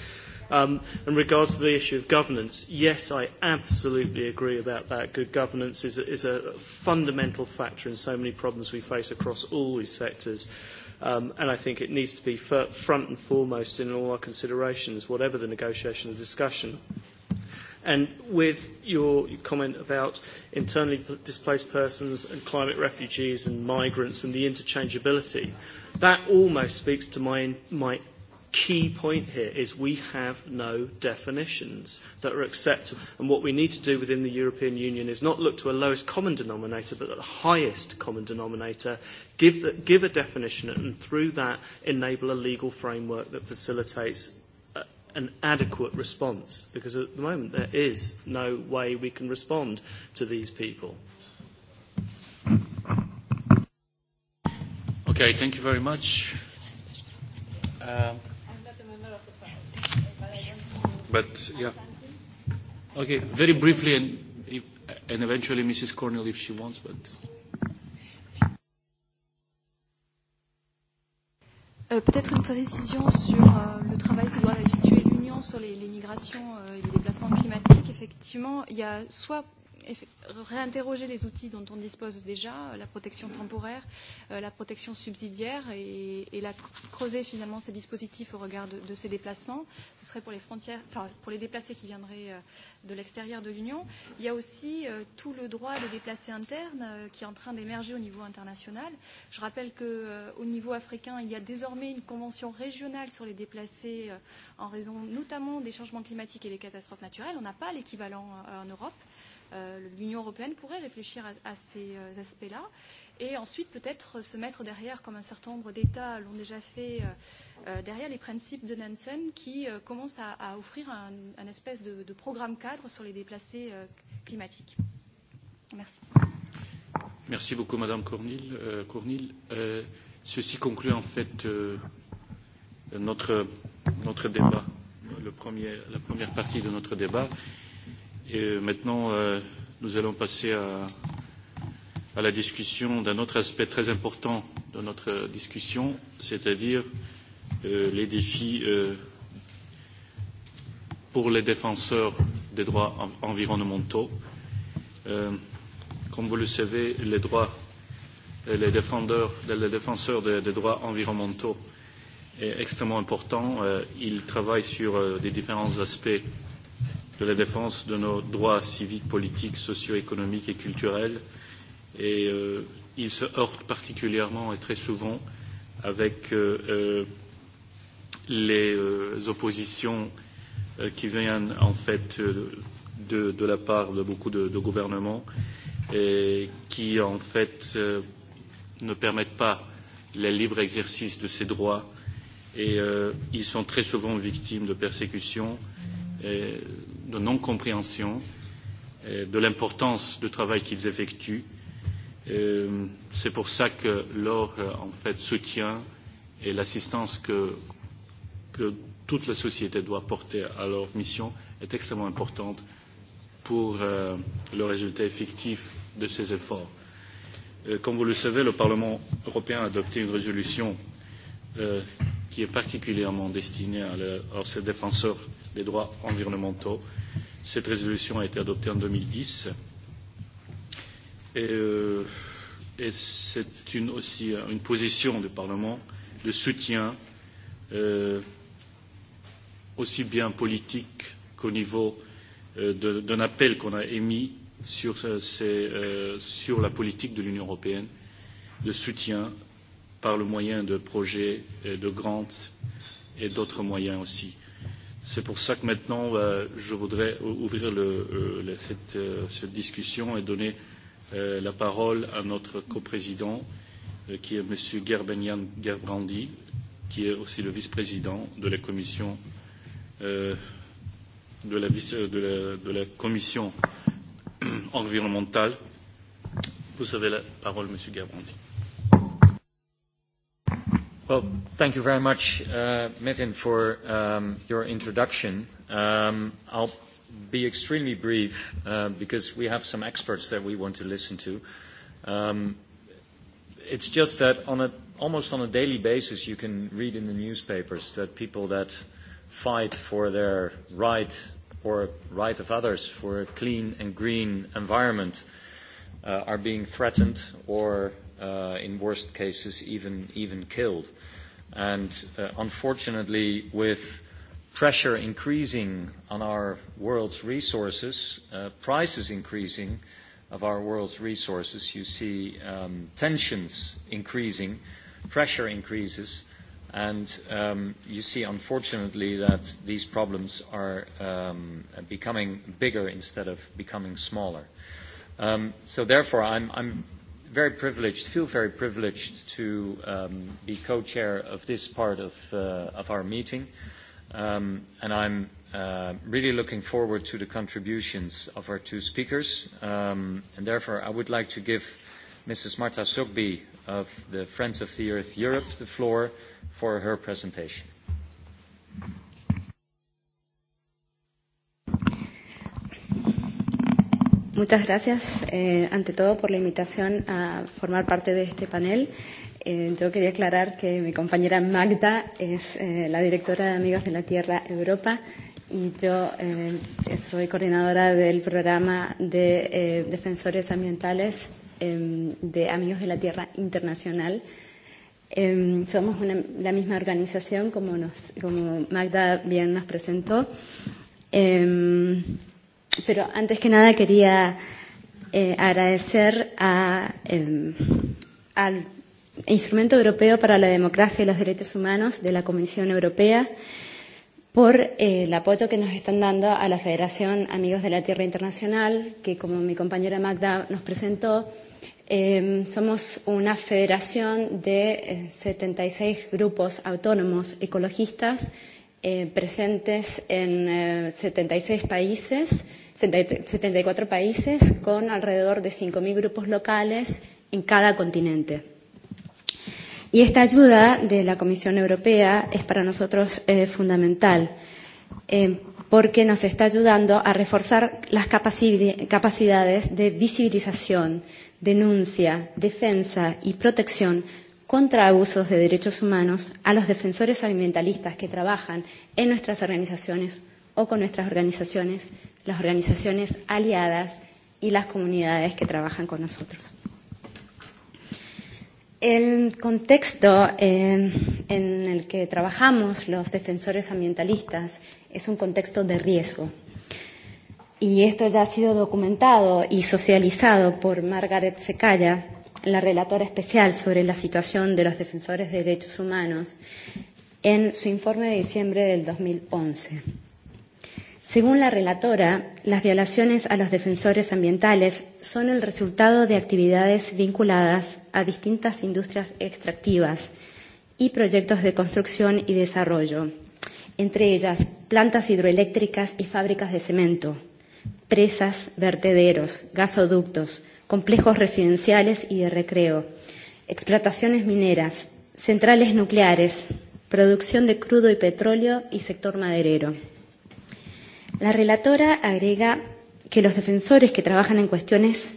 H: In regards to the issue of governance, yes, I absolutely agree about that. Good governance is a fundamental factor in so many problems we face across all these sectors, and I think it needs to be front and foremost in all our considerations, whatever the negotiation or discussion. And with your comment about internally displaced persons and climate refugees and migrants and the interchangeability, that almost speaks to my key point here is we have no definitions that are acceptable. And what we need to do within the European Union is not look to a lowest common denominator, but at the highest common denominator, give, give a definition, and through that enable a legal framework that facilitates an adequate response, because at the moment there is no way we can respond to these people. Okay, thank you very much.
G: But, yeah. Okay, very briefly, and, if, and eventually Mrs. Cornell if she wants, but...
C: Peut-être une précision sur le travail que doit effectuer l'Union sur les migrations et les déplacements climatiques. Effectivement, il y a soit réinterroger les outils dont on dispose déjà, la protection temporaire, la protection subsidiaire et, et la, creuser finalement ces dispositifs au regard de, ces déplacements. Ce serait pour les frontières, enfin, pour les déplacés qui viendraient de l'extérieur de l'Union. Il y a aussi tout le droit des déplacés internes qui est en train d'émerger au niveau international. Je rappelle qu'au niveau africain, il y a désormais une convention régionale sur les déplacés en raison notamment des changements climatiques et des catastrophes naturelles. On n'a pas l'équivalent en Europe l'Union européenne pourrait réfléchir à ces aspects-là et ensuite peut-être se mettre derrière, comme un certain nombre d'États l'ont déjà fait, derrière les principes de Nansen qui commencent à offrir un espèce de programme cadre sur les déplacés climatiques. Merci.
G: Merci beaucoup, Madame Cornil. Ceci conclut en fait notre débat, la première partie de notre débat. Et maintenant, nous allons passer à la discussion d'un autre aspect très important de notre discussion, c'est-à-dire les défis pour les défenseurs des droits environnementaux. Comme vous le savez, les droits les défenseurs des droits environnementaux est extrêmement important. Ils travaillent sur des différents aspects de la défense de nos droits civiques, politiques, socio-économiques et culturels. Et il se heurte particulièrement et très souvent avec les oppositions qui viennent en fait de, la part de beaucoup de, de gouvernements et qui en fait ne permettent pas le libre exercice de ces droits et ils sont très souvent victimes de persécutions de non-compréhension de l'importance du travail qu'ils effectuent. C'est pour ça que leur en fait, soutien et l'assistance que, que toute la société doit porter à leur mission est extrêmement importante pour le résultat effectif de ces efforts. Comme vous le savez, le Parlement européen a adopté une résolution qui est particulièrement destinée à ses défenseurs des droits environnementaux. Cette résolution a été adoptée en 2010 et c'est une aussi une position du Parlement de soutien aussi bien politique qu'au niveau d'un appel qu'on a émis sur la politique de l'Union européenne de soutien par le moyen de projets, de grants et d'autres moyens aussi. C'est pour ça que maintenant, je voudrais ouvrir cette discussion et donner la parole à notre coprésident, qui est M. Gerbenian Gerbrandi, qui est aussi le vice-président de la Commission de la Commission environnementale. Vous avez la parole, Monsieur Gerbrandi.
N: Well, thank you very much, Metin, for your introduction. I'll be extremely brief because we have some experts that we want to listen to. It's just that on a almost on a daily basis you can read in the newspapers that people that fight for their right or right of others for a clean and green environment are being threatened or in worst cases even even killed. And unfortunately, with pressure increasing on our world's resources, prices increasing of our world's resources, you see tensions increasing, pressure increases, and you see, unfortunately, that these problems are becoming bigger instead of becoming smaller. So therefore, I'm very privileged, feel very privileged to be co-chair of this part of, our meeting. and I'm really looking forward to the contributions of our two speakers. Um, and therefore, I would like to give Mrs. Marta Sogby of the Friends of the Earth Europe the floor for her presentation.
O: Muchas gracias, eh, ante todo, por la invitación a formar parte de este panel. Eh, yo quería aclarar que mi compañera Magda es eh, la directora de Amigos de la Tierra Europa y yo eh, soy coordinadora del programa de eh, defensores ambientales eh, de Amigos de la Tierra Internacional. Eh, somos una, la misma organización, como, nos, como Magda bien nos presentó. Eh, Pero antes que nada quería eh, agradecer a, eh, al Instrumento Europeo para la Democracia y los Derechos Humanos de la Comisión Europea por el apoyo que nos están dando a la Federación Amigos de la Tierra Internacional, que como mi compañera Magda nos presentó, eh, somos una federación de 76 grupos autónomos ecologistas eh, presentes en 76 países 74 países con alrededor de 5.000 grupos locales en cada continente. Y esta ayuda de la Comisión Europea es para nosotros fundamental porque nos está ayudando a reforzar las capacidades de visibilización, denuncia, defensa y protección contra abusos de derechos humanos a los defensores ambientalistas que trabajan en nuestras organizaciones o con nuestras organizaciones las organizaciones aliadas y las comunidades que trabajan con nosotros. El contexto en el que trabajamos los defensores ambientalistas es un contexto de riesgo. Y esto ya ha sido documentado y socializado por Margaret Secaya, la relatora especial sobre la situación de los defensores de derechos humanos, en su informe de diciembre del 2011. Según la relatora, las violaciones a los defensores ambientales son el resultado de actividades vinculadas a distintas industrias extractivas y proyectos de construcción y desarrollo, entre ellas plantas hidroeléctricas y fábricas de cemento, presas, vertederos, gasoductos, complejos residenciales y de recreo, explotaciones mineras, centrales nucleares, producción de crudo y petróleo y sector maderero. La relatora agrega que los defensores que trabajan en cuestiones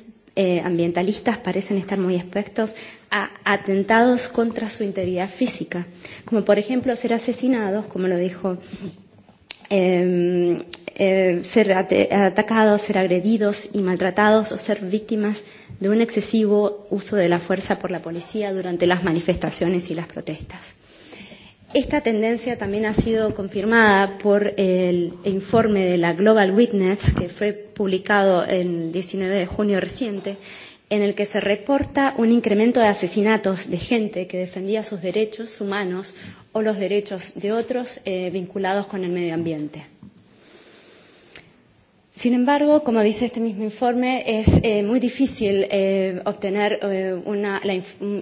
O: ambientalistas parecen estar muy expuestos a atentados contra su integridad física, como por ejemplo ser asesinados, como lo dijo, eh, ser atacados, ser agredidos y maltratados o ser víctimas de un excesivo uso de la fuerza por la policía durante las manifestaciones y las protestas. Esta tendencia también ha sido confirmada por el informe de la Global Witness, que fue publicado el 19 de junio reciente, en el que se reporta un incremento de asesinatos de gente que defendía sus derechos humanos o los derechos de otros vinculados con el medio ambiente. Sin embargo, como dice este mismo informe, es muy difícil obtener una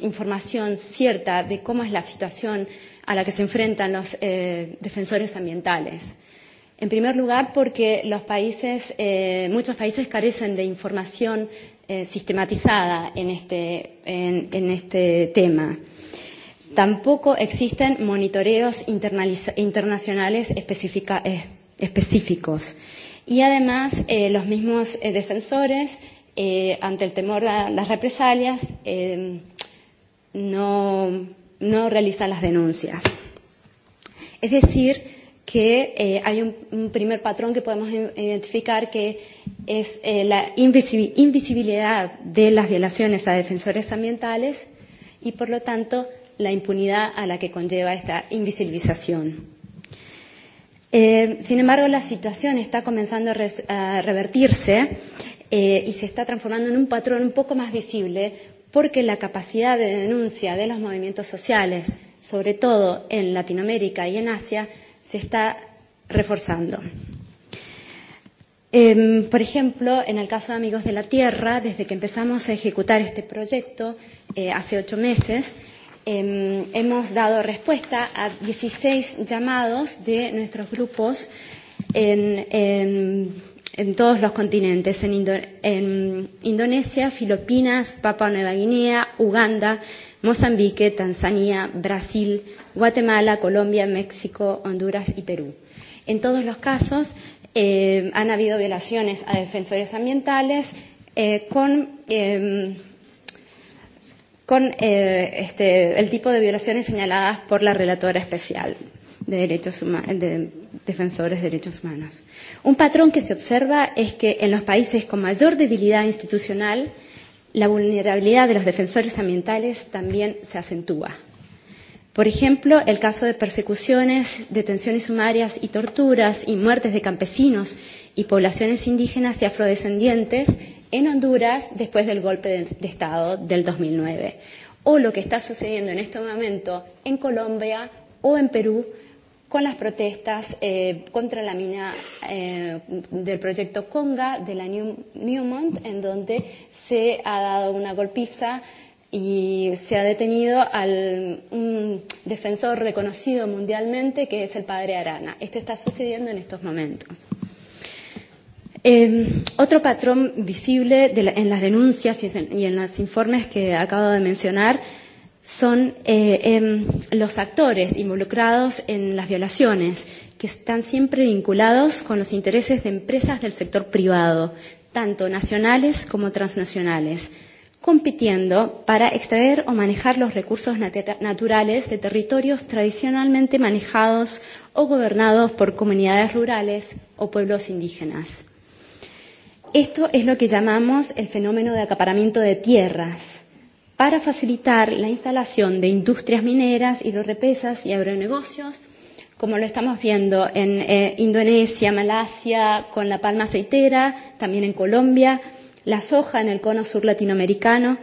O: información cierta de cómo es la situación a la que se enfrentan los defensores ambientales. En primer lugar, porque los países, muchos países carecen de información sistematizada en este, en, en este tema. Tampoco existen monitoreos internacionales específicos. Y además, los mismos defensores, ante el temor a las represalias, no no realiza las denuncias. Es decir, que hay un primer patrón que podemos identificar que es la invisibilidad de las violaciones a defensores ambientales y, por lo tanto, la impunidad a la que conlleva esta invisibilización. Sin embargo, la situación está comenzando a revertirse y se está transformando en un patrón un poco más visible porque la capacidad de denuncia de los movimientos sociales, sobre todo en Latinoamérica y en Asia, se está reforzando. Por ejemplo, en el caso de Amigos de la Tierra, desde que empezamos a ejecutar este proyecto hace ocho meses, hemos dado respuesta a 16 llamados de nuestros grupos en en todos los continentes, en Indonesia, Filipinas, Papua Nueva Guinea, Uganda, Mozambique, Tanzania, Brasil, Guatemala, Colombia, México, Honduras y Perú. En todos los casos han habido violaciones a defensores ambientales con con este el tipo de violaciones señaladas por la relatora especial de derechos humanos de defensores de derechos humanos. Un patrón que se observa es que en los países con mayor debilidad institucional, la vulnerabilidad de los defensores ambientales también se acentúa. Por ejemplo, el caso de persecuciones, detenciones sumarias y torturas y muertes de campesinos y poblaciones indígenas y afrodescendientes en Honduras después del golpe de Estado del 2009. O lo que está sucediendo en este momento en Colombia o en Perú con las protestas contra la mina del proyecto Conga de la Newmont, en donde se ha dado una golpiza y se ha detenido al un defensor reconocido mundialmente que es el padre Arana. Esto está sucediendo en estos momentos. Eh, otro patrón visible de en las denuncias y en los informes que acabo de mencionar son los actores involucrados en las violaciones, que están siempre vinculados con los intereses de empresas del sector privado, tanto nacionales como transnacionales, compitiendo para extraer o manejar los recursos naturales de territorios tradicionalmente manejados o gobernados por comunidades rurales o pueblos indígenas. Esto es lo que llamamos el fenómeno de acaparamiento de tierras para facilitar la instalación de industrias mineras, hidrorepesas y agronegocios, como lo estamos viendo en Indonesia, Malasia, con la palma aceitera, también en Colombia, la soja en el cono sur latinoamericano,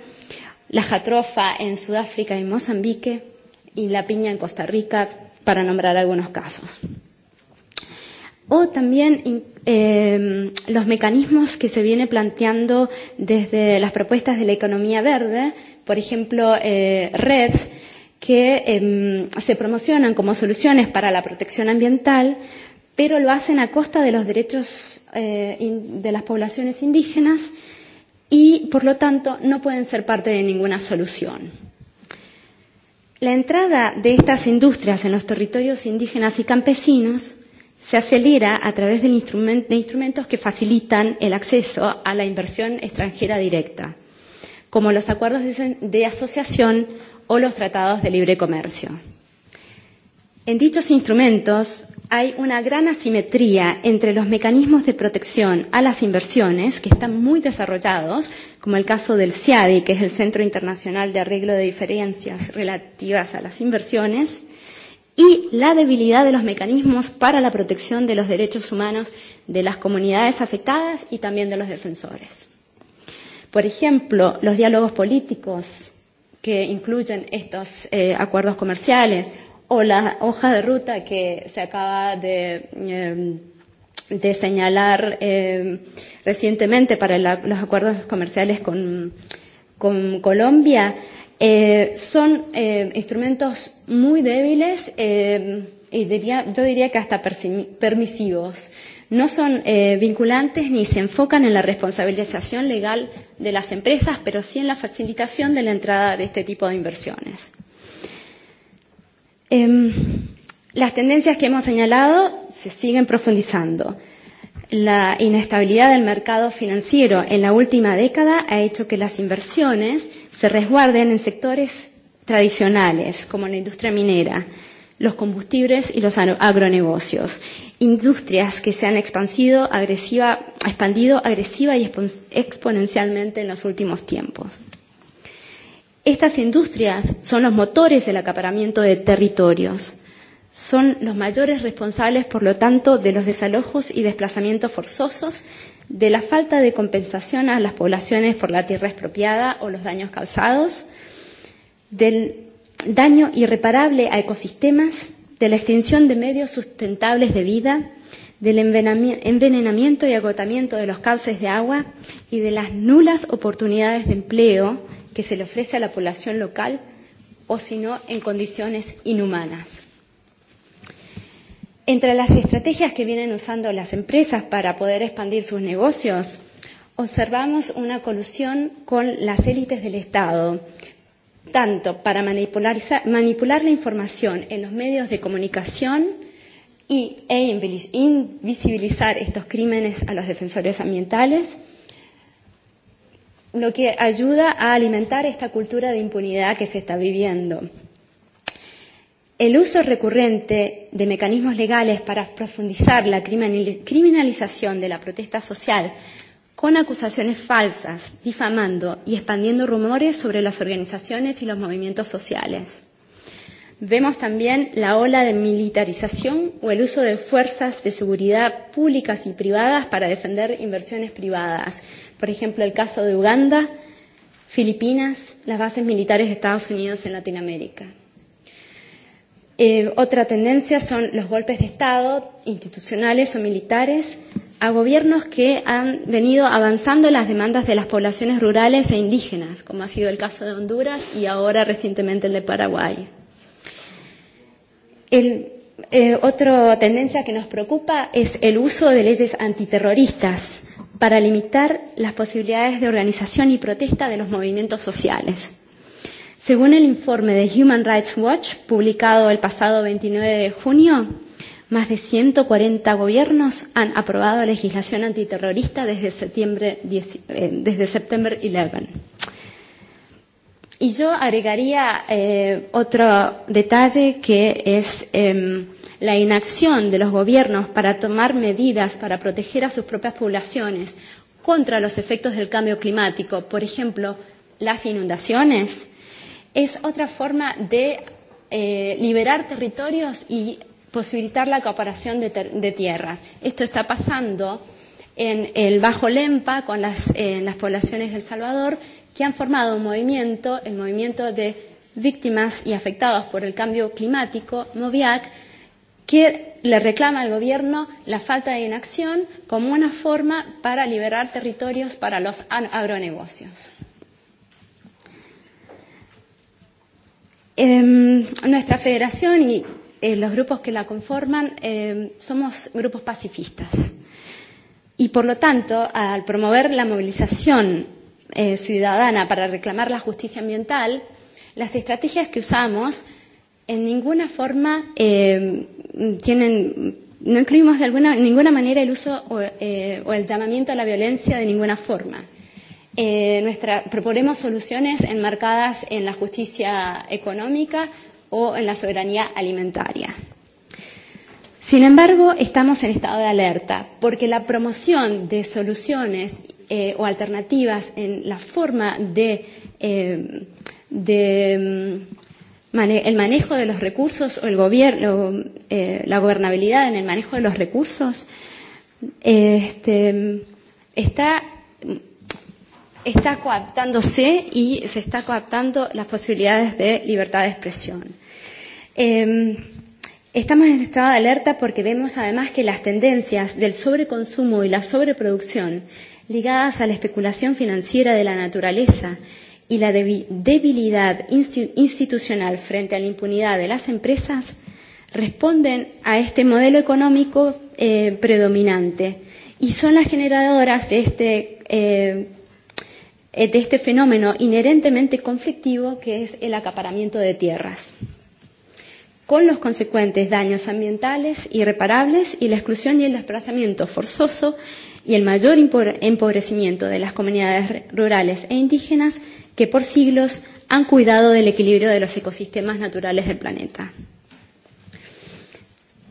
O: la jatrofa en Sudáfrica y Mozambique, y la piña en Costa Rica, para nombrar algunos casos. O también los mecanismos que se viene planteando desde las propuestas de la economía verde, por ejemplo, red que se promocionan como soluciones para la protección ambiental, pero lo hacen a costa de los derechos de las poblaciones indígenas y, por lo tanto, no pueden ser parte de ninguna solución. La entrada de estas industrias en los territorios indígenas y campesinos se acelera a través de instrumentos que facilitan el acceso a la inversión extranjera directa como los acuerdos de asociación o los tratados de libre comercio. En dichos instrumentos hay una gran asimetría entre los mecanismos de protección a las inversiones, que están muy desarrollados, como el caso del CIADI, que es el Centro Internacional de Arreglo de Diferencias Relativas a las Inversiones, y la debilidad de los mecanismos para la protección de los derechos humanos de las comunidades afectadas y también de los defensores. Por ejemplo, los diálogos políticos que incluyen estos acuerdos comerciales o la hoja de ruta que se acaba de de señalar recientemente para los acuerdos comerciales con con Colombia eh son instrumentos muy débiles eh y diría yo diría que hasta permisivos no son vinculantes ni se enfocan en la responsabilización legal de las empresas, pero sí en la facilitación de la entrada de este tipo de inversiones. Las tendencias que hemos señalado se siguen profundizando. La inestabilidad del mercado financiero en la última década ha hecho que las inversiones se resguarden en sectores tradicionales, como la industria minera, los combustibles y los agronegocios, industrias que se han expandido agresiva expandido agresiva y exponencialmente en los últimos tiempos. Estas industrias son los motores del acaparamiento de territorios. Son los mayores responsables, por lo tanto, de los desalojos y desplazamientos forzosos, de la falta de compensación a las poblaciones por la tierra expropiada o los daños causados, del daño irreparable a ecosistemas de la extinción de medios sustentables de vida, del envenenamiento y agotamiento de los cauces de agua y de las nulas oportunidades de empleo que se le ofrece a la población local o si no en condiciones inhumanas. Entre las estrategias que vienen usando las empresas para poder expandir sus negocios, observamos una colusión con las élites del Estado tanto para manipular la información en los medios de comunicación y e invisibilizar estos crímenes a los defensores ambientales, lo que ayuda a alimentar esta cultura de impunidad que se está viviendo. El uso recurrente de mecanismos legales para profundizar la criminalización de la protesta social con acusaciones falsas, difamando y expandiendo rumores sobre las organizaciones y los movimientos sociales. Vemos también la ola de militarización o el uso de fuerzas de seguridad públicas y privadas para defender inversiones privadas. Por ejemplo, el caso de Uganda, Filipinas, las bases militares de Estados Unidos en Latinoamérica. Otra tendencia son los golpes de Estado institucionales o militares a gobiernos que han venido avanzando las demandas de las poblaciones rurales e indígenas, como ha sido el caso de Honduras y ahora recientemente el de Paraguay. El, otra tendencia que nos preocupa es el uso de leyes antiterroristas para limitar las posibilidades de organización y protesta de los movimientos sociales. Según el informe de Human Rights Watch, publicado el pasado 29 de junio, Más de 140 gobiernos han aprobado legislación antiterrorista desde septiembre, desde septiembre 11. Y yo agregaría eh, otro detalle que es eh, la inacción de los gobiernos para tomar medidas para proteger a sus propias poblaciones contra los efectos del cambio climático, por ejemplo, las inundaciones, es otra forma de eh, liberar territorios y posibilitar la cooperación de tierras. Esto está pasando en el Bajo Lempa con las las poblaciones El Salvador que han formado un movimiento, el movimiento de víctimas y afectados por el cambio climático, Moviac, que le reclama al gobierno la falta de inacción como una forma para liberar territorios para los agronegocios. Nuestra federación y los grupos que la conforman somos grupos pacifistas. Y por lo tanto, al promover la movilización ciudadana para reclamar la justicia ambiental, las estrategias que usamos en ninguna forma tienen, no incluimos de alguna, ninguna manera el uso o, el llamamiento a la violencia de ninguna forma. Eh, nuestra, proponemos soluciones enmarcadas en la justicia económica, o en la soberanía alimentaria. Sin embargo, estamos en estado de alerta, porque la promoción de soluciones o alternativas en la forma de el manejo de los recursos o el gobierno la gobernabilidad en el manejo de los recursos este está está coaptándose y se está coaptando las posibilidades de libertad de expresión Estamos en estado de alerta porque vemos además que las tendencias del sobreconsumo y la sobreproducción ligadas a la especulación financiera de la naturaleza y la debilidad institucional frente a la impunidad de las empresas responden a este modelo económico predominante y son las generadoras de este de este fenómeno inherentemente conflictivo que es el acaparamiento de tierras con los consecuentes daños ambientales irreparables y la exclusión y el desplazamiento forzoso y el mayor empobrecimiento de las comunidades rurales e indígenas que por siglos han cuidado del equilibrio de los ecosistemas naturales del planeta.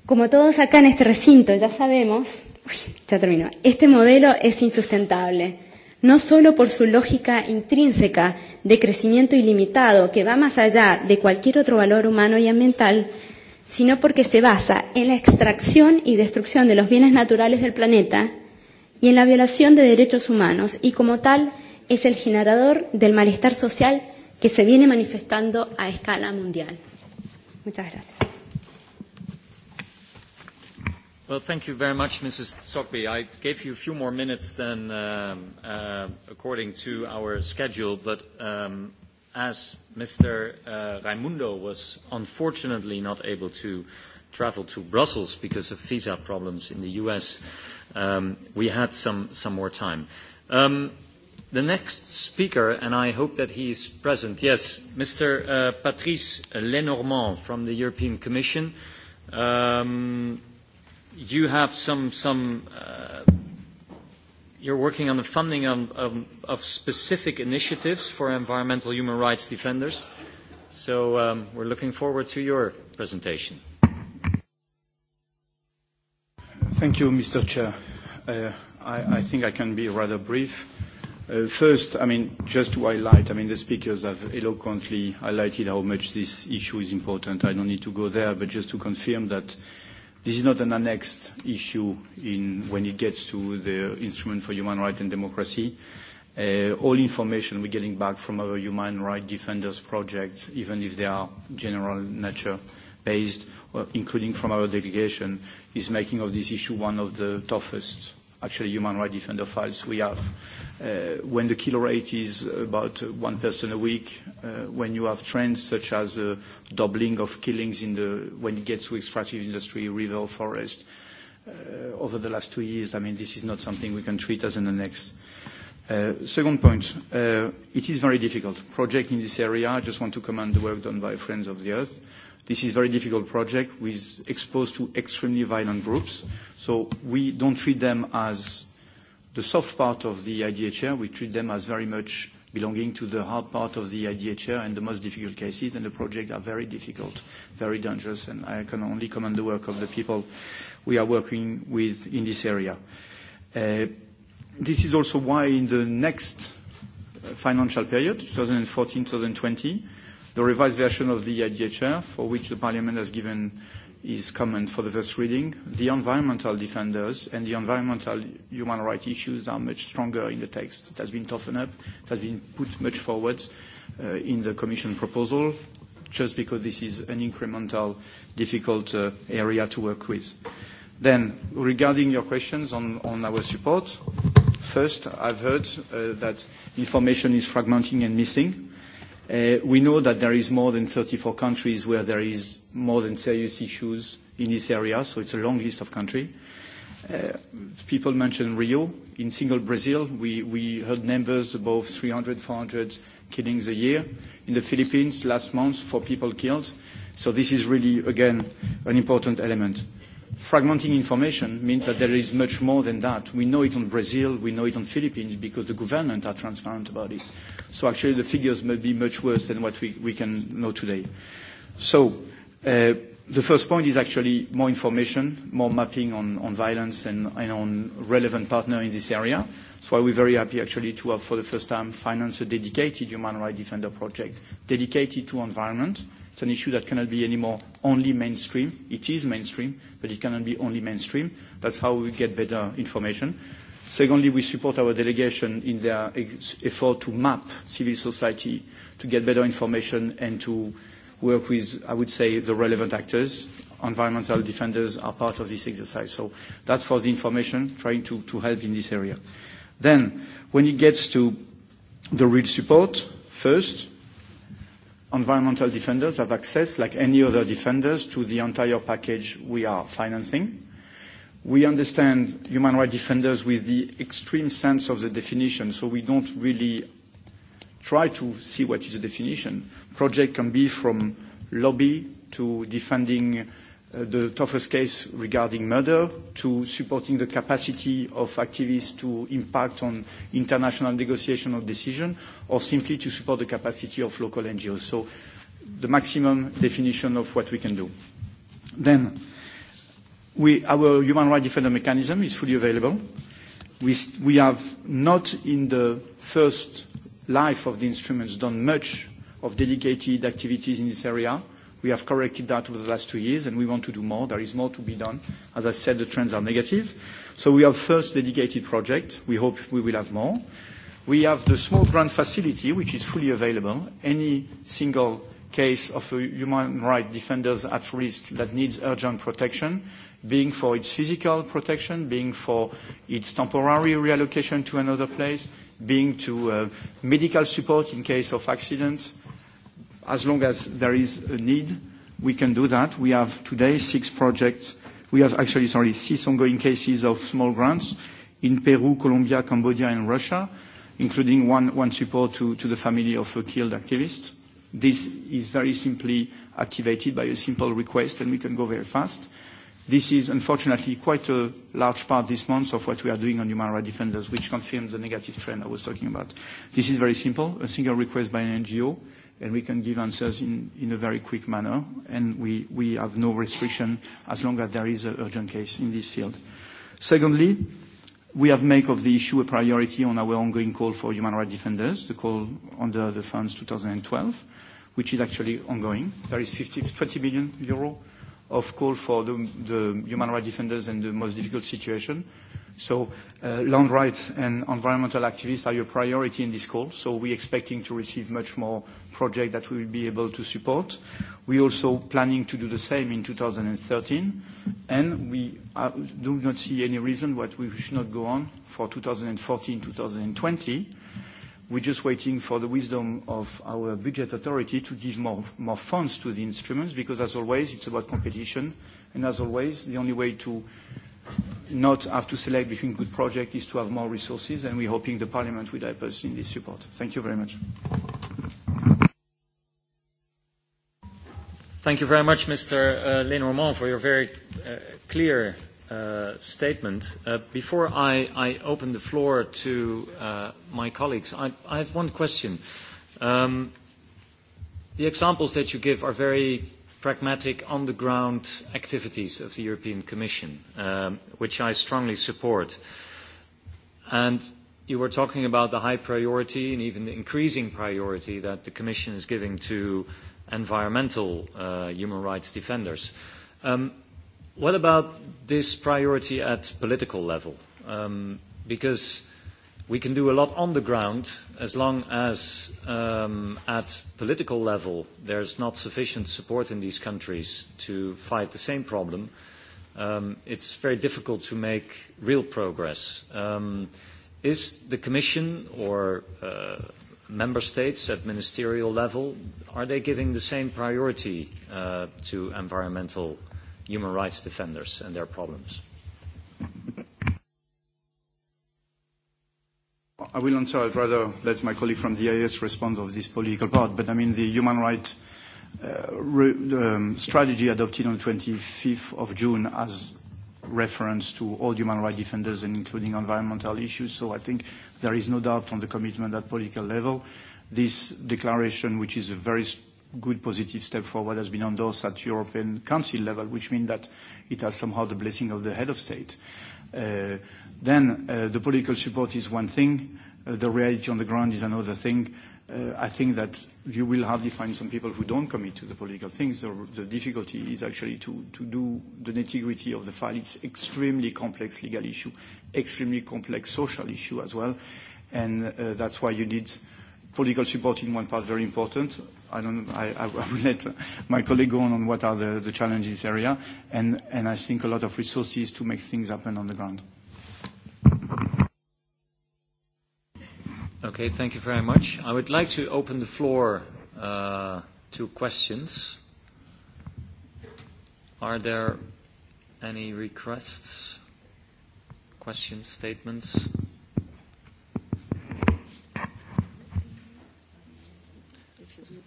O: Como todos acá en este recinto ya sabemos, uy, ya terminó, este modelo es insustentable no solo por su lógica intrínseca de crecimiento ilimitado que va más allá de cualquier otro valor humano y ambiental, sino porque se basa en la extracción y destrucción de los bienes naturales del planeta y en la violación de derechos humanos, y como tal es el generador del malestar social que se viene manifestando a escala mundial. Muchas gracias.
N: Well, thank you very much, Mrs. Sogby. I gave you a few more minutes than according to our schedule, but as Mr. Raimundo was unfortunately not able to travel to Brussels because of visa problems in the U.S., we had some more time. The next speaker, and I hope that he is present, yes, Mr. Patrice Lenormand from the European Commission you have some some you're working on the funding of specific initiatives for environmental human rights defenders. So we're looking forward
P: to your presentation. Thank you, Mr. Chair. I think I can be rather brief. First, I mean, just to highlight, I mean, the speakers have eloquently highlighted how much this issue is important. I don't need to go there, but just to confirm that This is not an annexed issue when it gets to the Instrument for Human Rights and Democracy. All information we're getting back from our human rights defenders project, even if they are general nature based, including from our delegation, is making of this issue one of the toughest actually human rights defender files we have. When the kill rate is about one person a week, when you have trends such as doubling of killings in the when it gets to extractive industry, river, forest, over the last two years, I mean, this is not something we can treat as an annex. Second point, it is very difficult. Project in this area, I just want to commend the work done by Friends of the Earth This is a very difficult project with exposed to extremely violent groups. So we don't treat them as the soft part of the IDHR. We treat them as very much belonging to the hard part of the IDHR and the most difficult cases. And the projects are very difficult, very dangerous. And I can only commend the work of the people we are working with in this area. This is also why in the next financial period, 2014-2020, the revised version of the IDHR, for which the Parliament has given his comment for the first reading. The environmental defenders and the environmental human rights issues are much stronger in the text. It has been toughened up. It has been put much forward in the Commission proposal, just because this is an incremental, difficult area to work with. Then, regarding your questions on our support, first, I've heard that information is fragmenting and missing. We know that there is more than 34 countries where there is more than serious issues in this area, so it's a long list of countries. People mentioned Rio. In single Brazil, we heard numbers above 300, 400 killings a year. In the Philippines, last month, four people killed. So this is really, again, an important element fragmenting information means that there is much more than that. We know it on Brazil, we know it on Philippines because the government are transparent about it. So actually the figures may be much worse than what we can know today. So the first point is actually more information, more mapping on violence and on relevant partner in this area. That's why we're very happy actually to have for the first time financed a dedicated human rights defender project dedicated to environment It's an issue that cannot be anymore only mainstream. It is mainstream, but it cannot be only mainstream. That's how we get better information. Secondly, we support our delegation in their effort to map civil society, to get better information and to work with, I would say, the relevant actors. Environmental defenders are part of this exercise. So that's for the information, trying to help in this area. Then, when it gets to the real support, first, environmental defenders have access, like any other defenders, to the entire package we are financing. We understand human rights defenders with the extreme sense of the definition, so we don't really try to see what is the definition. Project can be from lobby to defending the toughest case regarding murder, to supporting the capacity of activists to impact on international negotiation of decision, or simply to support the capacity of local NGOs. So the maximum definition of what we can do. Then, our human rights defender mechanism is fully available. We have not in the first life of the instruments done much of dedicated activities in this area. We have corrected that over the last two years, and we want to do more. There is more to be done. As I said, the trends are negative. So we have first dedicated project. We hope we will have more. We have the small grant facility, which is fully available. Any single case of human rights defenders at risk that needs urgent protection, being for its physical protection, being for its temporary reallocation to another place, being to medical support in case of accident, as long as there is a need, we can do that. We have today six projects. We have actually, sorry, six ongoing cases of small grants in Peru, Colombia, Cambodia, and Russia, including one support to the family of a killed activist. This is very simply activated by a simple request, and we can go very fast. This is unfortunately quite a large part this month of what we are doing on human rights defenders, which confirms the negative trend I was talking about. This is very simple, a single request by an NGO, and we can give answers in a very quick manner, and we have no restriction as long as there is an urgent case in this field. Secondly, we have made of the issue a priority on our ongoing call for human rights defenders, the call under the funds 2012, which is actually ongoing. There is 20 billion euro of call for the human rights defenders in the most difficult situation. So land rights and environmental activists are your priority in this call, so we're expecting to receive much more projects that we will be able to support. We're also planning to do the same in 2013, and we do not see any reason why we should not go on for 2014-2020. We're just waiting for the wisdom of our budget authority to give more funds to the instruments because, as always, it's about competition. And as always, the only way to not have to select between good projects is to have more resources. And we're hoping the Parliament will help us in this support. Thank you very much.
N: Thank you very much, Mr. Lenormand, for your very clear statement. Before I open the floor to my colleagues, I have one question. The examples that you give are very pragmatic, on-the-ground activities of the European Commission, which I strongly support. And you were talking about the high priority and even the increasing priority that the Commission is giving to environmental human rights defenders. What about this priority at political level? Because we can do a lot on the ground as long as at political level there is not sufficient support in these countries to fight the same problem. It's very difficult to make real progress. Is the Commission or member states at ministerial level, are they giving the same priority to environmental human rights defenders and their problems.
P: I will answer. I'd rather let my colleague from the IS respond of this political part. But I mean, the human rights strategy adopted on 25th of June has reference to all human rights defenders and including environmental issues. So I think there is no doubt on the commitment at political level. This declaration, which is a very good positive step forward has been endorsed at European Council level, which means that it has somehow the blessing of the head of state. Then the political support is one thing, the reality on the ground is another thing. I think that you will hardly find some people who don't commit to the political things. The difficulty is actually to do the nitty-gritty of the file. It's extremely complex legal issue, extremely complex social issue as well, and that's why you need political support in one part, very important, I don't. I will let my colleague go on what are the challenges area, and I think a lot of resources to make things happen on the ground.
N: Okay, thank you very much. I would like to open the floor to questions. Are there any requests, questions, statements?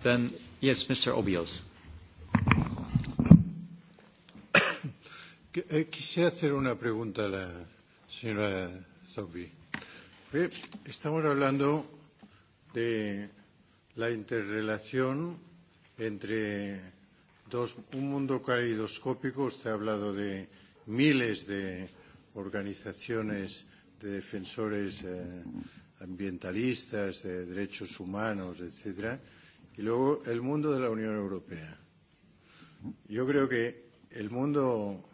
Q: Then, yes, Mr. Quisiera hacer una pregunta a la señora Zombie. Estamos hablando de la interrelación entre un mundo caleidoscópico. Usted ha hablado de miles de organizaciones de defensores ambientalistas, de derechos humanos, etcétera y luego el mundo de la Unión Europea. Yo creo que el mundo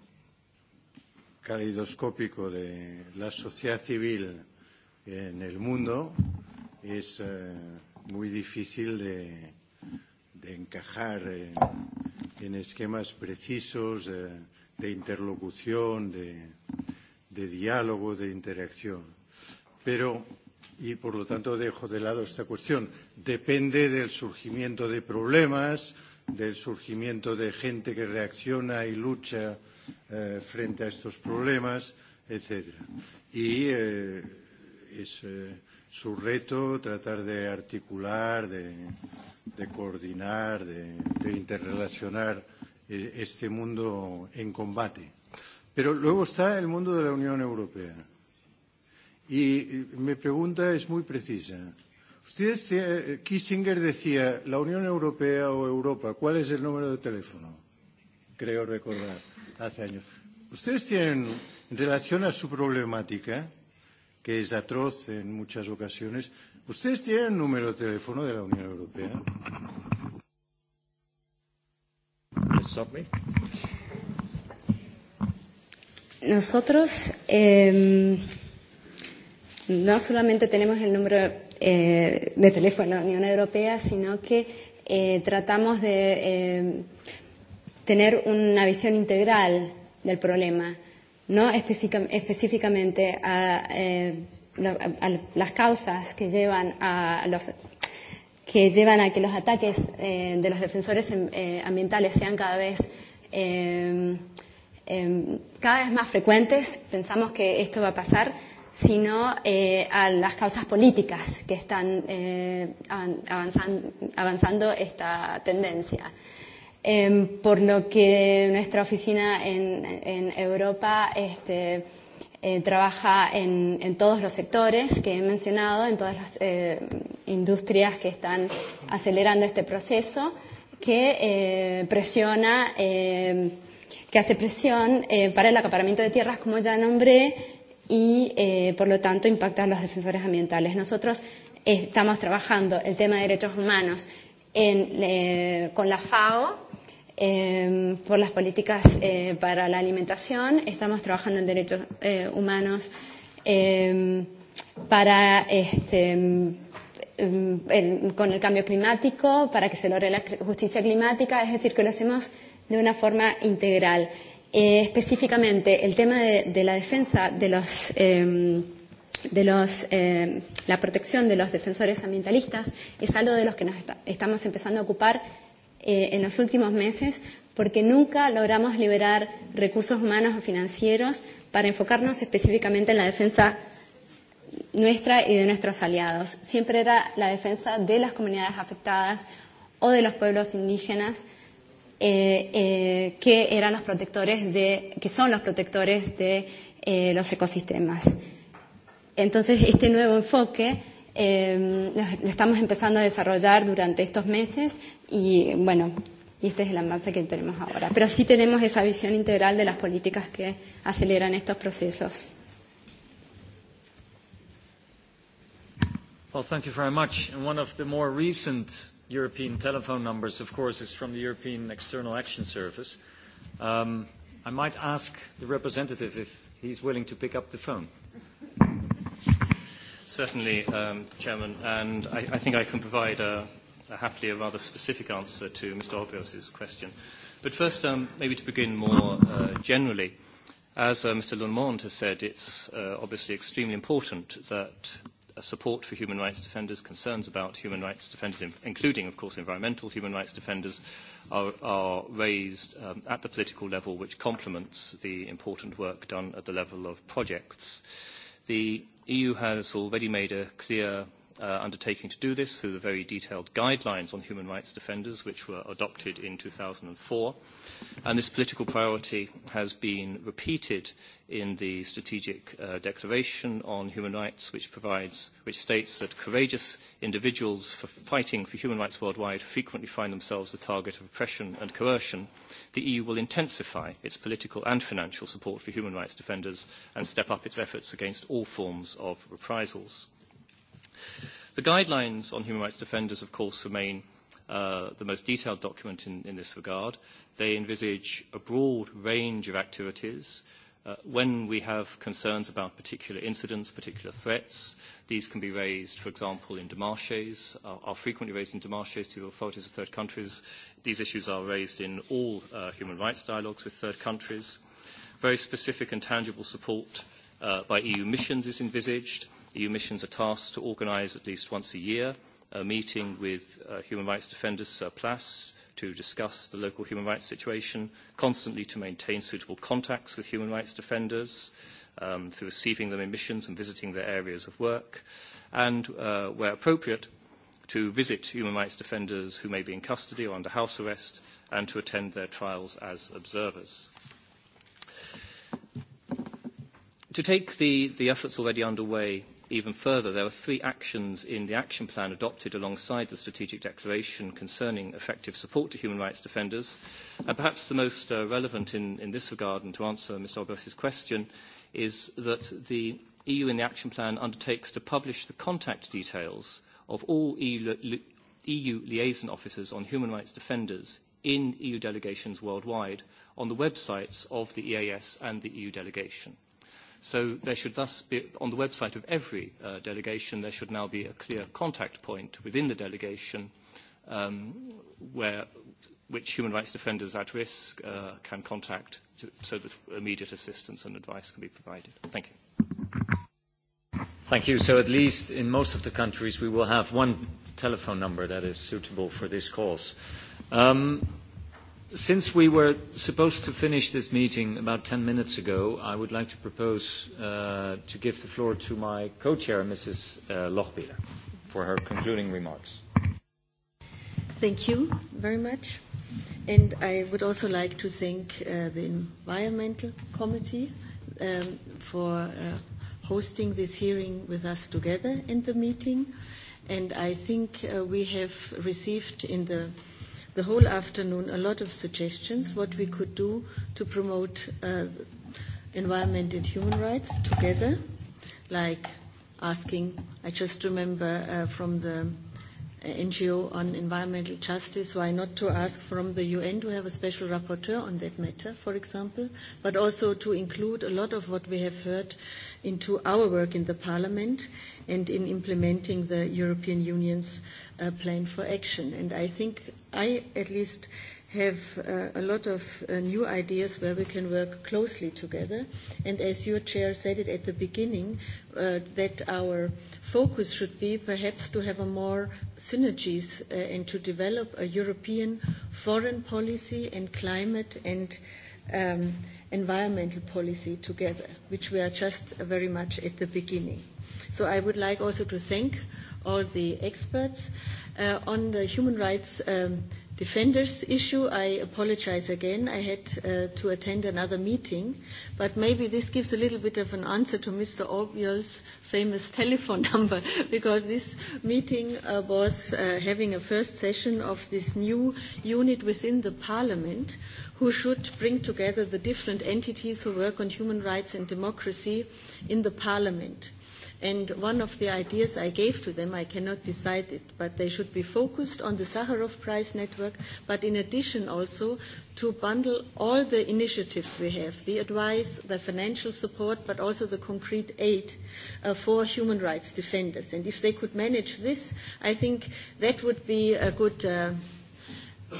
Q: caleidoscópico de la sociedad civil en el mundo es muy difícil de encajar en esquemas precisos de interlocución, de diálogo, de interacción. Pero y, por lo tanto, dejo de lado esta cuestión. Depende del surgimiento de problemas, del surgimiento de gente que reacciona y lucha frente a estos problemas, etc. Y es su reto tratar de articular, de coordinar, de interrelacionar este mundo en combate. Pero luego está el mundo de la Unión Europea Y mi pregunta es muy precisa. Ustedes, Kissinger decía, la Unión Europea o Europa, ¿cuál es el número de teléfono? Creo recordar, hace años. Ustedes tienen, en relación a su problemática, que es atroz en muchas ocasiones, ¿ustedes tienen el número de teléfono de la Unión Europea?
O: Nosotros. Eh, no solamente tenemos el número eh, de teléfono en la Unión Europea, sino que eh, tratamos de eh, tener una visión integral del problema, no específicamente a, eh, a las causas que llevan a los que llevan a que los ataques eh, de los defensores ambientales sean cada vez eh, eh, cada vez más frecuentes. Pensamos que esto va a pasar sino a las causas políticas que están avanzando esta tendencia. Por lo que nuestra oficina en Europa este trabaja en todos los sectores que he mencionado, en todas las industrias que están acelerando este proceso, que presiona que hace presión para el acaparamiento de tierras, como ya nombré, y, por lo tanto, impacta a los defensores ambientales. Nosotros estamos trabajando el tema de derechos humanos en, con la FAO, por las políticas para la alimentación. Estamos trabajando en derechos humanos para este con el cambio climático, para que se logre la justicia climática, es decir, que lo hacemos de una forma integral específicamente el tema de la defensa de los de los la protección de los defensores ambientalistas es algo de los que nos estamos empezando a ocupar en los últimos meses porque nunca logramos liberar recursos humanos o financieros para enfocarnos específicamente en la defensa nuestra y de nuestros aliados. Siempre era la defensa de las comunidades afectadas o de los pueblos indígenas que eran los protectores de que son los protectores de los ecosistemas. Entonces, este nuevo enfoque eh, lo estamos empezando a desarrollar durante estos meses y, bueno, y este es el avance que tenemos ahora. Pero sí tenemos esa visión integral de las políticas que aceleran estos procesos.
N: Well, thank you very much. And one of the more recent European telephone numbers, of course, is from the European External Action Service. I might ask the representative if he's willing to pick up the
I: phone. Certainly, Chairman, and I think I can provide happily a rather specific answer to Mr. Obios's question. But first, maybe to begin more generally, as Mr. Lemond has said, it's obviously extremely important that support for human rights defenders, concerns about human rights defenders, including, of course, environmental human rights defenders, are raised at the political level, which complements the important work done at the level of projects. The EU has already made a clear undertaking to do this through the very detailed guidelines on human rights defenders, which were adopted in 2004. And this political priority has been repeated in the Strategic Declaration on Human Rights, which provides, which states that courageous individuals for fighting for human rights worldwide frequently find themselves the target of oppression and coercion. The EU will intensify its political and financial support for human rights defenders and step up its efforts against all forms of reprisals. The guidelines on human rights defenders, of course, remain the most detailed document in this regard. They envisage a broad range of activities. When we have concerns about particular incidents, particular threats, these can be raised, for example, in demarches, are frequently raised in demarches to the authorities of third countries. These issues are raised in all human rights dialogues with third countries. Very specific and tangible support by EU missions is envisaged. EU missions are tasked to organise at least once a year a meeting with human rights defenders, Sir to discuss the local human rights situation, constantly to maintain suitable contacts with human rights defenders, through receiving them in missions and visiting their areas of work, and, where appropriate, to visit human rights defenders who may be in custody or under house arrest, and to attend their trials as observers. To take the efforts already underway even further, there are three actions in the action plan adopted alongside the strategic declaration concerning effective support to human rights defenders. And perhaps the most relevant in this regard, and to answer Mr. Albers' question, is that the EU in the action plan undertakes to publish the contact details of all EU liaison officers on human rights defenders in EU delegations worldwide on the websites of the EAS and the EU delegation. So there should thus be, on the website of every delegation, there should now be a clear contact point within the delegation where which human rights defenders at risk can contact so that immediate assistance and advice can be provided. Thank you.
N: Thank you. So at least in most of the countries we will have one telephone number that is suitable for this cause. Since we were supposed to finish this meeting about 10 minutes ago, I would like to propose to give the floor to my co-chair, Mrs. Lochbihler, for her concluding remarks.
A: Thank you very much. And I would also like to thank the Environmental Committee for hosting this hearing with us together in the meeting. And I think we have received in the the whole afternoon a lot of suggestions what we could do to promote environment and human rights together, like asking, I just remember from the NGO on environmental justice, why not to ask from the UN to have a special rapporteur on that matter, for example, but also to include a lot of what we have heard into our work in the Parliament and in implementing the European Union's plan for action. And I think I at least have a lot of new ideas where we can work closely together. And as your chair said it at the beginning, that our focus should be perhaps to have more synergies and to develop a European foreign policy and climate and environmental policy together, which we are just very much at the beginning. So I would like also to thank all the experts. On the human rights defenders issue, I apologize again. I had to attend another meeting, but maybe this gives a little bit of an answer to Mr. Orwell's famous telephone number, because this meeting was having a first session of this new unit within the Parliament who should bring together the different entities who work on human rights and democracy in the Parliament. And one of the ideas I gave to them, I cannot decide it, but they should be focused on the Sakharov Prize Network, but in addition also to bundle all the initiatives we have, the advice, the financial support, but also the concrete aid for human rights defenders. And if they could manage this, I think that would be a good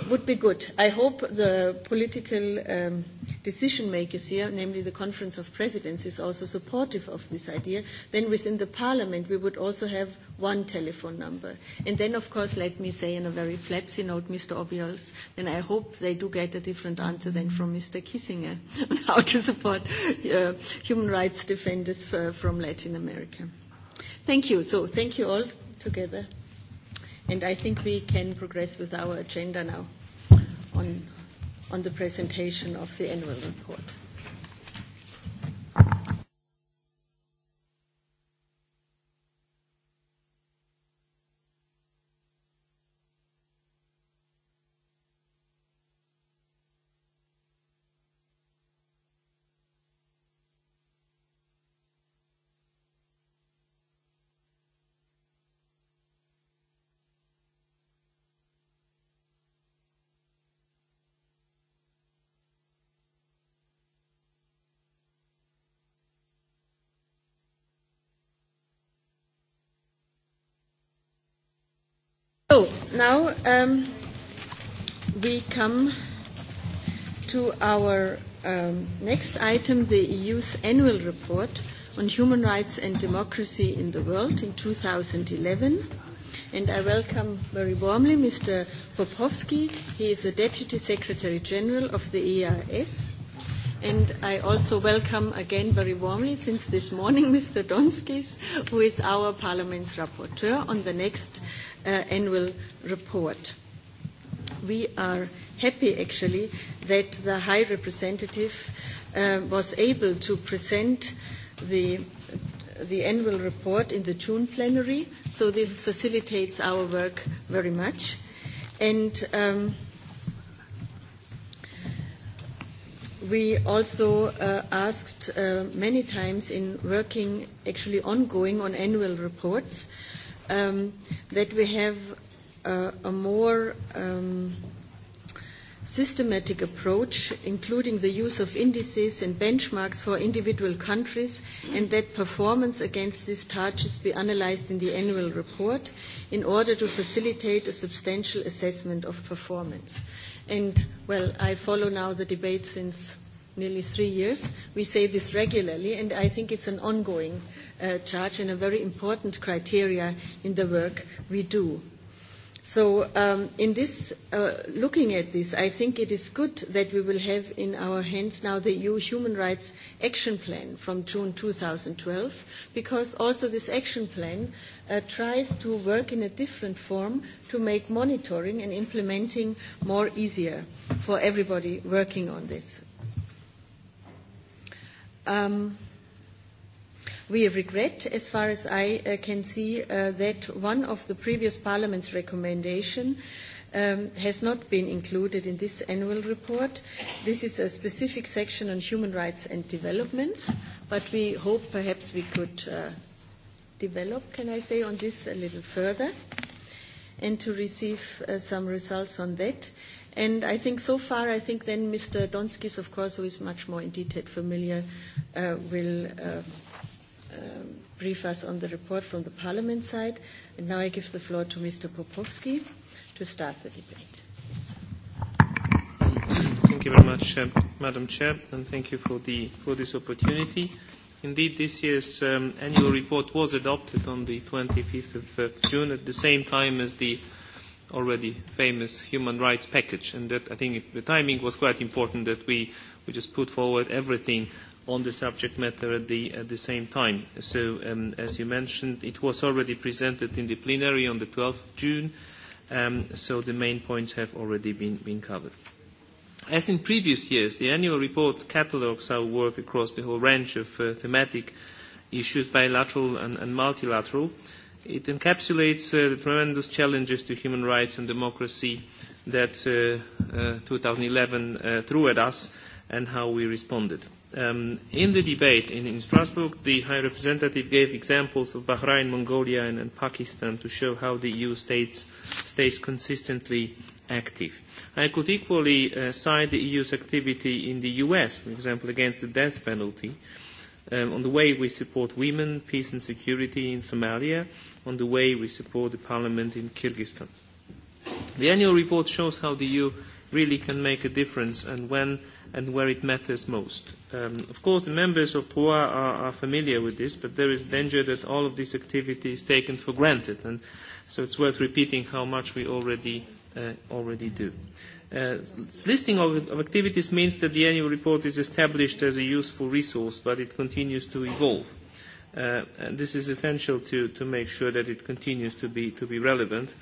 A: would be good. I hope the political decision makers here, namely the Conference of Presidents, is also supportive of this idea. Then within the Parliament we would also have one telephone number. And then, of course, let me say in a very flapsy note, Mr. Obiols, then I hope they do get a different answer than from Mr. Kissinger on how to support human rights defenders from Latin America. Thank you. So thank you all together. And I think we can progress with our agenda now on the presentation of the annual report. So now we come to our next item, the EU's annual report on human rights and democracy in the world in 2011. And I welcome very warmly Mr. Popovsky. He is the Deputy Secretary General of the ERS, And I also welcome again very warmly since this morning Mr. Donskis, who is our Parliament's rapporteur on the next annual report. We are happy actually that the High Representative was able to present the the annual report in the June plenary, so this facilitates our work very much. And we also asked many times in working actually ongoing on annual reports that we have a more systematic approach, including the use of indices and benchmarks for individual countries, and that performance against these targets be analysed in the annual report in order to facilitate a substantial assessment of performance. And, well, I follow now the debate since nearly three years. We say this regularly, and I think it's an ongoing charge and a very important criteria in the work we do. So in this, looking at this, I think it is good that we will have in our hands now the EU Human Rights Action Plan from June 2012, because also this action plan tries to work in a different form to make monitoring and implementing more easier for everybody working on this. We regret, as far as I can see, that one of the previous Parliament's recommendations has not been included in this annual report. This is a specific section on human rights and development, but we hope perhaps we could develop, can I say, on this a little further and to receive some results on that. And I think so far, I think then Mr. Donskis, of course, who is much more in detail familiar, will brief us on the report from the Parliament side. And now I give the floor to Mr. Popovsky to start the debate.
R: Thank you very much, Madam Chair, and thank you for the for this opportunity. Indeed, this year's annual report was adopted on the 25th of June at the same time as the already famous human rights package. And that I think the timing was quite important that we we just put forward everything on the subject matter at the same time. So, as you mentioned, it was already presented in the plenary on the 12th of June, so the main points have already been covered. As in previous years, the annual report catalogues our work across the whole range of thematic issues, bilateral and multilateral, It encapsulates the tremendous challenges to human rights and democracy that 2011 threw at us and how we responded. In the debate in Strasbourg, the High Representative gave examples of Bahrain, Mongolia and Pakistan to show how the EU stays consistently active. I could equally cite the EU's activity in the US, for example, against the death penalty on the way we support women, peace and security in Somalia, on the way we support the parliament in Kyrgyzstan. The annual report shows how the EU really can make a difference and when and where it matters most. Of course, the members of TROA are familiar with this, but there is danger that all of this activity is taken for granted, and so it's worth repeating how much we already do. This listing of activities means that the annual report is established as a useful resource, but it continues to evolve. this is essential to make sure that it continues to be relevant.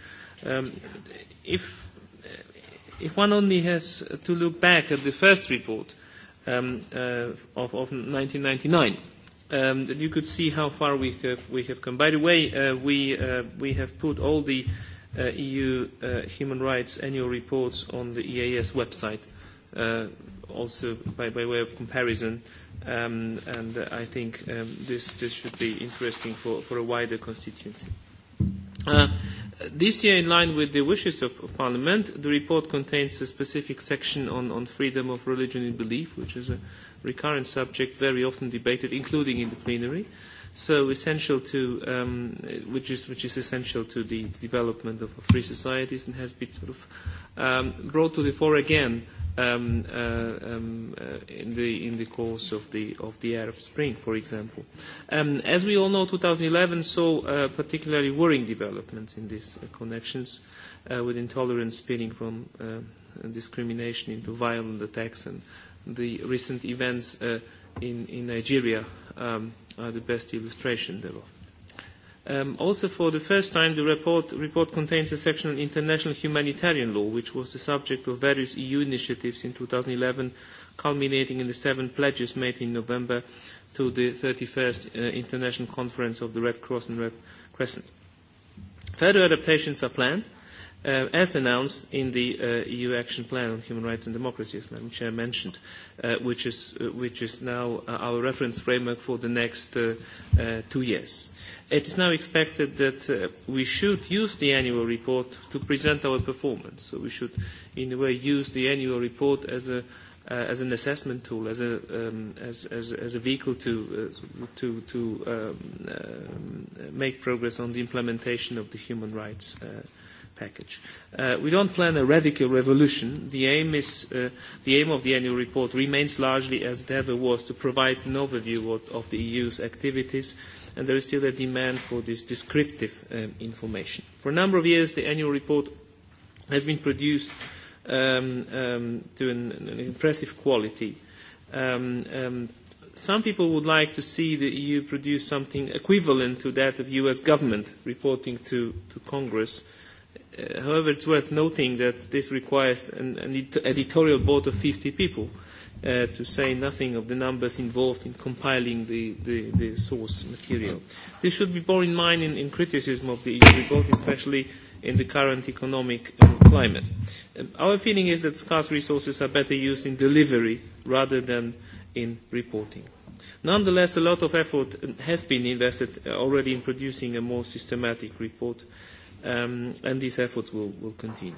R: If one only has to look back at the first report of 1999, you could see how far we have come. By the way, we have put all the EU human rights annual reports on the EAS website, also by way of comparison, and I think this should be interesting for a wider constituency. This year, in line with the wishes of Parliament, the report contains a specific section on freedom of religion and belief, which is a recurrent subject very often debated, including in the plenary so essential to um, which is which is essential to the development of free societies and has been sort of um, brought to the fore again um, um, in the in the course of the of the Arab Spring, for example. Um, as we all know, 2011 saw particularly worrying developments in these connections, with intolerance spinning from discrimination into violent attacks and the recent events in Nigeria are the best illustration thereof. Also, for the first time, the report contains a section on international humanitarian law, which was the subject of various EU initiatives in 2011, culminating in the seven pledges made in November to the 31st International Conference of the Red Cross and Red Crescent. Further adaptations are planned as announced in the EU Action Plan on Human Rights and Democracy, as Madam Chair mentioned, which is now our reference framework for the next two years. It is now expected that we should use the annual report to present our performance. So we should, in a way, use the annual report as a as an assessment tool, as a as a vehicle to to to make progress on the implementation of the human rights package. We don't plan a radical revolution. The aim of the annual report remains largely as it ever was to provide an overview of the EU's activities, and there is still a demand for this descriptive information. For a number of years, the annual report has been produced to an impressive quality. Some people would like to see the EU produce something equivalent to that of U.S. government reporting to Congress However, it's worth noting that this requires an editorial board of 50 people, to say nothing of the numbers involved in compiling the source material. This should be borne in mind in criticism of the EU report, especially in the current economic climate. Our feeling is that scarce resources are better used in delivery rather than in reporting. Nonetheless, a lot of effort has been invested already in producing a more systematic report and these efforts will continue.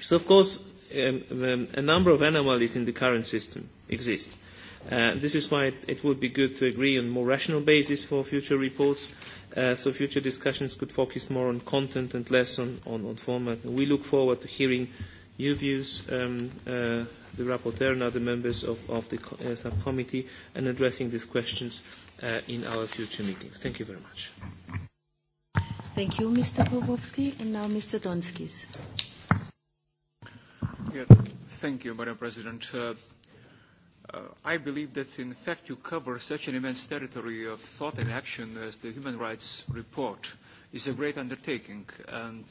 R: So, of course, a number of anomalies in the current system exist. This is why it would be good to agree on more rational basis for future reports, so future discussions could focus more on content and less on format. We look forward to hearing your views, the rapporteur and other members of the subcommittee, and addressing these questions in our future meetings. Thank you very much.
A: Thank you, Mr. Pavlovsky. And now Mr. Donskis.
S: Thank you, Madam President. I believe that, in fact, you cover such an immense territory of thought and action as the Human Rights Report is a great undertaking, and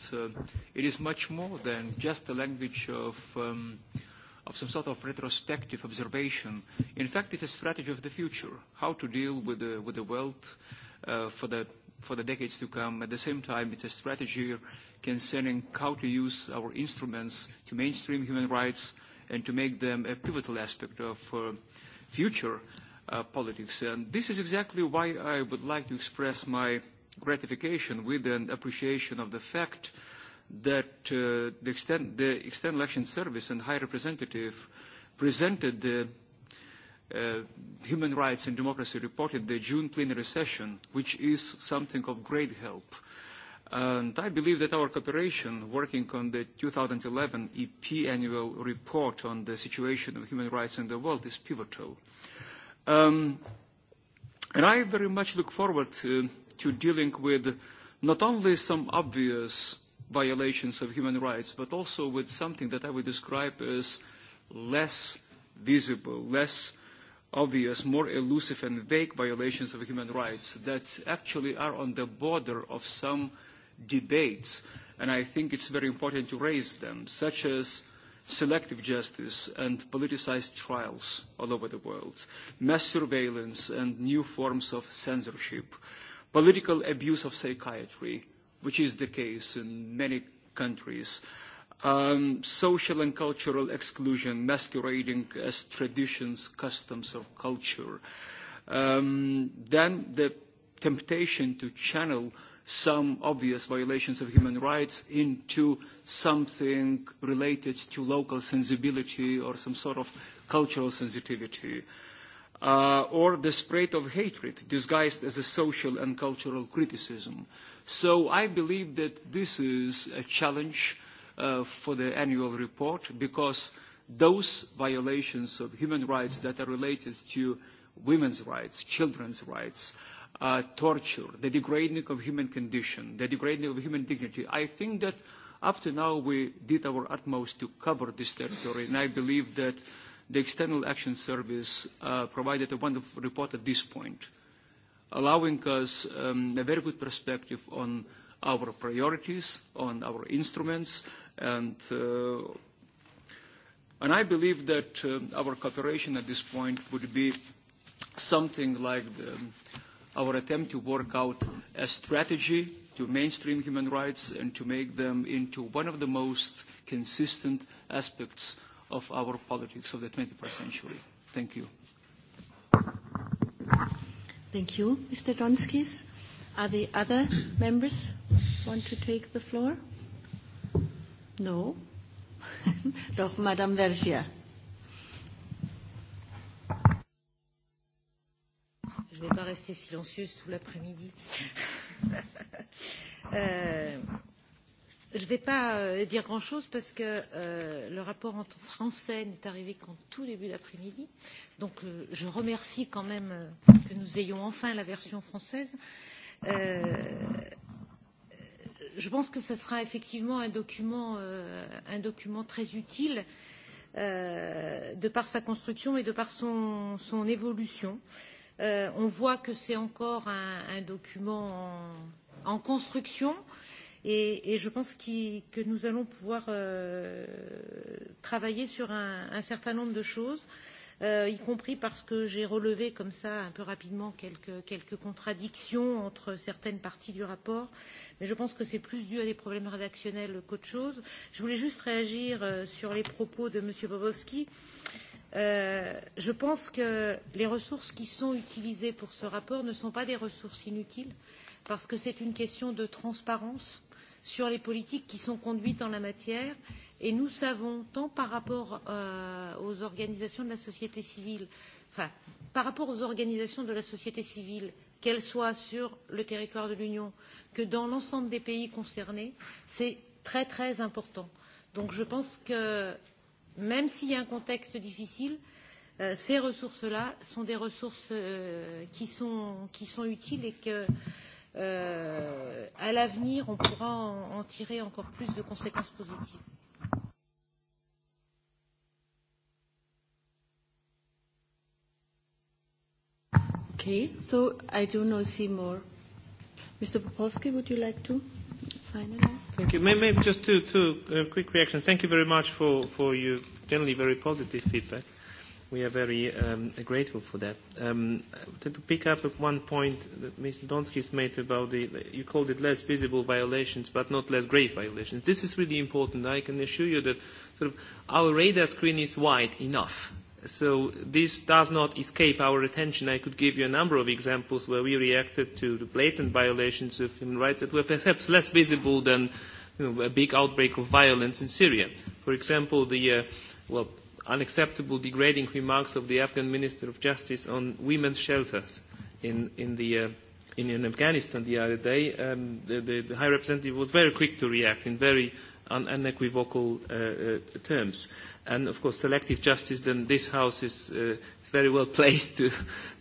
S: it is much more than just a language of some sort of retrospective observation. In fact, it's a strategy of the future, how to deal with the world for the for the decades to come. At the same time, it's a strategy concerning how to use our instruments to mainstream human rights and to make them a pivotal aspect of future politics. And this is exactly why I would like to express my gratification with an appreciation of the fact that the External Action Service and High Representative presented the Human Rights and Democracy reported the June plenary session, which is something of great help. And I believe that our cooperation working on the 2011 EP annual report on the situation of human rights in the world is pivotal. And I very much look forward to dealing with not only some obvious violations of human rights, but also with something that I would describe as less visible, less obvious, more elusive and vague violations of human rights that actually are on the border of some debates, and I think it's very important to raise them, such as selective justice and politicized trials all over the world, mass surveillance and new forms of censorship, political abuse of psychiatry, which is the case in many countries, social and cultural exclusion masquerading as traditions, customs, or culture. Then the temptation to channel some obvious violations of human rights into something related to local sensibility or some sort of cultural sensitivity. Or the spread of hatred disguised as a social and cultural criticism. So I believe that this is a challenge for the annual report because those violations of human rights that are related to women's rights, children's rights, torture, the degrading of human condition, the degrading of human dignity. I think that up to now we did our utmost to cover this territory, and I believe that the External Action Service provided a wonderful report at this point, allowing us a very good perspective on our priorities, on our instruments, And I believe that our cooperation at this point would be something like our attempt to work out a strategy to mainstream human rights and to make them into one of the most consistent aspects of our politics of the 21st century. Thank you.
A: Thank you, Mr. Donskis. Are the other members want to take the floor? No. Doch, Madame Vergia.
T: Je ne vais pas rester silencieuse tout l'après-midi. euh, je ne vais pas dire grand-chose parce que le rapport en français n'est arrivé qu'en tout début d'après-midi. Donc je remercie quand même que nous ayons enfin la version française. Euh, je pense que ce sera effectivement un document très utile de par sa construction et de par son évolution. On voit que c'est encore un document en construction et je pense que nous allons pouvoir travailler sur un certain nombre de choses y compris parce que j'ai relevé comme ça un peu rapidement quelques contradictions entre certaines parties du rapport, mais je pense que c'est plus dû à des problèmes rédactionnels qu'autre chose. Je voulais juste réagir sur les propos de M. Bobowski. Je pense que les ressources qui sont utilisées pour ce rapport ne sont pas des ressources inutiles, parce que c'est une question de transparence sur les politiques qui sont conduites en la matière Et nous savons, tant par rapport aux organisations de la société civile, enfin, par rapport aux organisations de la société civile, qu'elles soient sur le territoire de l'Union que dans l'ensemble des pays concernés, c'est très très important. Donc je pense que même s'il y a un contexte difficile, ces ressources-là sont des ressources qui sont utiles et que à l'avenir, on pourra en tirer encore plus de conséquences positives.
A: Okay, so I do not see more. Mr. Popowski, would you like to finalize? Thank
R: you. Maybe just two, two quick reactions. Thank you very much for, for your generally very positive feedback. We are very um, grateful for that. Um, to, to pick up one point that Mr. has made about the, you called it less visible violations, but not less grave violations. This is really important. I can assure you that sort of our radar screen is wide enough So this does not escape our attention. I could give you a number of examples where we reacted to the blatant violations of human rights that were perhaps less visible than a big outbreak of violence in Syria. For example, the unacceptable degrading remarks of the Afghan Minister of Justice on women's shelters in in the in Afghanistan the other day. The High Representative was very quick to react in very on unequivocal terms. And of course, selective justice, then this House is very well placed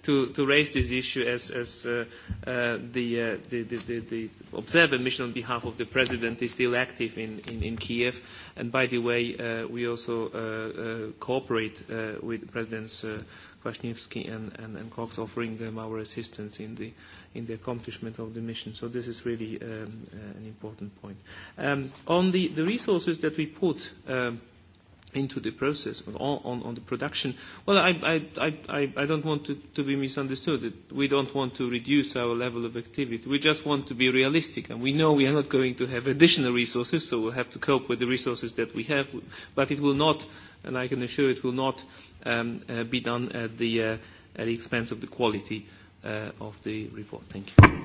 R: to raise this issue as the observer mission on behalf of the President is still active in Kiev. And by the way, we also cooperate with Presidents Kwasniewski and Cox, offering them our assistance in the in the accomplishment of the mission. So this is really an important point. On the the resources that we put into the process on on the production, well, I I I I don't want to to be misunderstood. We don't want to reduce our level of activity. We just want to be realistic, and we know we are not going to have additional resources, so we'll have to cope with the resources that we have, but it will not, and I can assure it will not be done at the expense of the quality of the report. Thank you.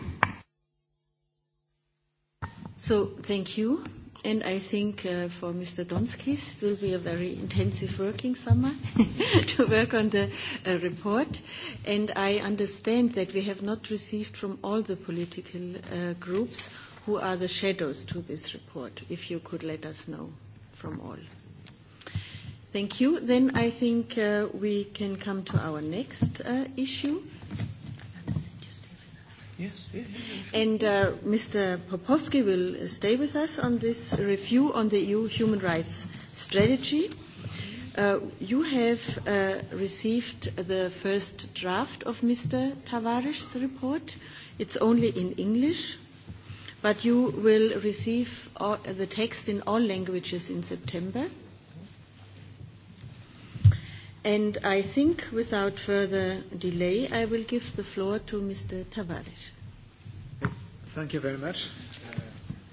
A: So thank you. And I think for Mr. Donskis it will be a very intensive working summer to work on the report. And I understand that we have not received from all the political groups who are the shadows to this report, if you could let us know from all. Thank you. Then I think we can come to our next issue. Yes. And Mr. Popowski will stay with us on this review on the EU human rights strategy. You have received the first draft of Mr. Tavares' report. It's only in English, but you will receive the text in all languages in September. And I think without further delay, I will give the floor to Mr. Tavares.
U: Thank you very much.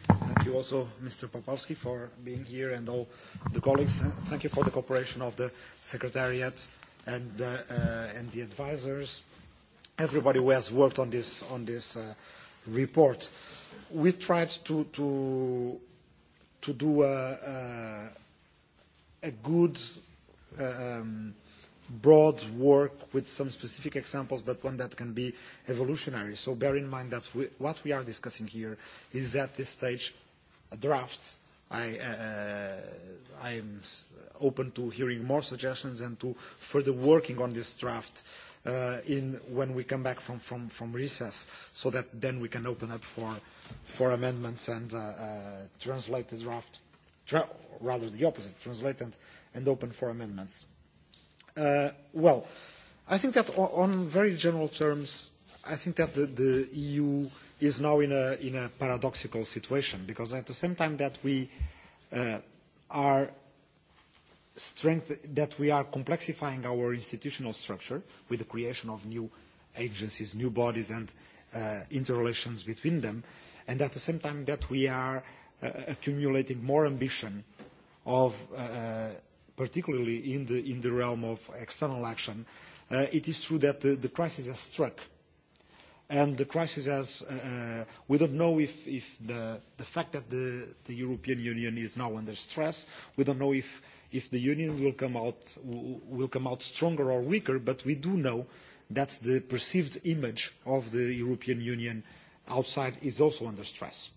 U: Thank you also, Mr. Popowski, for being here and all the colleagues. Thank you for the cooperation of the Secretariat and the advisors, everybody who has worked on this on this report. We tried to to do a good um, broad work with some specific examples, but one that can be evolutionary. So bear in mind that what we are discussing here is at this stage a draft. I am open to hearing more suggestions and to further working on this draft when we come back from from recess, so that then we can open up for amendments and translate the draft, rather the opposite, translate and open for amendments. Well, I think that on very general terms, I think that the EU is now in a paradoxical situation because at the same time that we are that we are complexifying our institutional structure with the creation of new agencies, new bodies and interrelations between them, and at the same time that we are accumulating more ambition of particularly in the realm of external action, it is true that the crisis has struck. And the crisis has, we don't know if the fact that the European Union is now under stress, we don't know if the Union will come out stronger or weaker, but we do know that the perceived image of the European Union outside is also under stress.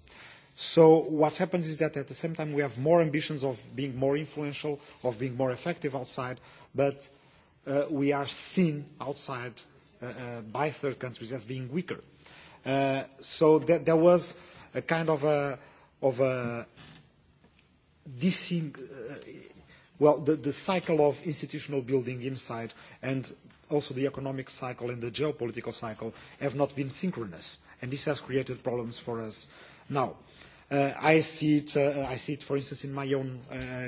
U: So what happens is that at the same time we have more ambitions of being more influential, of being more effective outside, but we are seen outside by third countries as being weaker. So there was a kind of a of a well the cycle of institutional building inside and also the economic cycle and the geopolitical cycle have not been synchronous and this has created problems for us now I see it, for instance, in my own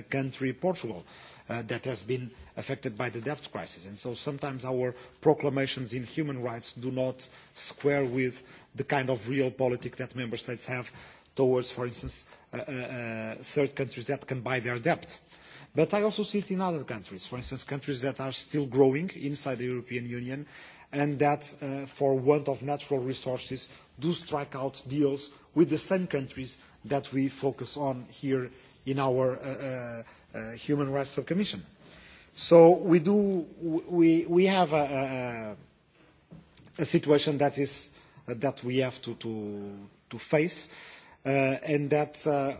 U: country, Portugal, that has been affected by the debt crisis. And so sometimes our proclamations in human rights do not square with the kind of real politics that member states have towards, for instance, third countries that can buy their debt. But I also see it in other countries, for instance, countries that are still growing inside the European Union and that, for want of natural resources, do strike out deals with the same countries that we focus on here in our Human Rights Subcommission. So we do we have a situation that is that we have to face and that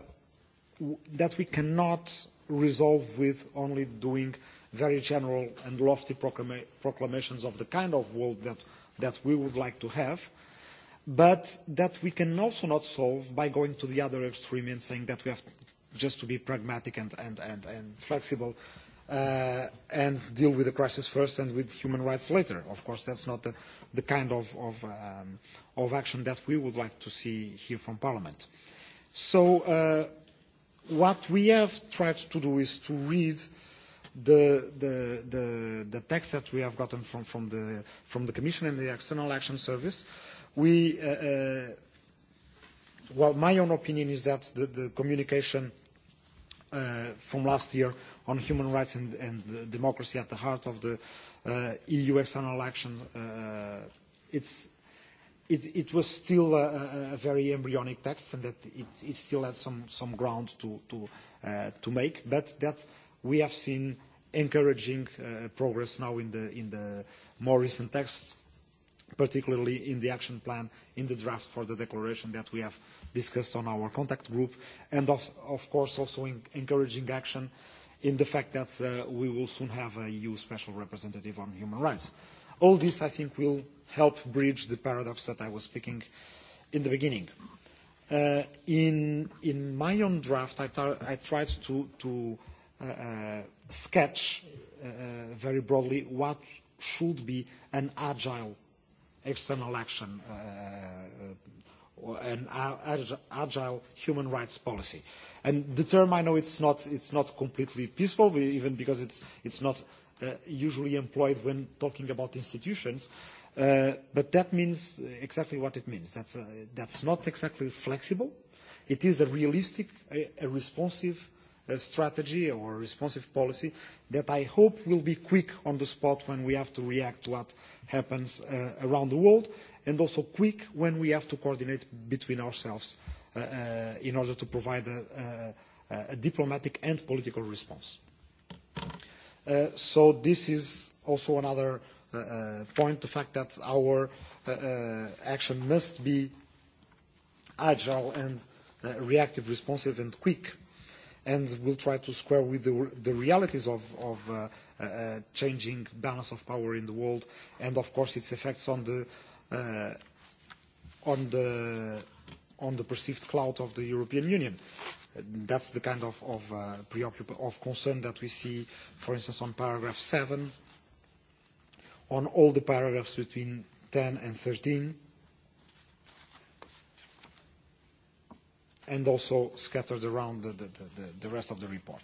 U: we cannot resolve with only doing very general and lofty proclamations of the kind of world that we would like to have but that we can also not solve by going to the other extreme and saying that we have just to be pragmatic and flexible and deal with the crisis first and with human rights later. Of course, that's not the kind of action that we would like to see here from Parliament. So what we have tried to do is to read the text that we have gotten from the Commission and the External Action Service We, well, my own opinion is that the communication from last year on human rights and democracy at the heart of the EU external action, it was still a very embryonic text and that it still had some ground to make, but that we have seen encouraging progress now in the more recent texts particularly in the action plan, in the draft for the declaration that we have discussed on our contact group, and of course also encouraging action in the fact that we will soon have a EU Special Representative on Human Rights. All this, I think, will help bridge the paradox that I was speaking in the beginning. In my own draft, I tried to sketch very broadly what should be an agile external action and agile human rights policy. And the term, I know it's not, it's not completely peaceful, even because it's, it's not usually employed when talking about institutions, but that means exactly what it means. That's, that's not exactly flexible. It is a realistic, a, responsive strategy or a responsive policy that I hope will be quick on the spot when we have to react to what happens around the world, and also quick when we have to coordinate between ourselves in order to provide a diplomatic and political response. So this is also another point, the fact that our action must be agile and reactive, responsive and quick, and will try to square with the realities of changing balance of power in the world and of course its effects on the on the on the perceived clout of the European Union. That's the kind of of concern that we see, for instance, on paragraph 7, on all the paragraphs between 10 and 13, and also scattered around the rest of the report.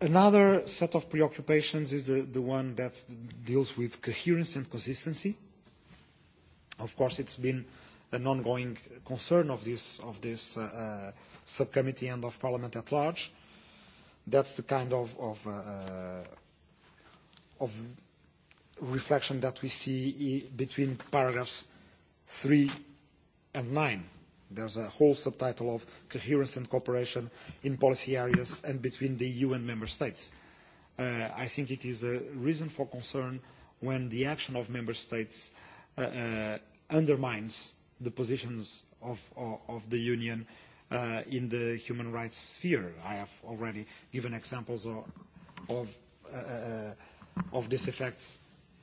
U: Another set of preoccupations is the one that deals with coherence and consistency. Of course, it's been an ongoing concern of this subcommittee and of Parliament at large. That's the kind of reflection that we see between paragraphs 3 and 9. There's a whole subtitle of coherence and cooperation in policy areas and between the EU and member states. I think it is a reason for concern when the action of member states undermines the positions of the Union in the human rights sphere. I have already given examples of this effect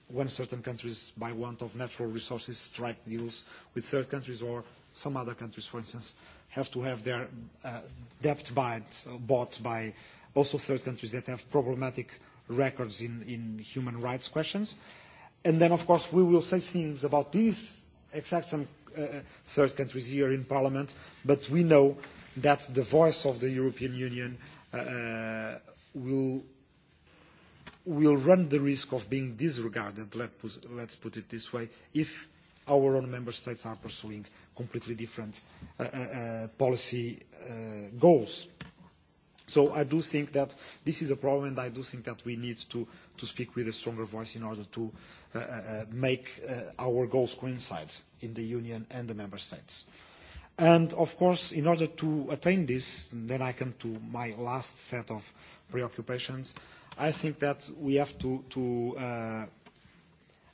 U: when certain countries, by want of natural resources, strike deals with third countries or Some other countries, for instance, have to have their debt bought by also third countries that have problematic records in human rights questions. And then, of course, we will say things about these exact same third countries here in Parliament, but we know that the voice of the European Union will will run the risk of being disregarded, let's put it this way, if our own member states are pursuing completely different policy goals. So I do think that this is a problem, and I do think that we need to speak with a stronger voice in order to make our goals coincide in the Union and the member states. And, of course, in order to attain this, then I come to my last set of preoccupations, I think that we have to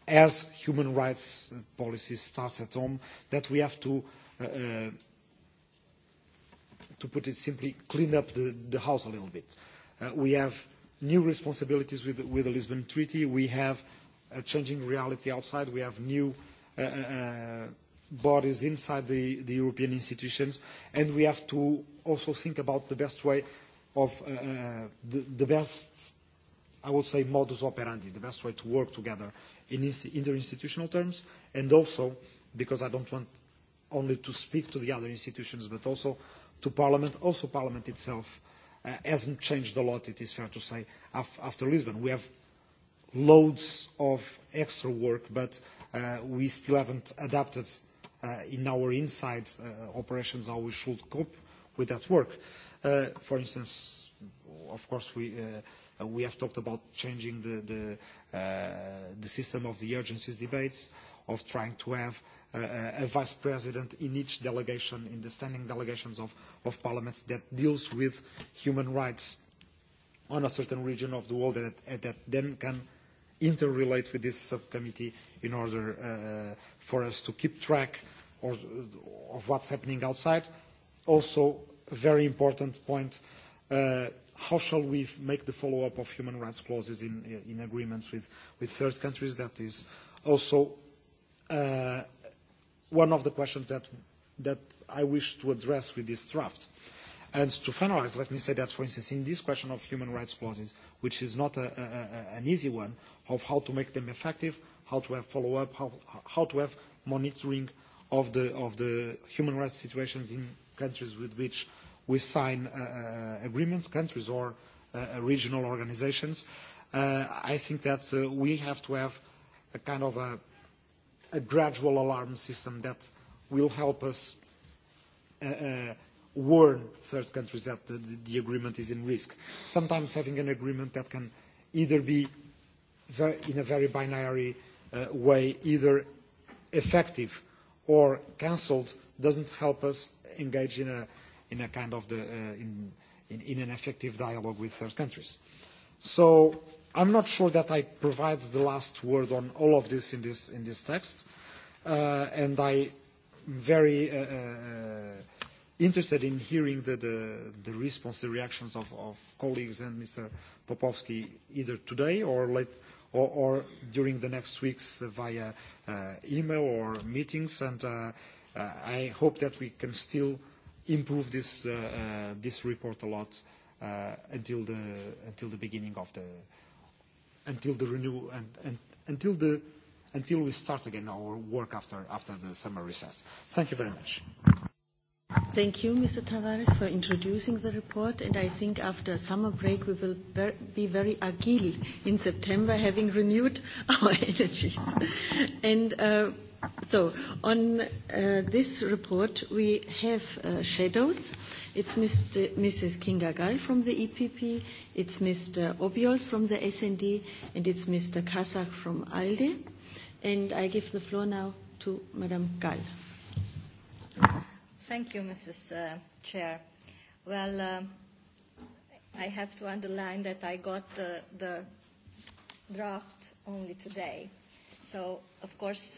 U: as human rights policy starts at home, that we have to, to put it simply, clean up the house a little bit. We have new responsibilities with the Lisbon Treaty. We have a changing reality outside. We have new bodies inside the European institutions. And we have to also think about the best way of the best, I would say, modus operandi, the best way to work together in interinstitutional terms, and also because I don't want only to speak to the other institutions, but also to Parliament. Also, Parliament itself hasn't changed a lot, it is fair to say, after Lisbon. We have loads of extra work, but we still haven't adapted in our inside operations how we should cope with that work. For instance, of course, we We have talked about changing the system of the urgencies debates, of trying to have a vice president in each delegation, in the standing delegations of Parliament, that deals with human rights on a certain region of the world that then can interrelate with this subcommittee in order for us to keep track of what's happening outside. Also, a very important point, how shall we make the follow-up of human rights clauses in agreements with third countries? That is also one of the questions that I wish to address with this draft. And to finalize, let me say that, for instance, in this question of human rights clauses, which is not an easy one, of how to make them effective, how to have follow-up, how to have monitoring of the human rights situations in countries with which we sign agreements, countries or regional organizations. I think that we have to have a kind of a gradual alarm system that will help us warn third countries that the agreement is in risk. Sometimes having an agreement that can either be in a very binary way, either effective or cancelled, doesn't help us engage in a in a kind of the in in an effective dialogue with third countries. So I'm not sure that I provide the last word on all of this in this in this text, and I very interested in hearing the the response, the reactions of colleagues and Mr. Popovsky either today or or during the next weeks via email or meetings, and I hope that we can still improve this this report a lot until the until the beginning of the until the renew and until the until we start again our work after after the summer recess. Thank you very much.
A: Thank you, Mr. Tavares, for introducing the report. And I think after summer break, we will be very agile in September, having renewed our energies. And So on this report we have shadows. It's Mrs. Kinga Gall from the EPP, it's Mr. Obiols from the SND, and it's Mr. Kasach from ALDE. And I give the floor now to Madam Gall.
V: Thank you, Mrs. Chair. Well, I have to underline that I got the draft only today. So, of course,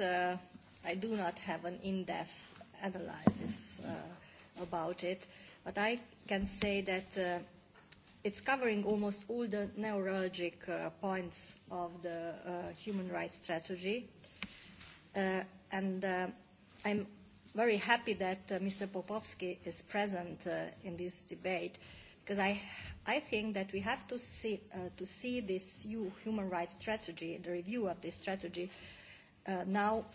V: I do not have an in-depth analysis about it, but I can say that it's covering almost all the neurologic points of the human rights strategy. And I'm very happy that Mr. Popovsky is present in this debate because I I think that we have to see to see this new human rights strategy, the review of this strategy, now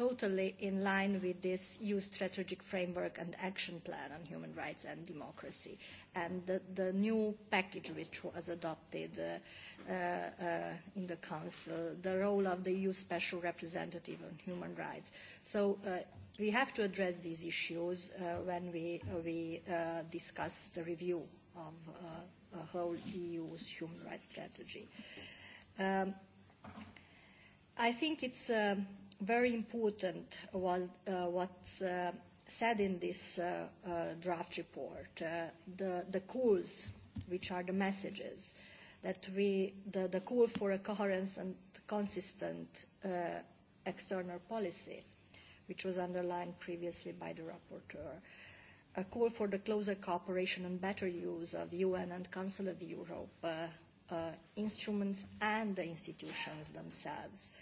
V: totally in line with this EU strategic framework and action plan on human rights and democracy. And the new package which was adopted in the Council, the role of the EU Special Representative on Human Rights. So we have to address these issues when we discuss the review of the whole EU's human rights strategy. I think it's very important was what's said in this draft report, the calls, which are the messages, that we, the call for a coherent and consistent external policy, which was underlined previously by the rapporteur, a call for the closer cooperation and better use of UN and Council of Europe instruments and the institutions themselves,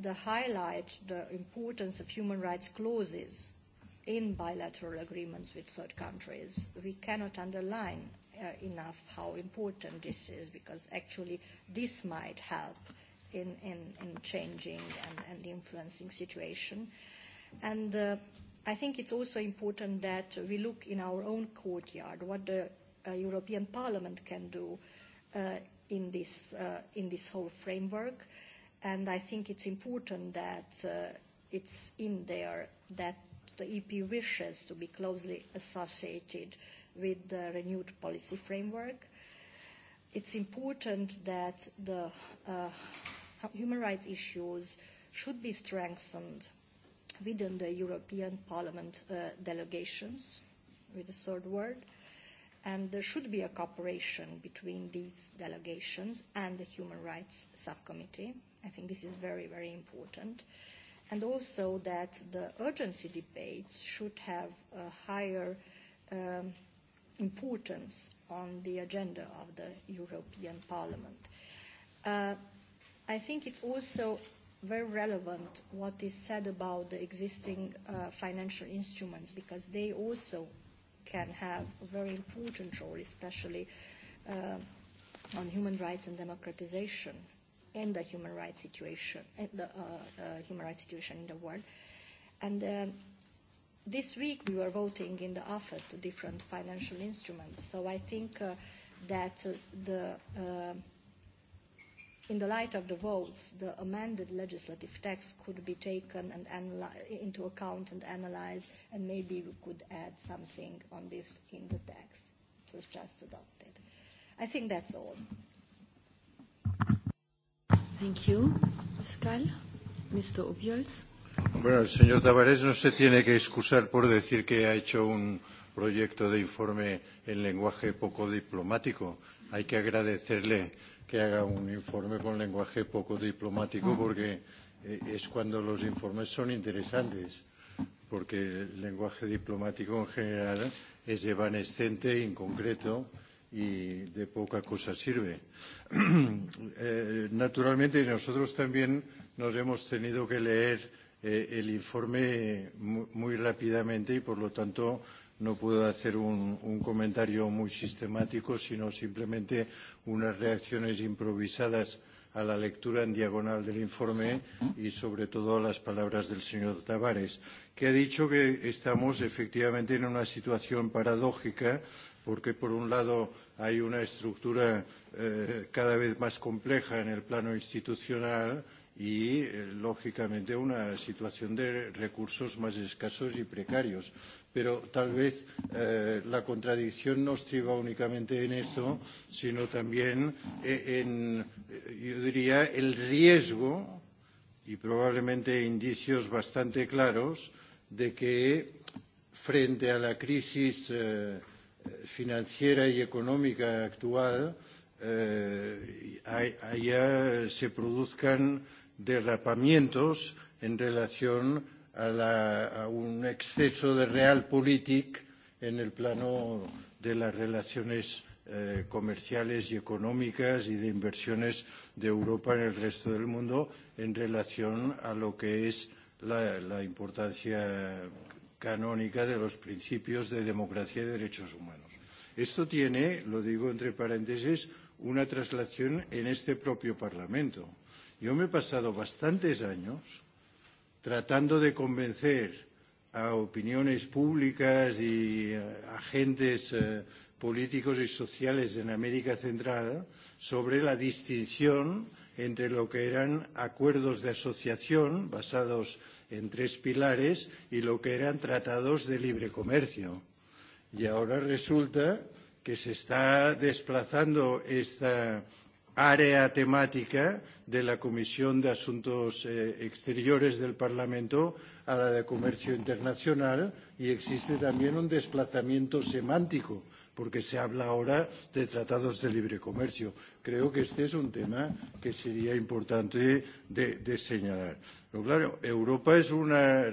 V: the highlight the importance of human rights clauses in bilateral agreements with third countries. We cannot underline enough how important this is because actually this might help in changing and influencing situation. And I think it's also important that we look in our own courtyard what the European Parliament can do in this whole framework and I think it's important that it's in there that the EP wishes to be closely associated with the renewed policy framework. It's important that the human rights issues should be strengthened within the European Parliament delegations, with the third word, and there should be a cooperation between these delegations and the Human Rights Subcommittee. I think this is very, very important. And also that the urgency debates should have a higher importance on the agenda of the European Parliament. I think it's also very relevant what is said about the existing financial instruments because they also can have a very important role, especially on human rights and democratization and the human rights situation, the human rights situation in the world. And this week we were voting in the offer to different financial instruments. So I think that the in the light of the votes, the amended legislative text could be taken and into account and analyzed, and maybe we could add something on this in the text. It was just adopted. I think that's all. Thank you, Mr.
Q: Bueno, el señor Tavares no se tiene que excusar por decir que ha hecho un proyecto de informe en lenguaje poco diplomático. Hay que agradecerle que haga un informe con lenguaje poco diplomático porque es cuando los informes son interesantes, porque el lenguaje diplomático en general es evanescente, inconcreto y de poca cosa sirve. Naturalmente, nosotros también nos hemos tenido que leer el informe muy rápidamente y, por lo tanto, no puedo hacer un comentario muy sistemático, sino simplemente unas reacciones improvisadas a la lectura en diagonal del informe y, sobre todo, a las palabras del señor Tavares, que ha dicho que estamos, efectivamente, en una situación paradójica porque por un lado hay una estructura cada vez más compleja en el plano institucional y lógicamente una situación de recursos más escasos y precarios pero tal vez la contradicción no estriba únicamente en eso sino también en yo diría el riesgo y probablemente indicios bastante claros de que frente a la crisis financiera y económica actual allá se produzcan derrapamientos en relación a un exceso de realpolitik en el plano de las relaciones comerciales y económicas y de inversiones de Europa en el resto del mundo en relación a lo que es la importancia canónica de los principios de democracia y derechos humanos. Esto tiene, lo digo entre paréntesis, una traslación en este propio Parlamento. Yo me he pasado bastantes años tratando de convencer a opiniones públicas y agentes políticos y sociales en América Central sobre la distinción entre lo que eran acuerdos de asociación basados en tres pilares y lo que eran tratados de libre comercio. Y ahora resulta que se está desplazando esta área temática de la Comisión de Asuntos Exteriores del Parlamento a la de Comercio Internacional y existe también un desplazamiento semántico porque se habla ahora de tratados de libre comercio. Creo que este es un tema que sería importante de señalar. Pero claro, Europa es una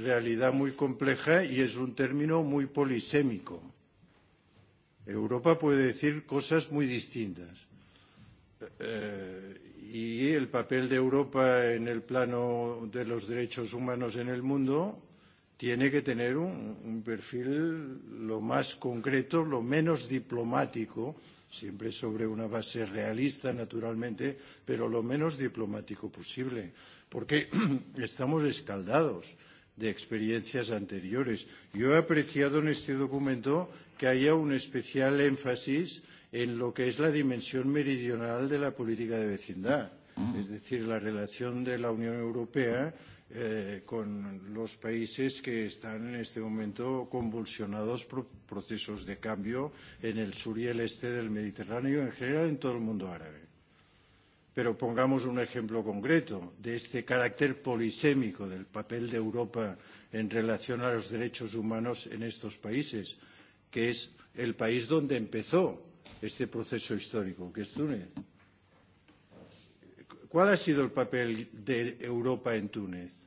Q: realidad muy compleja y es un término muy polisémico. Europa puede decir cosas muy distintas. Y el papel de Europa en el plano de los derechos humanos en el mundo tiene que tener un perfil lo más concreto, lo menos diplomático, siempre sobre una base realista, naturalmente, pero lo menos diplomático posible, porque estamos escaldados de experiencias anteriores. Yo he apreciado en este documento que haya un especial énfasis en lo que es la dimensión meridional de la política de vecindad, es decir, la relación de la Unión Europea con los países que están en este momento convulsionados por procesos de cambio en el sur y el este del Mediterráneo, en general en todo el mundo árabe. Pero pongamos un ejemplo concreto de este carácter polisémico del papel de Europa en relación a los derechos humanos en estos países, que es el país donde empezó este proceso histórico, que es Túnez. ¿Cuál ha sido el papel de Europa en Túnez?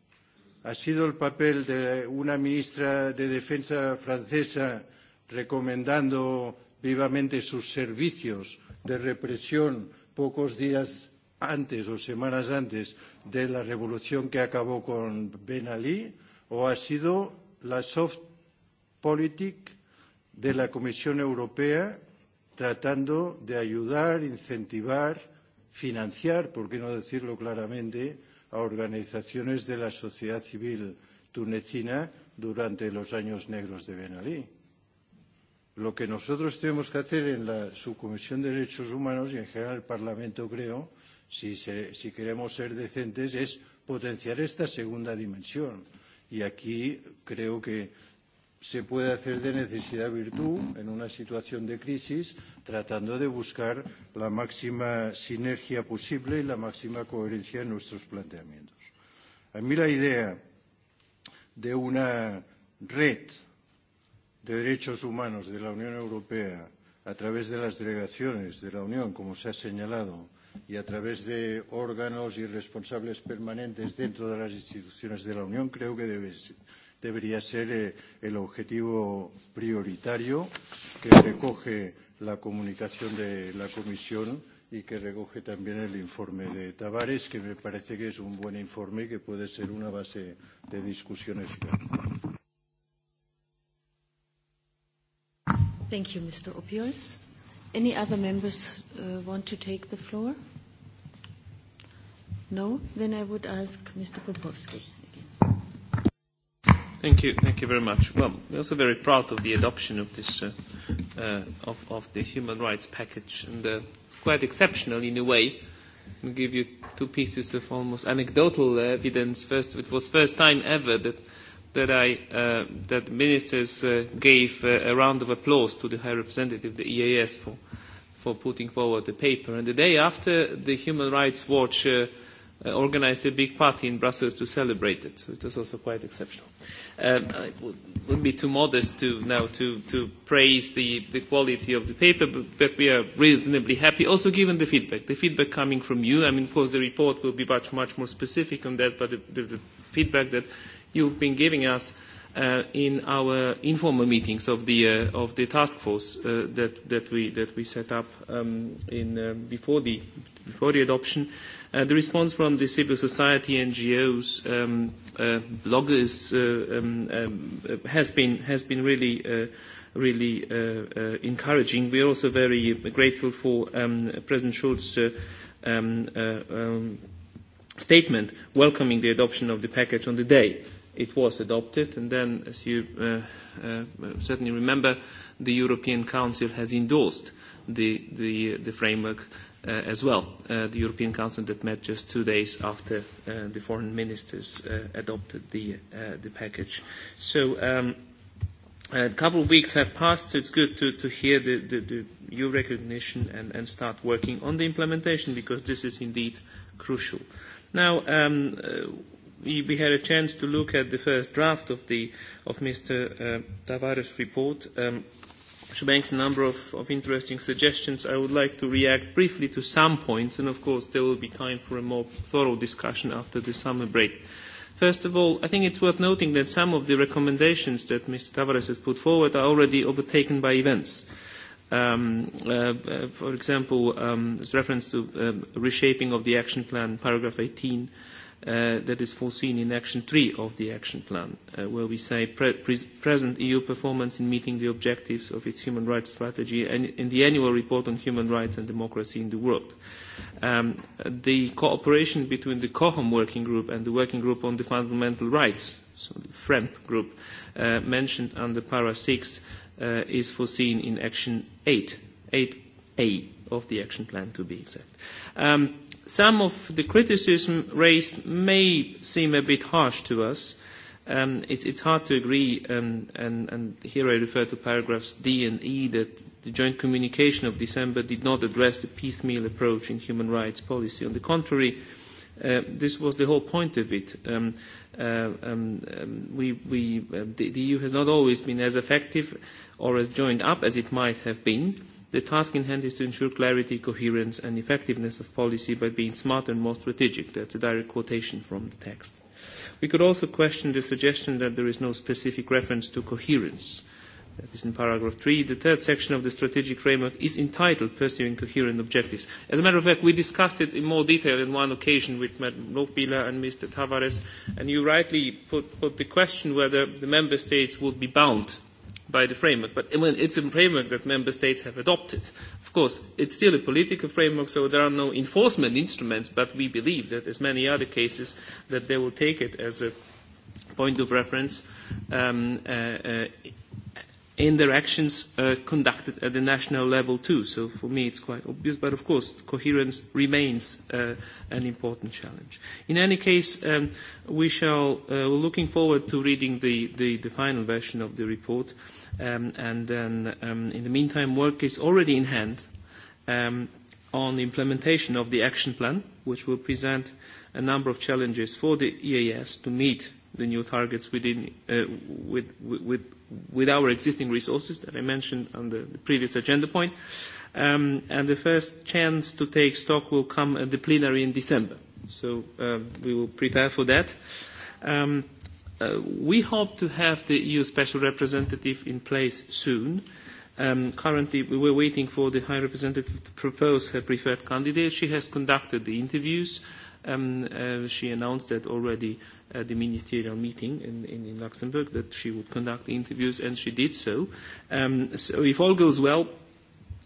Q: ha sido el papel de una ministra de Defensa francesa recomendando vivamente sus servicios de represión pocos días antes o semanas antes de la revolución que acabó con Ben Ali o ha sido la soft politique de la Comisión Europea tratando de ayudar, incentivar, financiar, por qué no decirlo claramente, a organizaciones de la sociedad civil tunecina durante los años negros de Ben Ali. Lo que nosotros tenemos que hacer en la Subcomisión de Derechos Humanos y en general el Parlamento, creo, si queremos ser decentes, es potenciar esta segunda dimensión. Y aquí creo que se puede hacer de necesidad virtud en una situación de crisis tratando de buscar la máxima sinergia posible y la máxima coherencia en nuestros planteamientos. A mí la idea de una red de derechos humanos de la Unión Europea a través de las delegaciones de la Unión, como se ha señalado, y a través de órganos y responsables permanentes dentro de las instituciones de la Unión, creo que debe ser debería ser el objetivo prioritario que recoge la comunicación de la Comisión y que recoge también el informe de Tavares, que me parece que es un buen informe y que puede ser una base de discusión eficaz.
A: Mr. No? I would ask Mr. Popovsky.
R: Thank you. Thank you very much. Well, we're also very proud of the adoption of this, of the human rights package. And it's quite exceptional in a way. I'll give you two pieces of almost anecdotal evidence. First, it was first time ever that that I that ministers gave a round of applause to the High Representative, the EAS, for for putting forward the paper. And the day after, the Human Rights Watch organized a big party in Brussels to celebrate it. It was also quite exceptional. It would be too modest to now to to praise the the quality of the paper, but we are reasonably happy. Also given the feedback, the feedback coming from you. I mean, of course, the report will be much much more specific on that, but the feedback that you've been giving us in our informal meetings of the of the task force that that we that we set up in before the before the adoption The response from the civil society, NGOs, bloggers has been has been really really encouraging. We are also very grateful for President Schulz's statement welcoming the adoption of the package on the day it was adopted and then as you certainly remember the European Council has endorsed the framework as well, the European Council that met just two days after the foreign ministers adopted the package. So a couple of weeks have passed, so it's good to hear the EU recognition and start working on the implementation because this is indeed crucial. Now, we had a chance to look at the first draft of Mr. Tavares' report. Banks a number of interesting suggestions. I would like to react briefly to some points, and of course there will be time for a more thorough discussion after the summer break. First of all, I think it's worth noting that some of the recommendations that Mr. Tavares has put forward are already overtaken by events. For example, this reference to reshaping of the action plan, paragraph 18 that is foreseen in Action 3 of the Action Plan, where we say present EU performance in meeting the objectives of its human rights strategy and in the annual report on human rights and democracy in the world. The cooperation between the COHOM Working Group and the Working Group on the Fundamental Rights, so the FREMP Group, mentioned under Para 6, is foreseen in Action 8, 8A of the Action Plan to be exact some of the criticism raised may seem a bit harsh to us. It's hard to agree, and here I refer to paragraphs D and E, that the joint communication of December did not address the piecemeal approach in human rights policy. On the contrary, this was the whole point of it. The EU has not always been as effective or as joined up as it might have been The task in hand is to ensure clarity, coherence and effectiveness of policy by being smarter and more strategic. That's a direct quotation from the text. We could also question the suggestion that there is no specific reference to coherence. That is in paragraph 3. The third section of the strategic framework is entitled Pursuing Coherent Objectives. As a matter of fact, we discussed it in more detail on one occasion with Madam Lopila and Mr. Tavares, and you rightly put the question whether the member states would be bound by the framework. But it's a framework that member states have adopted. Of course, it's still a political framework, so there are no enforcement instruments, but we believe that as many other cases, that they will take it as a point of reference in their actions conducted at the national level too. So for me it's quite obvious, but of course coherence remains an important challenge. In any case, we shall looking forward to reading the final version of the report, and then in the meantime work is already in hand on the implementation of the action plan, which will present a number of challenges for the EAS to meet the new targets within with with our existing resources that I mentioned on the previous agenda point. And the first chance to take stock will come at the plenary in December. So we will prepare for that. We hope to have the EU Special Representative in place soon. Currently, we were waiting for the High Representative to propose her preferred candidate. She has conducted the interviews she announced that already at the ministerial meeting in, in, in Luxembourg that she would conduct interviews, and she did so. Um, so if all goes well,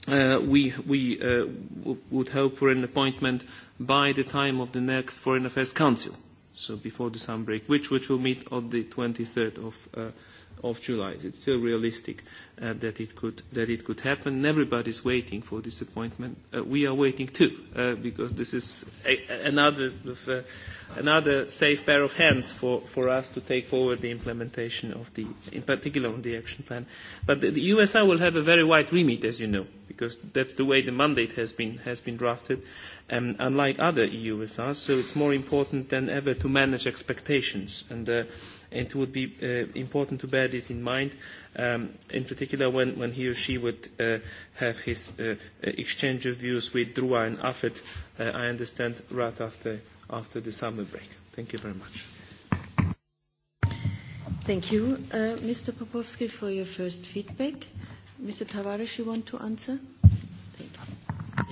R: we we would hope for an appointment by the time of the next Foreign Affairs Council, so before the summer break, which which will meet on the 23rd of of July. It's still realistic that it could that it could happen. Everybody is waiting for this appointment. We are waiting too, because this is another another safe pair of hands for for us to take forward the implementation of the, in particular on the action plan. But the USA will have a very wide remit, as you know, because that's the way the mandate has been has been drafted, unlike other EUSRs. So it's more important than ever to manage expectations and It would be important to bear this in mind, in particular when he or she would have his exchange of views with Drua and Afet, I understand, right after the summer break. Thank you very much.
A: Thank you, Mr. Popovsky, for your first feedback. Mr. Tavares, you want to answer?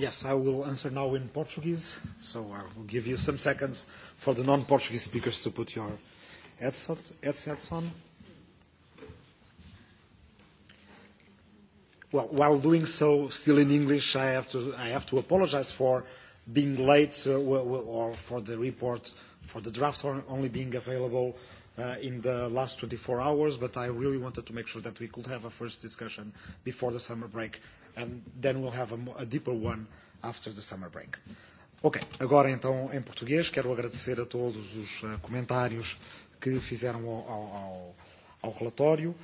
U: Yes, I will answer now in Portuguese, so I will give you some seconds for the non-Portuguese speakers to put your While doing so, still in English, I have to I apologise for being late or for the report, for the draft only being available in the last 24 hours. But I really wanted to make sure that we could have a first discussion before the summer break, and then we'll have a deeper one after the summer break. Ok, agora então em português quero agradecer a todos os comentários que fizeram ao, ao, relatório.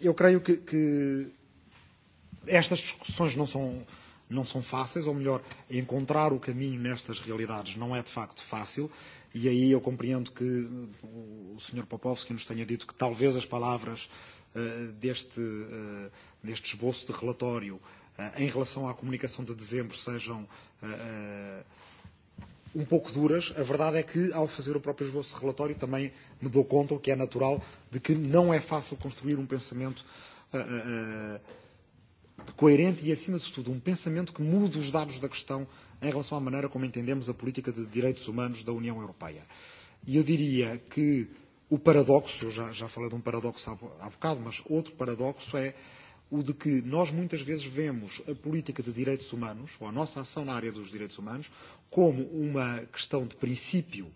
U: eu creio que, que estas discussões não são, não são fáceis, ou melhor, encontrar o caminho nestas realidades não é de facto fácil, e aí eu compreendo que o Sr. Popovski nos tenha dito que talvez as palavras deste, deste esboço de relatório em relação à comunicação de dezembro sejam um pouco duras, a verdade é que, ao fazer o próprio esboço de relatório, também me dou conta, o que é natural, de que não é fácil construir um pensamento coerente e, acima de tudo, um pensamento que mude os dados da questão em relação à maneira como entendemos a política de direitos humanos da União Europeia. E eu diria que o paradoxo, eu já já falei de um paradoxo há bocado, mas outro paradoxo é o de que nós muitas vezes vemos a política de direitos humanos, ou a nossa ação na área dos direitos humanos, como uma questão de princípio,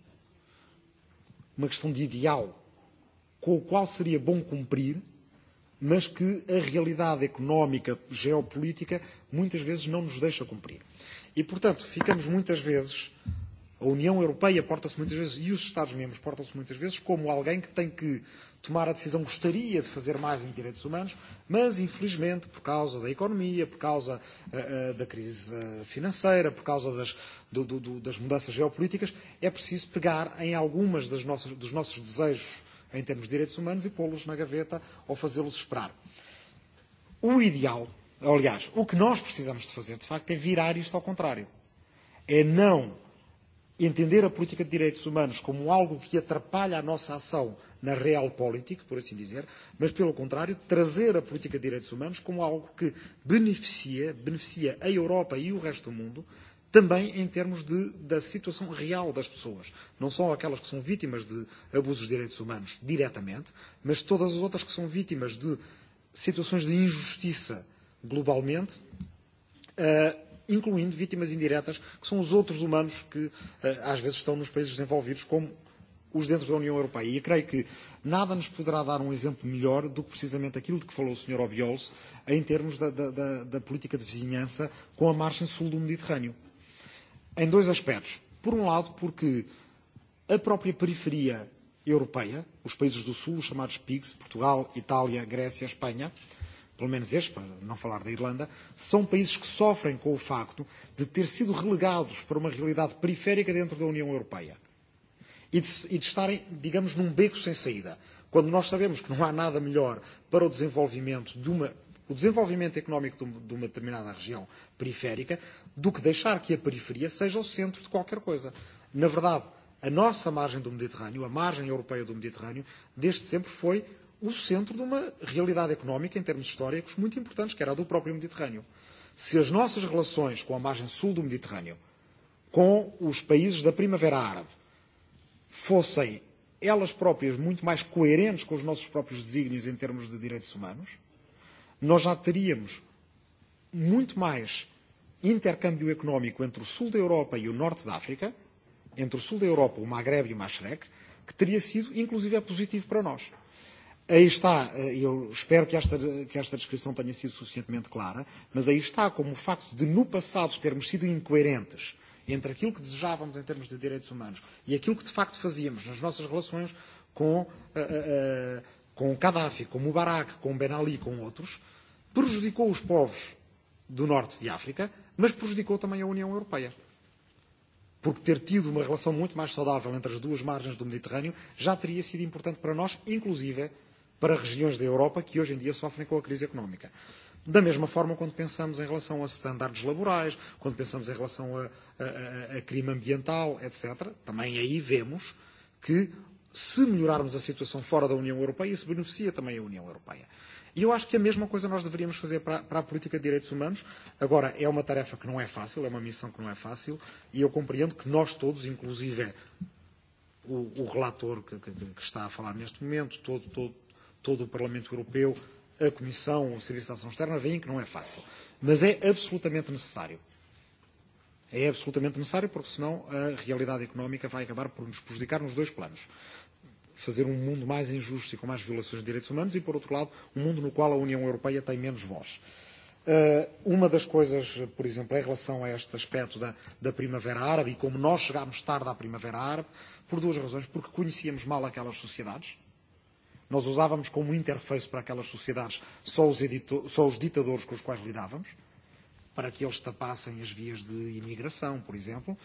U: uma questão de ideal, com o qual seria bom cumprir, mas que a realidade económica, geopolítica, muitas vezes não nos deixa cumprir. E, portanto, ficamos muitas vezes A União Europeia porta-se muitas vezes, e os Estados-membros portam-se muitas vezes, como alguém que tem que tomar a decisão, gostaria de fazer mais em direitos humanos, mas infelizmente, por causa da economia, por causa da crise financeira, por causa das, das mudanças geopolíticas, é preciso pegar em algumas das nossas, dos nossos desejos em termos de direitos humanos e pô-los na gaveta ou fazê-los esperar. O ideal, aliás, o que nós precisamos de fazer, de facto, é virar isto ao contrário. É não entender a política de direitos humanos como algo que atrapalha a nossa ação na real política, por assim dizer, mas, pelo contrário, trazer a política de direitos humanos como algo que beneficia, beneficia a Europa e o resto do mundo, também em termos de, da situação real das pessoas. Não só aquelas que são vítimas de abusos de direitos humanos diretamente, mas todas as outras que são vítimas de situações de injustiça globalmente incluindo vítimas indiretas, que são os outros humanos que às vezes estão nos países desenvolvidos, como os dentro da União Europeia. E creio que nada nos poderá dar um exemplo melhor do que precisamente aquilo de que falou o Sr. Obiols em termos da, da, da política de vizinhança com a margem sul do Mediterrâneo. Em dois aspectos. Por um lado, porque a própria periferia europeia, os países do sul, os chamados PIGS, Portugal, Itália, Grécia, Espanha, pelo menos este, para não falar da Irlanda, são países que sofrem com o facto de ter sido relegados para uma realidade periférica dentro da União Europeia e de estarem, digamos, num beco sem saída. Quando nós sabemos que não há nada melhor para o desenvolvimento de uma o desenvolvimento económico de uma determinada região periférica, do que deixar que a periferia seja o centro de qualquer coisa. Na verdade, a nossa margem do Mediterrâneo, a margem europeia do Mediterrâneo, desde sempre foi o centro de uma realidade económica, em termos históricos, muito importantes, que era a do próprio Mediterrâneo. Se as nossas relações com a margem sul do Mediterrâneo, com os países da Primavera Árabe, fossem elas próprias muito mais coerentes com os nossos próprios desígnios em termos de direitos humanos, nós já teríamos muito mais intercâmbio económico entre o sul da Europa e o norte da África, entre o sul da Europa, o Maghreb e o Mashrek, que teria sido, inclusive, positivo para nós. Aí está, eu espero que esta, que esta descrição tenha sido suficientemente clara, mas aí está como o facto de no passado termos sido incoerentes entre aquilo que desejávamos em termos de direitos humanos e aquilo que de facto fazíamos nas nossas relações com, com Gaddafi, com o Mubarak, com o Ben Ali, com outros, prejudicou os povos do norte de África, mas prejudicou também a União Europeia. Porque ter tido uma relação muito mais saudável entre as duas margens do Mediterrâneo já teria sido importante para nós, inclusive para regiões da Europa que hoje em dia sofrem com a crise económica. Da mesma forma, quando pensamos em relação a estándares laborais, quando pensamos em relação a crime ambiental, etc., também aí vemos que, se melhorarmos a situação fora da União Europeia, isso beneficia também a União Europeia. E eu acho que a mesma coisa nós deveríamos fazer para a política de direitos humanos. Agora, é uma tarefa que não é fácil, é uma missão que não é fácil, e eu compreendo que nós todos, inclusive o relator que está a falar neste momento, todo todo o Parlamento Europeu, a Comissão, o Serviço de Ação Externa, veem que não é fácil. Mas é absolutamente necessário. É absolutamente necessário porque senão a realidade económica vai acabar por nos prejudicar nos dois planos. Fazer um mundo mais injusto e com mais violações de direitos humanos e, por outro lado, um mundo no qual a União Europeia tem menos voz. Uma das coisas, por exemplo, em relação a este aspecto da Primavera Árabe e como nós chegámos tarde à Primavera Árabe, por duas razões. Porque conhecíamos mal aquelas sociedades Nós usávamos como interface para aquelas sociedades só os, só os ditadores com os quais lidávamos, para que eles tapassem as vias de imigração, por exemplo,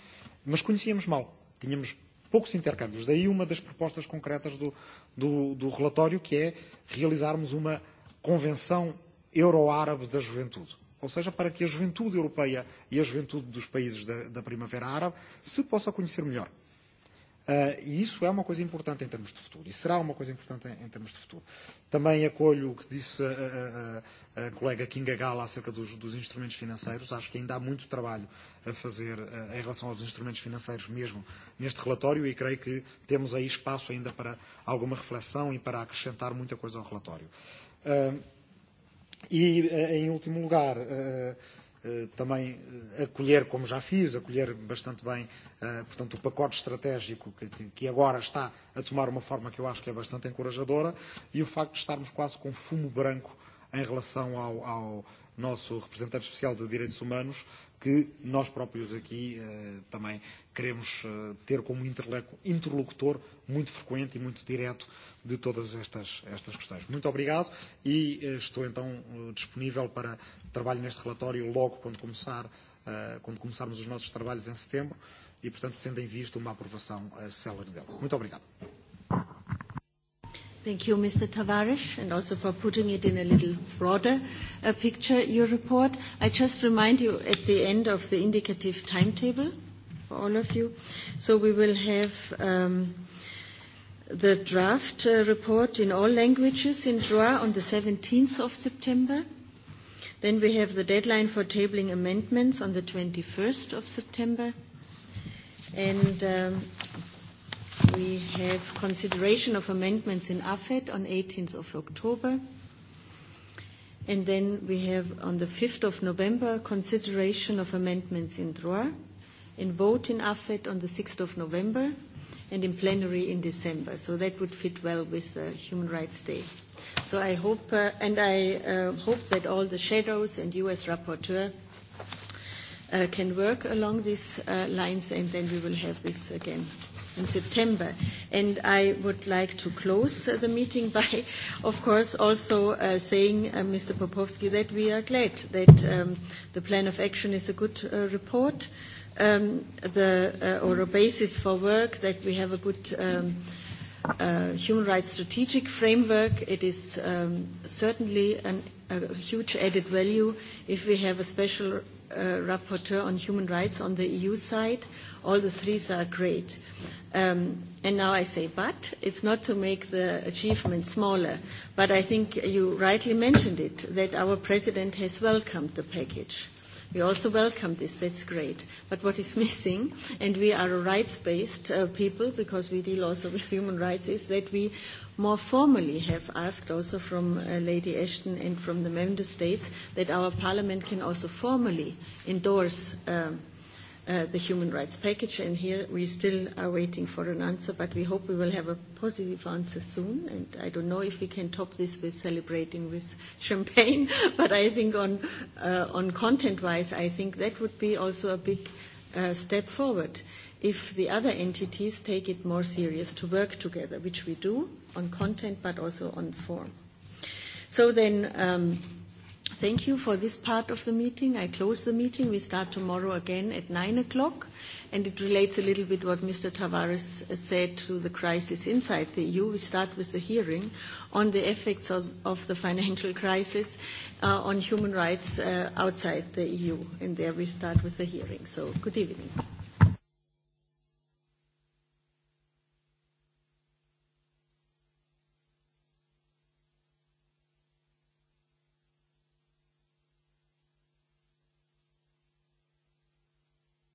U: mas conhecíamos mal. Tínhamos poucos intercâmbios. Daí uma das propostas concretas do, do, do relatório, que é realizarmos uma convenção euro-árabe da juventude. Ou seja, para que a juventude europeia e a juventude dos países da, da Primavera Árabe se possa conhecer melhor. E isso é uma coisa importante em termos de futuro, e será uma coisa importante em termos de futuro. Também acolho o que disse a colega Kinga Gala acerca dos instrumentos financeiros. Acho que ainda há muito trabalho a fazer em relação aos instrumentos financeiros mesmo neste relatório e creio que temos aí espaço ainda para alguma reflexão e para acrescentar muita coisa ao relatório. E, em último lugar também acolher, como já fiz, acolher bastante bem, portanto, o pacote estratégico que agora está a tomar uma forma que eu acho que é bastante encorajadora e o facto de estarmos quase com fumo branco em relação ao nosso representante especial de direitos humanos, que nós próprios aqui também queremos ter como interlocutor muito frequente e muito direto de todas estas, estas questões. Muito obrigado e estou então disponível para trabalho neste relatório logo quando, começar, quando começarmos os nossos trabalhos em setembro e, portanto, tendo em vista uma aprovação célere dela. Muito obrigado.
A: Thank you, Mr. Tavares, and also for putting it in a little broader picture, your report. I just remind you at the end of the indicative timetable for all of you. So we will have the draft report in all languages in DROA on the 17th of September. Then we have the deadline for tabling amendments on the 21st of September. And We have consideration of amendments in Afet on 18th of October. And then we have on the 5th of November consideration of amendments in DROA and vote in Afet on the 6th of November and in plenary in December. So that would fit well with Human Rights Day. So I hope, and I hope that all the shadows and US rapporteur can work along these lines and then we will have this again in September. And I would like to close the meeting by, of course, also saying, Mr. Popovsky, that we are glad that the Plan of Action is a good report or a basis for work, that we have a good human rights strategic framework. It is certainly a huge added value if we have a special rapporteur on human rights on the EU side all the threes are great. And now I say but, it's not to make the achievement smaller, but I think you rightly mentioned it, that our President has welcomed the package. We also welcome this, that's great. But what is missing, and we are a rights-based people because we deal also with human rights, is that we more formally have asked also from Lady Ashton and from the member states that our parliament can also formally endorse the human rights package, and here we still are waiting for an answer, but we hope we will have a positive answer soon, and I don't know if we can top this with celebrating with champagne, but I think on, on content-wise, I think that would be also a big step forward if the other entities take it more serious to work together, which we do on content, but also on form. So then Thank you for this part of the meeting. I close the meeting. We start tomorrow again at nine o'clock, and it relates a little bit what Mr. Tavares said to the crisis inside the EU. We start with the hearing on the effects of the financial crisis on human rights outside the EU, and there we start with the hearing. So, good evening.